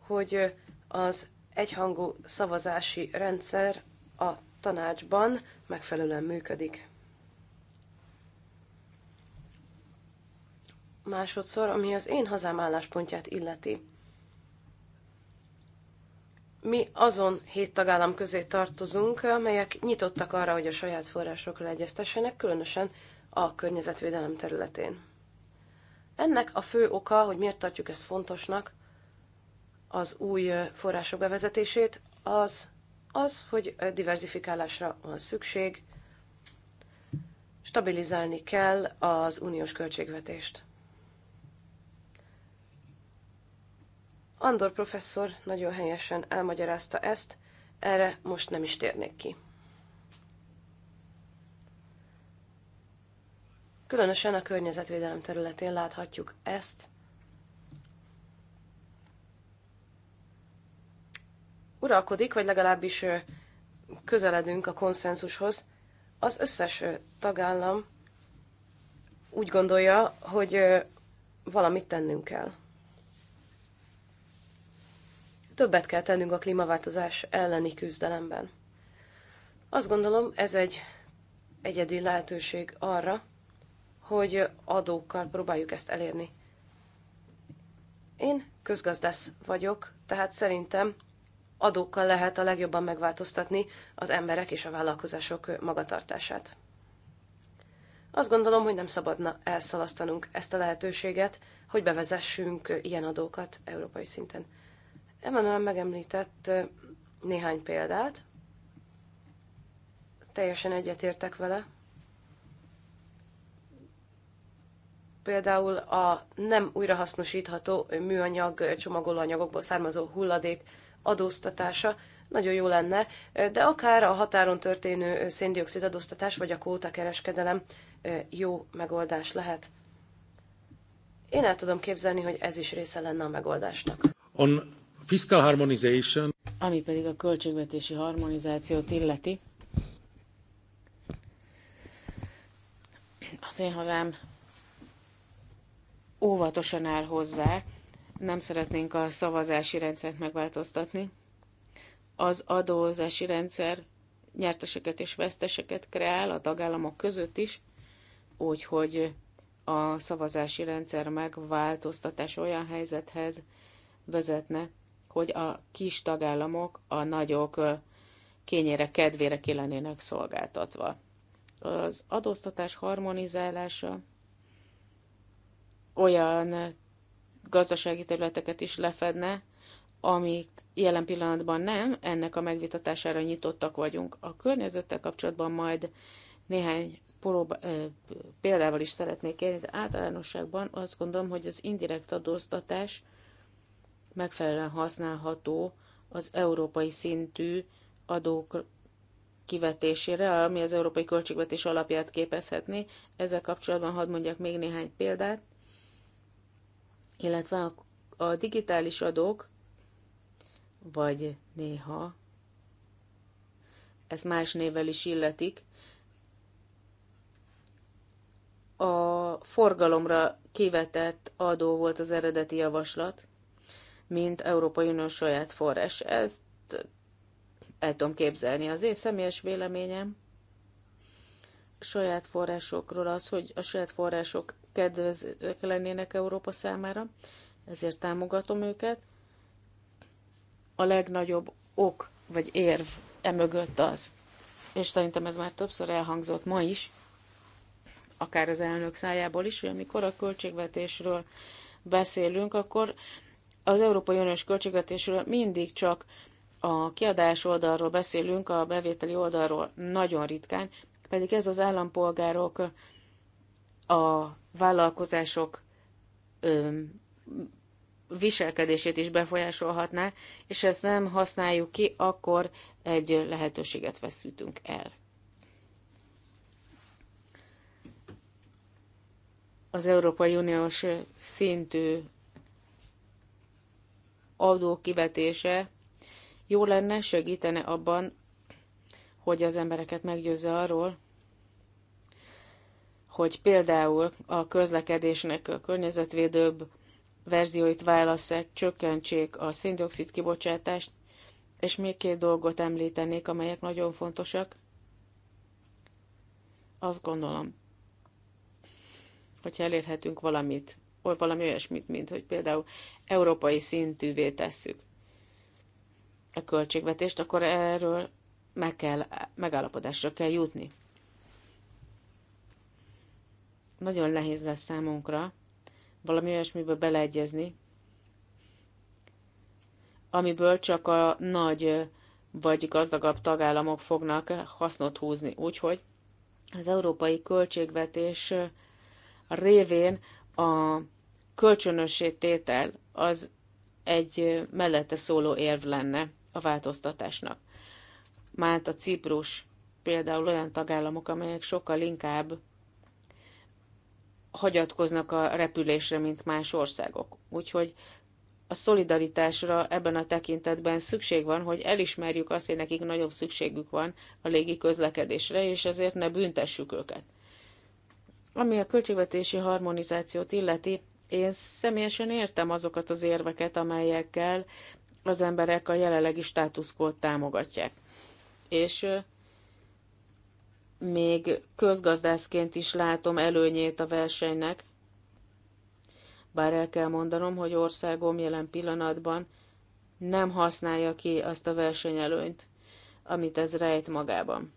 hogy az egyhangú szavazási rendszer a tanácsban megfelelően működik. Másodszor, ami az én hazám álláspontját illeti. Mi azon hét tagállam közé tartozunk, amelyek nyitottak arra, hogy a saját forrásokra egyeztessenek, különösen a környezetvédelem területén. Ennek a fő oka, hogy miért tartjuk ezt fontosnak, az új források bevezetését, az, az, hogy diversifikálásra van szükség, stabilizálni kell az uniós költségvetést. Andor professzor nagyon helyesen elmagyarázta ezt, erre most nem is térnék ki. Különösen a környezetvédelem területén láthatjuk ezt. Uralkodik, vagy legalábbis közeledünk a konszenzushoz. Az összes tagállam úgy gondolja, hogy valamit tennünk kell. Többet kell tennünk a klímaváltozás elleni küzdelemben. Azt gondolom, ez egy egyedi lehetőség arra, hogy adókkal próbáljuk ezt elérni. Én közgazdász vagyok, tehát szerintem adókkal lehet a legjobban megváltoztatni az emberek és a vállalkozások magatartását. Azt gondolom, hogy nem szabadna elszalasztanunk ezt a lehetőséget, hogy bevezessünk ilyen adókat európai szinten. Emmanuel megemlített néhány példát, teljesen egyetértek vele. például a nem újrahasznosítható műanyag csomagolóanyagokból származó hulladék adóztatása nagyon jó lenne, de akár a határon történő széndiokszid adóztatás vagy a kereskedelem jó megoldás lehet. Én el tudom képzelni, hogy ez is része lenne a megoldásnak. On fiscal harmonization. Ami pedig a költségvetési harmonizációt illeti, az én hazám óvatosan áll hozzá, nem szeretnénk a szavazási rendszert megváltoztatni. Az adózási rendszer nyerteseket és veszteseket kreál a tagállamok között is, úgyhogy a szavazási rendszer megváltoztatás olyan helyzethez vezetne, hogy a kis tagállamok a nagyok kényére, kedvére ki lennének szolgáltatva. Az adóztatás harmonizálása olyan gazdasági területeket is lefedne, amik jelen pillanatban nem, ennek a megvitatására nyitottak vagyunk. A környezettel kapcsolatban majd néhány próba, példával is szeretnék élni, de általánosságban azt gondolom, hogy az indirekt adóztatás megfelelően használható az európai szintű adók kivetésére, ami az európai költségvetés alapját képezhetné. Ezzel kapcsolatban hadd mondjak még néhány példát illetve a, a digitális adók, vagy néha ez más nével is illetik, a forgalomra kivetett adó volt az eredeti javaslat, mint Európai Unió saját forrás. Ezt el tudom képzelni. Az én személyes véleményem saját forrásokról az, hogy a saját források kedvezőek lennének Európa számára, ezért támogatom őket. A legnagyobb ok vagy érv emögött az, és szerintem ez már többször elhangzott ma is, akár az elnök szájából is, hogy amikor a költségvetésről beszélünk, akkor az Európai Uniós költségvetésről mindig csak a kiadás oldalról beszélünk, a bevételi oldalról nagyon ritkán, pedig ez az állampolgárok a vállalkozások viselkedését is befolyásolhatná, és ezt nem használjuk ki, akkor egy lehetőséget veszítünk el. Az Európai Uniós szintű adókivetése jó lenne, segítene abban, hogy az embereket meggyőzze arról, hogy például a közlekedésnek a környezetvédőbb verzióit válasszák, csökkentsék a szindioxid kibocsátást, és még két dolgot említenék, amelyek nagyon fontosak. Azt gondolom, hogyha elérhetünk valamit, vagy valami olyasmit, mint hogy például európai szintűvé tesszük a költségvetést, akkor erről meg kell, megállapodásra kell jutni nagyon nehéz lesz számunkra valami olyasmiből beleegyezni, amiből csak a nagy vagy gazdagabb tagállamok fognak hasznot húzni. Úgyhogy az európai költségvetés révén a kölcsönössé tétel az egy mellette szóló érv lenne a változtatásnak. Málta, Ciprus például olyan tagállamok, amelyek sokkal inkább hagyatkoznak a repülésre, mint más országok. Úgyhogy a szolidaritásra ebben a tekintetben szükség van, hogy elismerjük azt, hogy nekik nagyobb szükségük van a légi közlekedésre, és ezért ne büntessük őket. Ami a költségvetési harmonizációt illeti, én személyesen értem azokat az érveket, amelyekkel az emberek a jelenlegi státuszkót támogatják. És még közgazdászként is látom előnyét a versenynek, bár el kell mondanom, hogy országom jelen pillanatban nem használja ki azt a versenyelőnyt, amit ez rejt magában.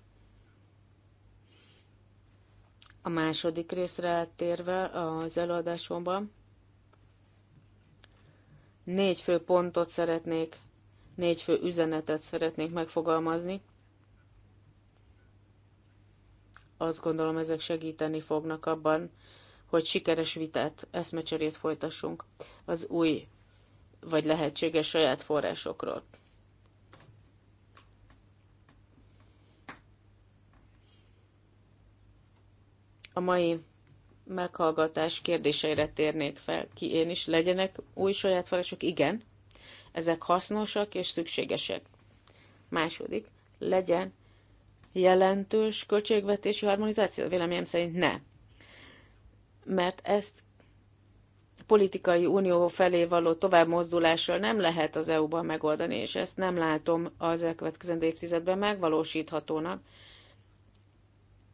A második részre áttérve az előadásomban négy fő pontot szeretnék, négy fő üzenetet szeretnék megfogalmazni, Azt gondolom, ezek segíteni fognak abban, hogy sikeres vitát, eszmecserét folytassunk az új vagy lehetséges saját forrásokról. A mai meghallgatás kérdéseire térnék fel ki én is. Legyenek új saját források? Igen. Ezek hasznosak és szükségesek. Második, legyen jelentős költségvetési harmonizáció? Véleményem szerint ne. Mert ezt politikai unió felé való továbbmozdulással nem lehet az EU-ban megoldani, és ezt nem látom az elkövetkezendő évtizedben megvalósíthatónak,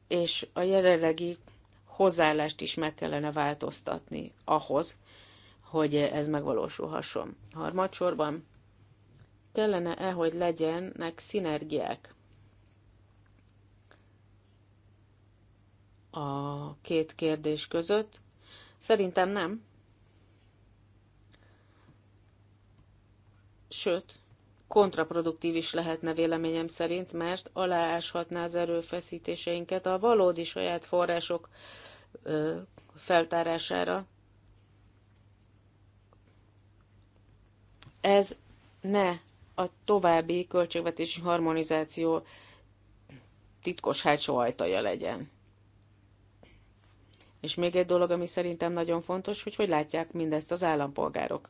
és a jelenlegi hozzáállást is meg kellene változtatni ahhoz, hogy ez megvalósulhasson. Harmadsorban kellene-e, hogy legyenek szinergiák a két kérdés között? Szerintem nem. Sőt, kontraproduktív is lehetne véleményem szerint, mert alááshatná az erőfeszítéseinket a valódi saját források feltárására. Ez ne a további költségvetési harmonizáció titkos hátsó ajtaja legyen. És még egy dolog, ami szerintem nagyon fontos, hogy hogy látják mindezt az állampolgárok.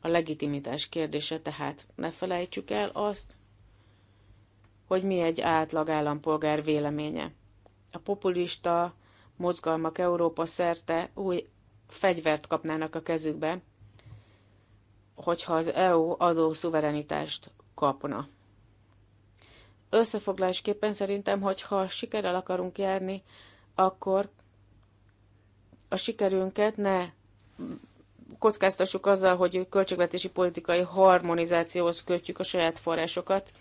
A legitimitás kérdése tehát ne felejtsük el azt, hogy mi egy átlag állampolgár véleménye. A populista mozgalmak Európa szerte új fegyvert kapnának a kezükbe, hogyha az EU adó szuverenitást kapna. Összefoglásképpen szerintem, hogyha sikerrel akarunk járni, akkor a sikerünket ne kockáztassuk azzal, hogy költségvetési politikai harmonizációhoz kötjük a saját forrásokat.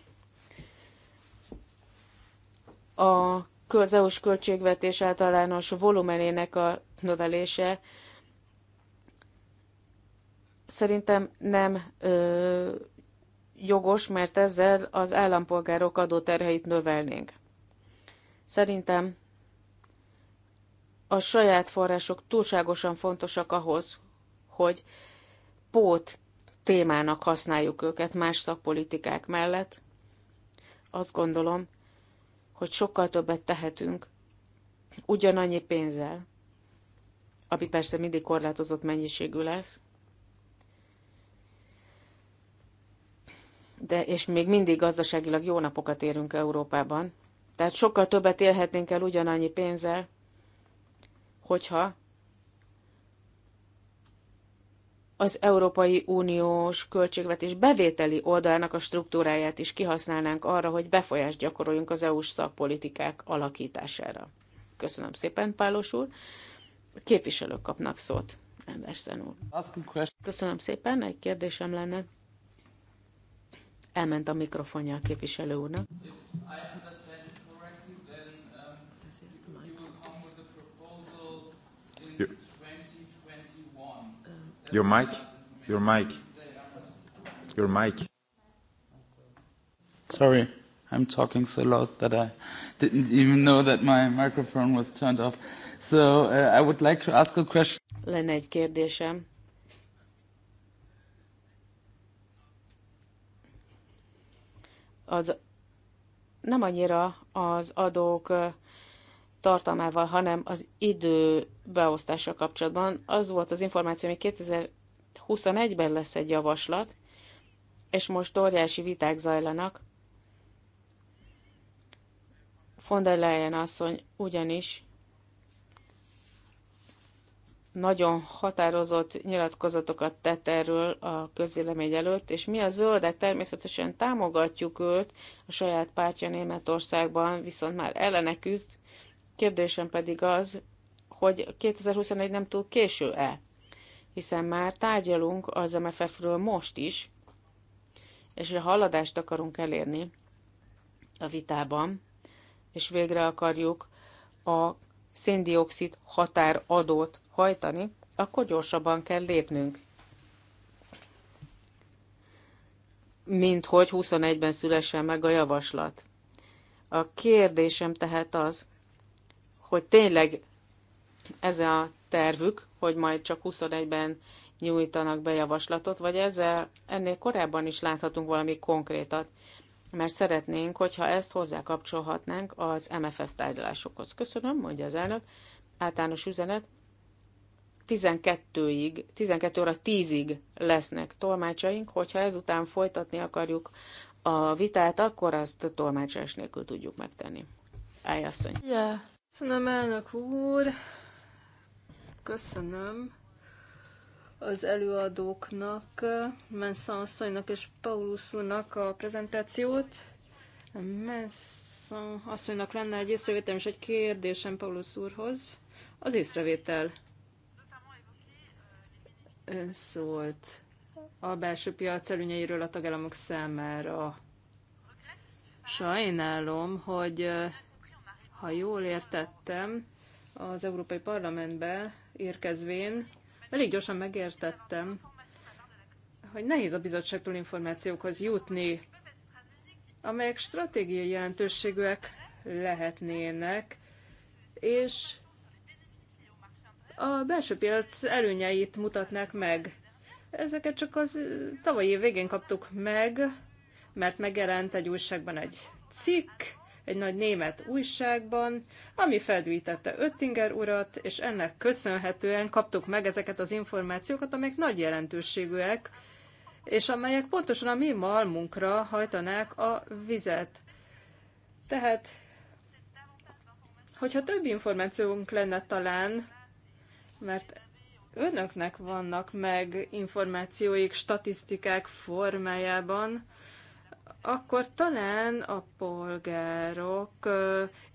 A közeus költségvetés általános volumenének a növelése szerintem nem ö, jogos, mert ezzel az állampolgárok adóterheit növelnénk. Szerintem a saját források túlságosan fontosak ahhoz, hogy pót témának használjuk őket más szakpolitikák mellett. Azt gondolom, hogy sokkal többet tehetünk ugyanannyi pénzzel, ami persze mindig korlátozott mennyiségű lesz, de és még mindig gazdaságilag jó napokat érünk Európában, tehát sokkal többet élhetnénk el ugyanannyi pénzzel, hogyha az Európai Uniós költségvetés bevételi oldalának a struktúráját is kihasználnánk arra, hogy befolyást gyakoroljunk az EU-s szakpolitikák alakítására. Köszönöm szépen, Pálos úr. A képviselők kapnak szót. Andersen úr. Köszönöm szépen, egy kérdésem lenne. Elment a mikrofonja a képviselő úrnak. Your mic? Your mic? Your mic? Sorry, I'm talking so loud that I didn't even know that my microphone was turned off. So uh, I would like to ask a question. Lenne egy kérdésem. Az nem annyira az adók uh, tartalmával, hanem az idő beosztása kapcsolatban. Az volt az információ, hogy 2021-ben lesz egy javaslat, és most óriási viták zajlanak. Von der Leyen asszony ugyanis nagyon határozott nyilatkozatokat tett erről a közvélemény előtt, és mi a zöldek természetesen támogatjuk őt, a saját pártja Németországban viszont már ellene küzd, Kérdésem pedig az, hogy 2021 nem túl késő-e? Hiszen már tárgyalunk az MFF-ről most is, és a haladást akarunk elérni a vitában, és végre akarjuk a széndiokszid határadót hajtani, akkor gyorsabban kell lépnünk. Mint hogy 21-ben szülessen meg a javaslat. A kérdésem tehát az, hogy tényleg ez a tervük, hogy majd csak 21-ben nyújtanak be javaslatot, vagy ezzel ennél korábban is láthatunk valami konkrétat, mert szeretnénk, hogyha ezt hozzákapcsolhatnánk az MFF tárgyalásokhoz. Köszönöm, mondja az elnök. Általános üzenet. 12-ig, 12 óra 10-ig lesznek tolmácsaink, hogyha ezután folytatni akarjuk a vitát, akkor azt tolmácsás nélkül tudjuk megtenni. Állj, asszony. Yeah. Köszönöm, elnök úr. Köszönöm az előadóknak, Mensza asszonynak és Paulus úrnak a prezentációt. Mensza asszonynak lenne egy észrevétel és egy kérdésem Paulus úrhoz. Az észrevétel Ön szólt a belső piac előnyeiről a tagállamok számára. Sajnálom, hogy ha jól értettem, az Európai Parlamentbe érkezvén elég gyorsan megértettem, hogy nehéz a bizottságtól információkhoz jutni, amelyek stratégiai jelentőségűek lehetnének, és a belső piac előnyeit mutatnák meg. Ezeket csak az tavalyi év végén kaptuk meg, mert megjelent egy újságban egy cikk, egy nagy német újságban, ami feldűítette Öttinger urat, és ennek köszönhetően kaptuk meg ezeket az információkat, amelyek nagy jelentőségűek, és amelyek pontosan a mi malmunkra hajtanák a vizet. Tehát, hogyha több információnk lenne talán, mert önöknek vannak meg információik statisztikák formájában, akkor talán a polgárok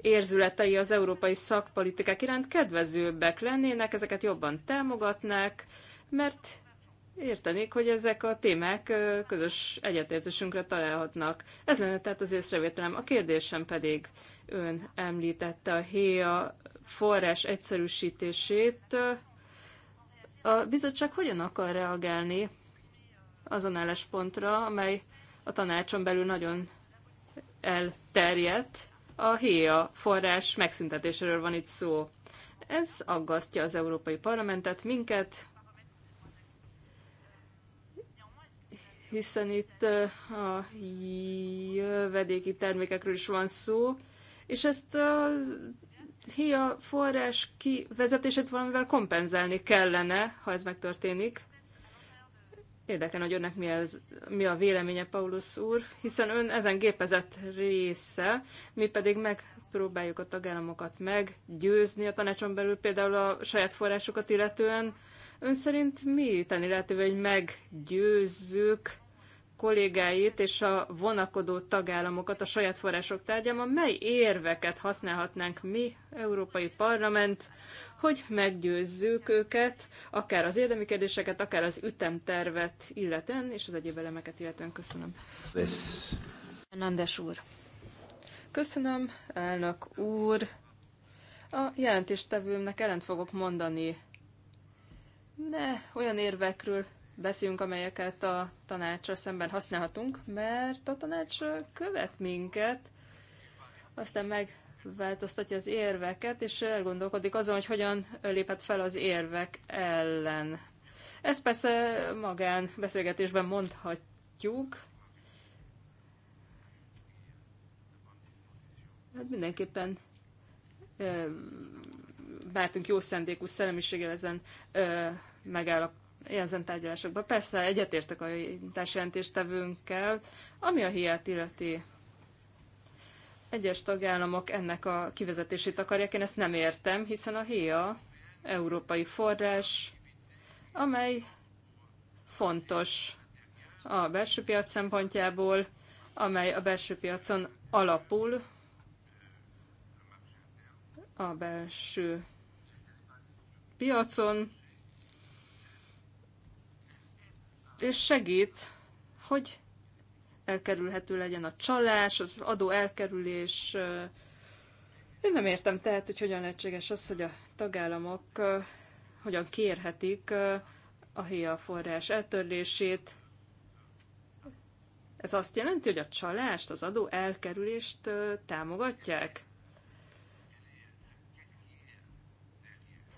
érzületei az európai szakpolitikák iránt kedvezőbbek lennének, ezeket jobban támogatnák, mert értenék, hogy ezek a témák közös egyetértésünkre találhatnak. Ez lenne tehát az észrevételem. A kérdésem pedig ön említette a héja forrás egyszerűsítését. A bizottság hogyan akar reagálni azon álláspontra, amely a tanácson belül nagyon elterjedt. A héja forrás megszüntetéséről van itt szó. Ez aggasztja az Európai Parlamentet, minket, hiszen itt uh, a jövedéki termékekről is van szó, és ezt a HIA forrás kivezetését valamivel kompenzálni kellene, ha ez megtörténik. Érdekel, hogy önnek mi, ez, mi a véleménye, Paulus úr, hiszen ön ezen gépezett része, mi pedig megpróbáljuk a tagállamokat meggyőzni a tanácson belül, például a saját forrásokat illetően. Ön szerint mi tenni lehetővé, hogy meggyőzzük kollégáit és a vonakodó tagállamokat a saját források tárgyában, mely érveket használhatnánk mi, Európai Parlament, hogy meggyőzzük őket, akár az érdemi kérdéseket, akár az ütemtervet illetően, és az egyéb elemeket illetően. Köszönöm. Yes. Nandes úr. Köszönöm, elnök úr. A jelentéstevőmnek ellent fogok mondani. Ne olyan érvekről beszéljünk, amelyeket a tanácsra szemben használhatunk, mert a tanács követ minket, aztán megváltoztatja az érveket, és elgondolkodik azon, hogy hogyan léphet fel az érvek ellen. Ezt persze magán beszélgetésben mondhatjuk. Hát mindenképpen bártunk jó szendékú szellemiséggel ezen megállapodásra ilyen tárgyalásokban. Persze egyetértek a társjelentéstevőnkkel, ami a hiát illeti. Egyes tagállamok ennek a kivezetését akarják, én ezt nem értem, hiszen a HIA európai forrás, amely fontos a belső piac szempontjából, amely a belső piacon alapul, a belső piacon, és segít, hogy elkerülhető legyen a csalás, az adó elkerülés. Én nem értem tehát, hogy hogyan lehetséges az, hogy a tagállamok hogyan kérhetik a héja forrás eltörlését. Ez azt jelenti, hogy a csalást, az adó elkerülést támogatják?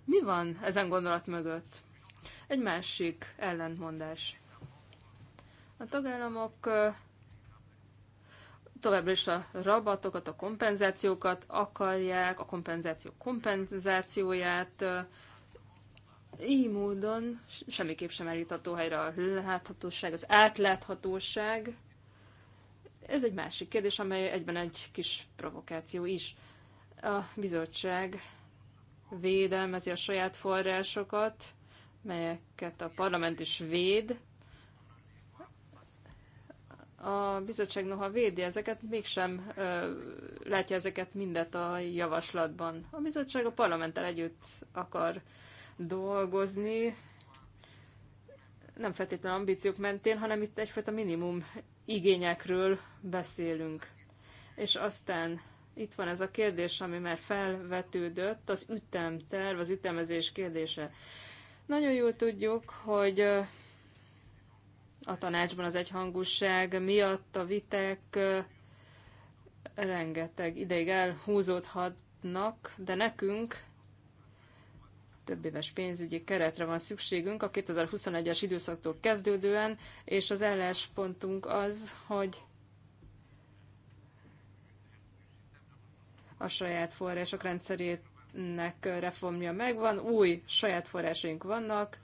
Mi van ezen gondolat mögött? Egy másik ellentmondás. A tagállamok továbbra is a rabatokat, a kompenzációkat akarják, a kompenzáció kompenzációját, így módon semmiképp sem elítható helyre a láthatóság, az átláthatóság. Ez egy másik kérdés, amely egyben egy kis provokáció is. A bizottság védelmezi a saját forrásokat, melyeket a parlament is véd, a bizottság noha védi ezeket, mégsem ö, látja ezeket mindet a javaslatban. A bizottság a parlamenttel együtt akar dolgozni, nem feltétlenül ambíciók mentén, hanem itt egyfajta minimum igényekről beszélünk. És aztán itt van ez a kérdés, ami már felvetődött, az ütemterv, az ütemezés kérdése. Nagyon jól tudjuk, hogy a tanácsban az egyhangúság miatt a vitek rengeteg ideig elhúzódhatnak, de nekünk több éves pénzügyi keretre van szükségünk a 2021-es időszaktól kezdődően, és az álláspontunk az, hogy a saját források rendszerének reformja megvan, új saját forrásaink vannak,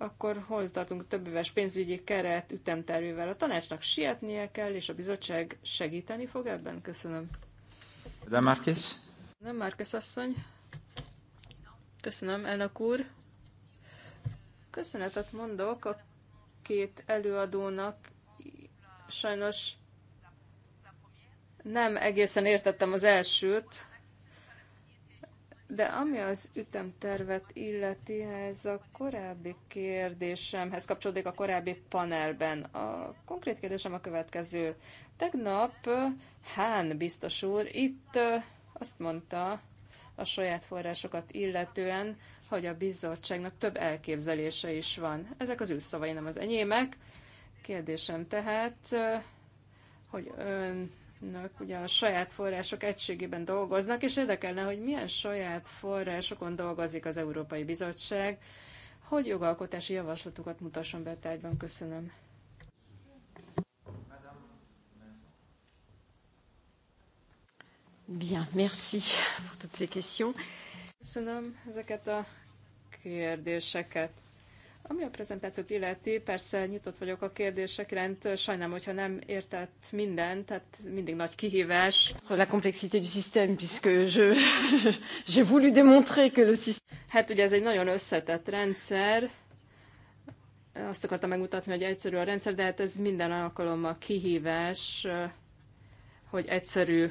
akkor hol tartunk a többéves pénzügyi keret ütemtervével? A tanácsnak sietnie kell, és a bizottság segíteni fog ebben? Köszönöm. De Márkész? Nem, Márkész asszony. Köszönöm, elnök úr. Köszönetet mondok a két előadónak. Sajnos nem egészen értettem az elsőt, de ami az ütemtervet illeti, ez a korábbi kérdésemhez kapcsolódik a korábbi panelben. A konkrét kérdésem a következő. Tegnap Hán biztos úr itt azt mondta a saját forrásokat illetően, hogy a bizottságnak több elképzelése is van. Ezek az ő szavai, nem az enyémek. Kérdésem tehát, hogy ön önök ugye a saját források egységében dolgoznak, és érdekelne, hogy milyen saját forrásokon dolgozik az Európai Bizottság, hogy jogalkotási javaslatokat mutasson be tárgyban. Köszönöm. Bien, merci pour toutes ces questions. Köszönöm ezeket a kérdéseket. Ami a prezentációt illeti, persze nyitott vagyok a kérdések iránt, sajnálom, hogyha nem értett mindent, tehát mindig nagy kihívás. La complexité du système, puisque je, j'ai voulu démontrer que le système... Hát ugye ez egy nagyon összetett rendszer, azt akartam megmutatni, hogy egyszerű a rendszer, de hát ez minden alkalommal kihívás, hogy egyszerű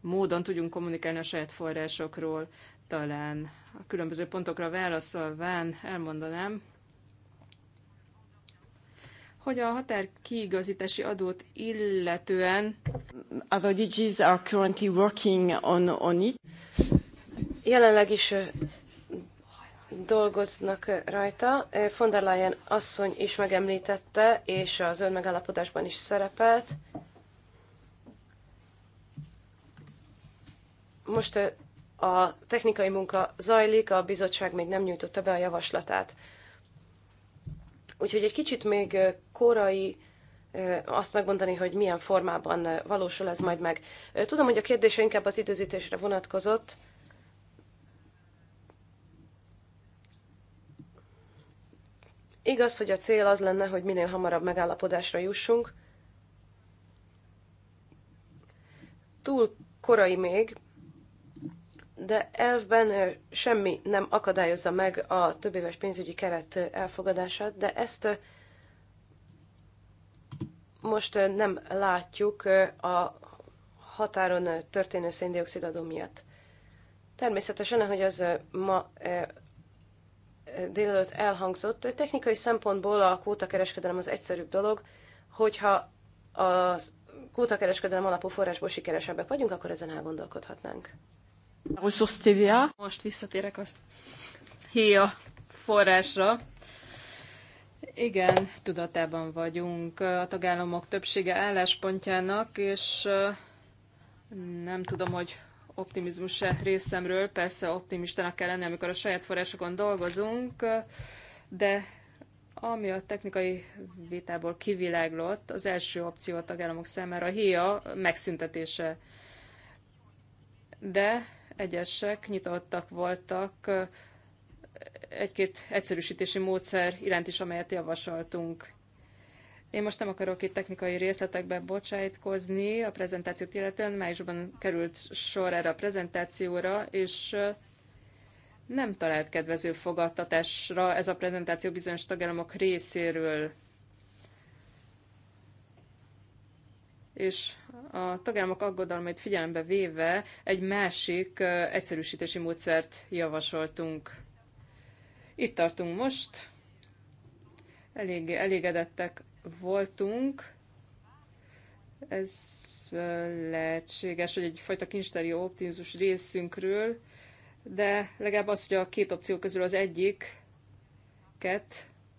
módon tudjunk kommunikálni a saját forrásokról, talán a különböző pontokra válaszolván elmondanám, hogy a határ kiigazítási adót illetően other DGs are currently working on, on it. Jelenleg is dolgoznak rajta. Von der Leyen asszony is megemlítette, és az önmegállapodásban is szerepelt. Most a technikai munka zajlik, a bizottság még nem nyújtotta be a javaslatát. Úgyhogy egy kicsit még korai azt megmondani, hogy milyen formában valósul ez majd meg. Tudom, hogy a kérdése inkább az időzítésre vonatkozott. Igaz, hogy a cél az lenne, hogy minél hamarabb megállapodásra jussunk. Túl korai még, de elvben semmi nem akadályozza meg a több éves pénzügyi keret elfogadását, de ezt most nem látjuk a határon történő széndiokszidadó miatt. Természetesen, ahogy az ma délelőtt elhangzott, technikai szempontból a kvótakereskedelem az egyszerűbb dolog, hogyha a kvótakereskedelem alapú forrásból sikeresebbek vagyunk, akkor ezen elgondolkodhatnánk. Resource TVA. Most visszatérek a HIA forrásra. Igen, tudatában vagyunk a tagállamok többsége álláspontjának, és nem tudom, hogy optimizmus -e részemről, persze optimistának kell lenni, amikor a saját forrásokon dolgozunk, de ami a technikai vitából kiviláglott, az első opció a tagállamok számára a HIA megszüntetése. De egyesek nyitottak voltak egy-két egyszerűsítési módszer iránt is, amelyet javasoltunk. Én most nem akarok itt technikai részletekbe bocsájtkozni a prezentációt illetően. Májusban került sor erre a prezentációra, és nem talált kedvező fogadtatásra ez a prezentáció bizonyos tagállamok részéről. és a tagállamok aggodalmait figyelembe véve egy másik egyszerűsítési módszert javasoltunk. Itt tartunk most, elég elégedettek voltunk. Ez lehetséges, hogy egyfajta kincstári optimizmus részünkről, de legalább az, hogy a két opció közül az egyiket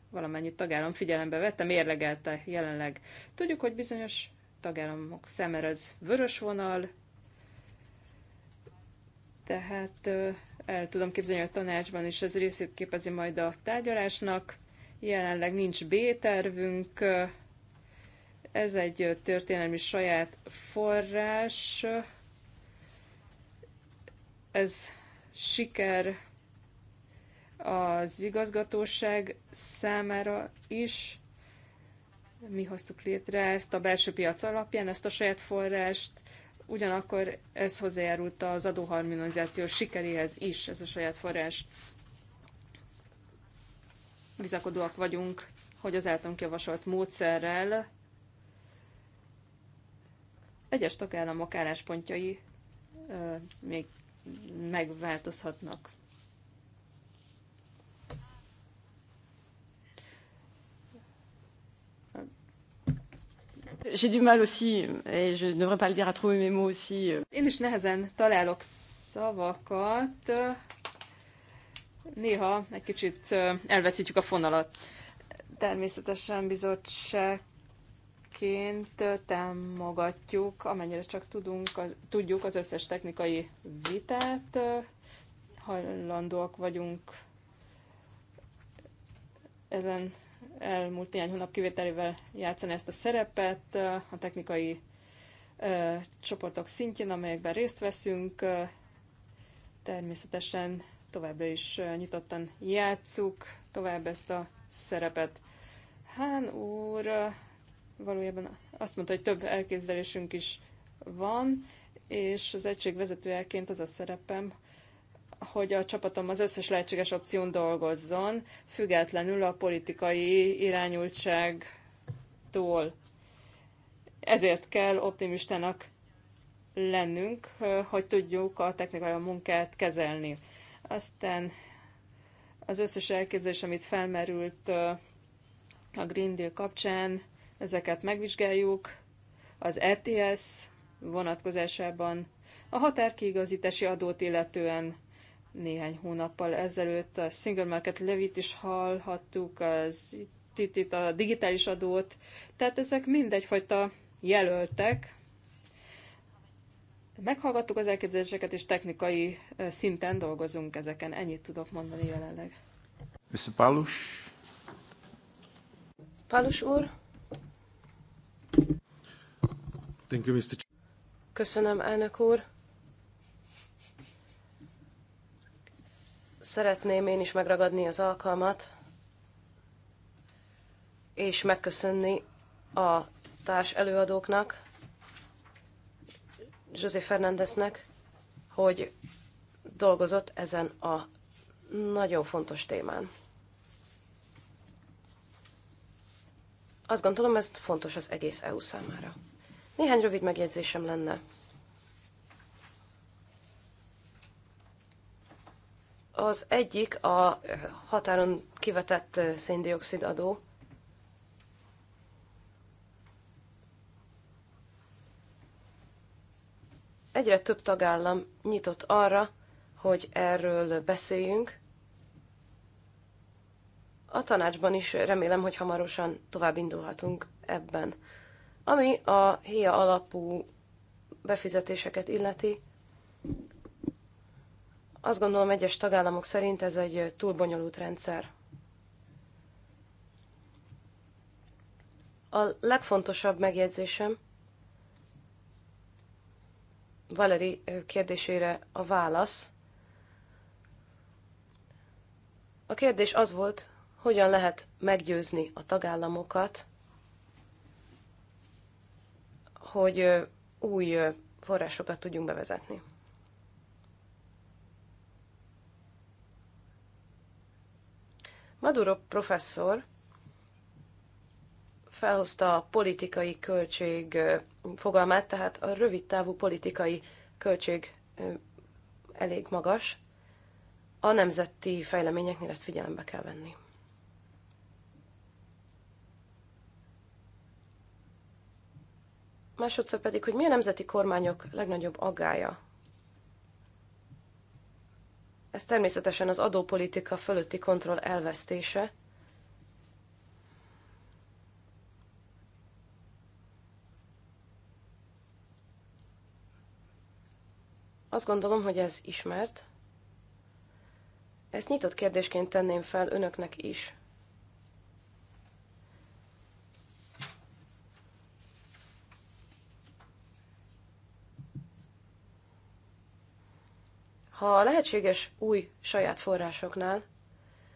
valamennyi tagállam figyelembe vette, mérlegelte jelenleg. Tudjuk, hogy bizonyos tagállamok számára az vörös vonal, tehát el tudom képzelni, hogy a tanácsban is ez részét képezi majd a tárgyalásnak. Jelenleg nincs B-tervünk, ez egy történelmi saját forrás, ez siker az igazgatóság számára is, mi hoztuk létre ezt a belső piac alapján, ezt a saját forrást, ugyanakkor ez hozzájárult az adóharmonizáció sikeréhez is, ez a saját forrás. Bizakodóak vagyunk, hogy az általunk javasolt módszerrel egyes tagállamok álláspontjai még megváltozhatnak. J'ai du mal aussi, et je ne devrais pas le dire à trouver mes mots aussi. Euh. Én is nehezen találok szavakat. Néha egy kicsit elveszítjük a fonalat. Természetesen bizottságként támogatjuk, amennyire csak tudunk, az, tudjuk az összes technikai vitát. Hajlandóak vagyunk ezen elmúlt néhány hónap kivételével játszani ezt a szerepet a technikai csoportok szintjén, amelyekben részt veszünk. Természetesen továbbra is nyitottan játszuk tovább ezt a szerepet. Hán úr valójában azt mondta, hogy több elképzelésünk is van, és az egység vezetőjeként az a szerepem, hogy a csapatom az összes lehetséges opción dolgozzon, függetlenül a politikai irányultságtól. Ezért kell optimistának lennünk, hogy tudjuk a technikai munkát kezelni. Aztán az összes elképzelés, amit felmerült a Green Deal kapcsán, ezeket megvizsgáljuk. Az ETS vonatkozásában a határkiigazítási adót illetően néhány hónappal ezelőtt a Single Market Levit is hallhattuk, az itt, itt a digitális adót, tehát ezek mind egyfajta jelöltek. Meghallgattuk az elképzeléseket, és technikai szinten dolgozunk ezeken. Ennyit tudok mondani jelenleg. Mr. Palus? Palus úr? Thank you, Mr. Köszönöm, elnök úr. Szeretném én is megragadni az alkalmat, és megköszönni a társ előadóknak, José Fernándeznek, hogy dolgozott ezen a nagyon fontos témán. Azt gondolom, ez fontos az egész EU számára. Néhány rövid megjegyzésem lenne. Az egyik a határon kivetett széndiokszid adó, egyre több tagállam nyitott arra, hogy erről beszéljünk. A tanácsban is remélem, hogy hamarosan tovább indulhatunk ebben. Ami a HIA alapú befizetéseket illeti, azt gondolom, egyes tagállamok szerint ez egy túl bonyolult rendszer. A legfontosabb megjegyzésem Valeri kérdésére a válasz. A kérdés az volt, hogyan lehet meggyőzni a tagállamokat, hogy új forrásokat tudjunk bevezetni. Maduro professzor felhozta a politikai költség fogalmát, tehát a rövid távú politikai költség elég magas. A nemzeti fejleményeknél ezt figyelembe kell venni. Másodszor pedig, hogy mi a nemzeti kormányok legnagyobb aggája ez természetesen az adópolitika fölötti kontroll elvesztése, Azt gondolom, hogy ez ismert. Ezt nyitott kérdésként tenném fel önöknek is. Ha lehetséges új saját forrásoknál,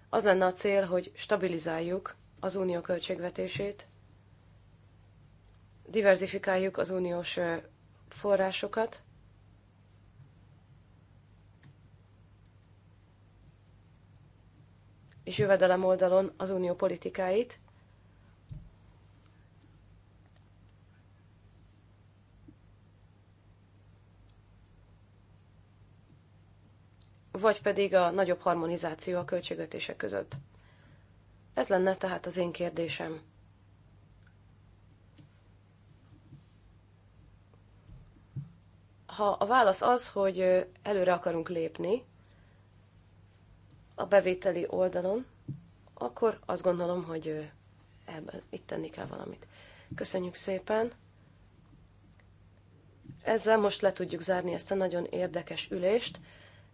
az lenne a cél, hogy stabilizáljuk az unió költségvetését, diversifikáljuk az uniós forrásokat, és jövedelem oldalon az unió politikáit, vagy pedig a nagyobb harmonizáció a költségvetések között. Ez lenne tehát az én kérdésem. Ha a válasz az, hogy előre akarunk lépni a bevételi oldalon, akkor azt gondolom, hogy ebben itt tenni kell valamit. Köszönjük szépen! Ezzel most le tudjuk zárni ezt a nagyon érdekes ülést.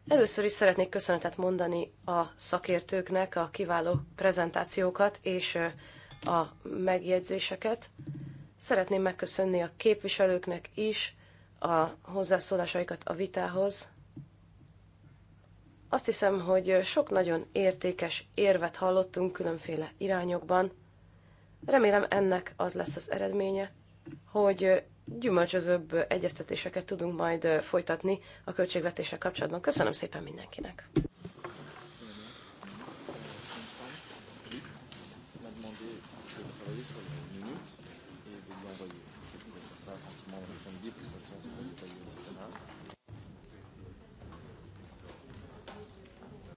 Először is szeretnék köszönetet mondani a szakértőknek a kiváló prezentációkat és a megjegyzéseket. Szeretném megköszönni a képviselőknek is a hozzászólásaikat a vitához. Azt hiszem, hogy sok nagyon értékes érvet hallottunk különféle irányokban. Remélem ennek az lesz az eredménye, hogy gyümölcsözőbb egyeztetéseket tudunk majd folytatni a költségvetéssel kapcsolatban. Köszönöm szépen mindenkinek!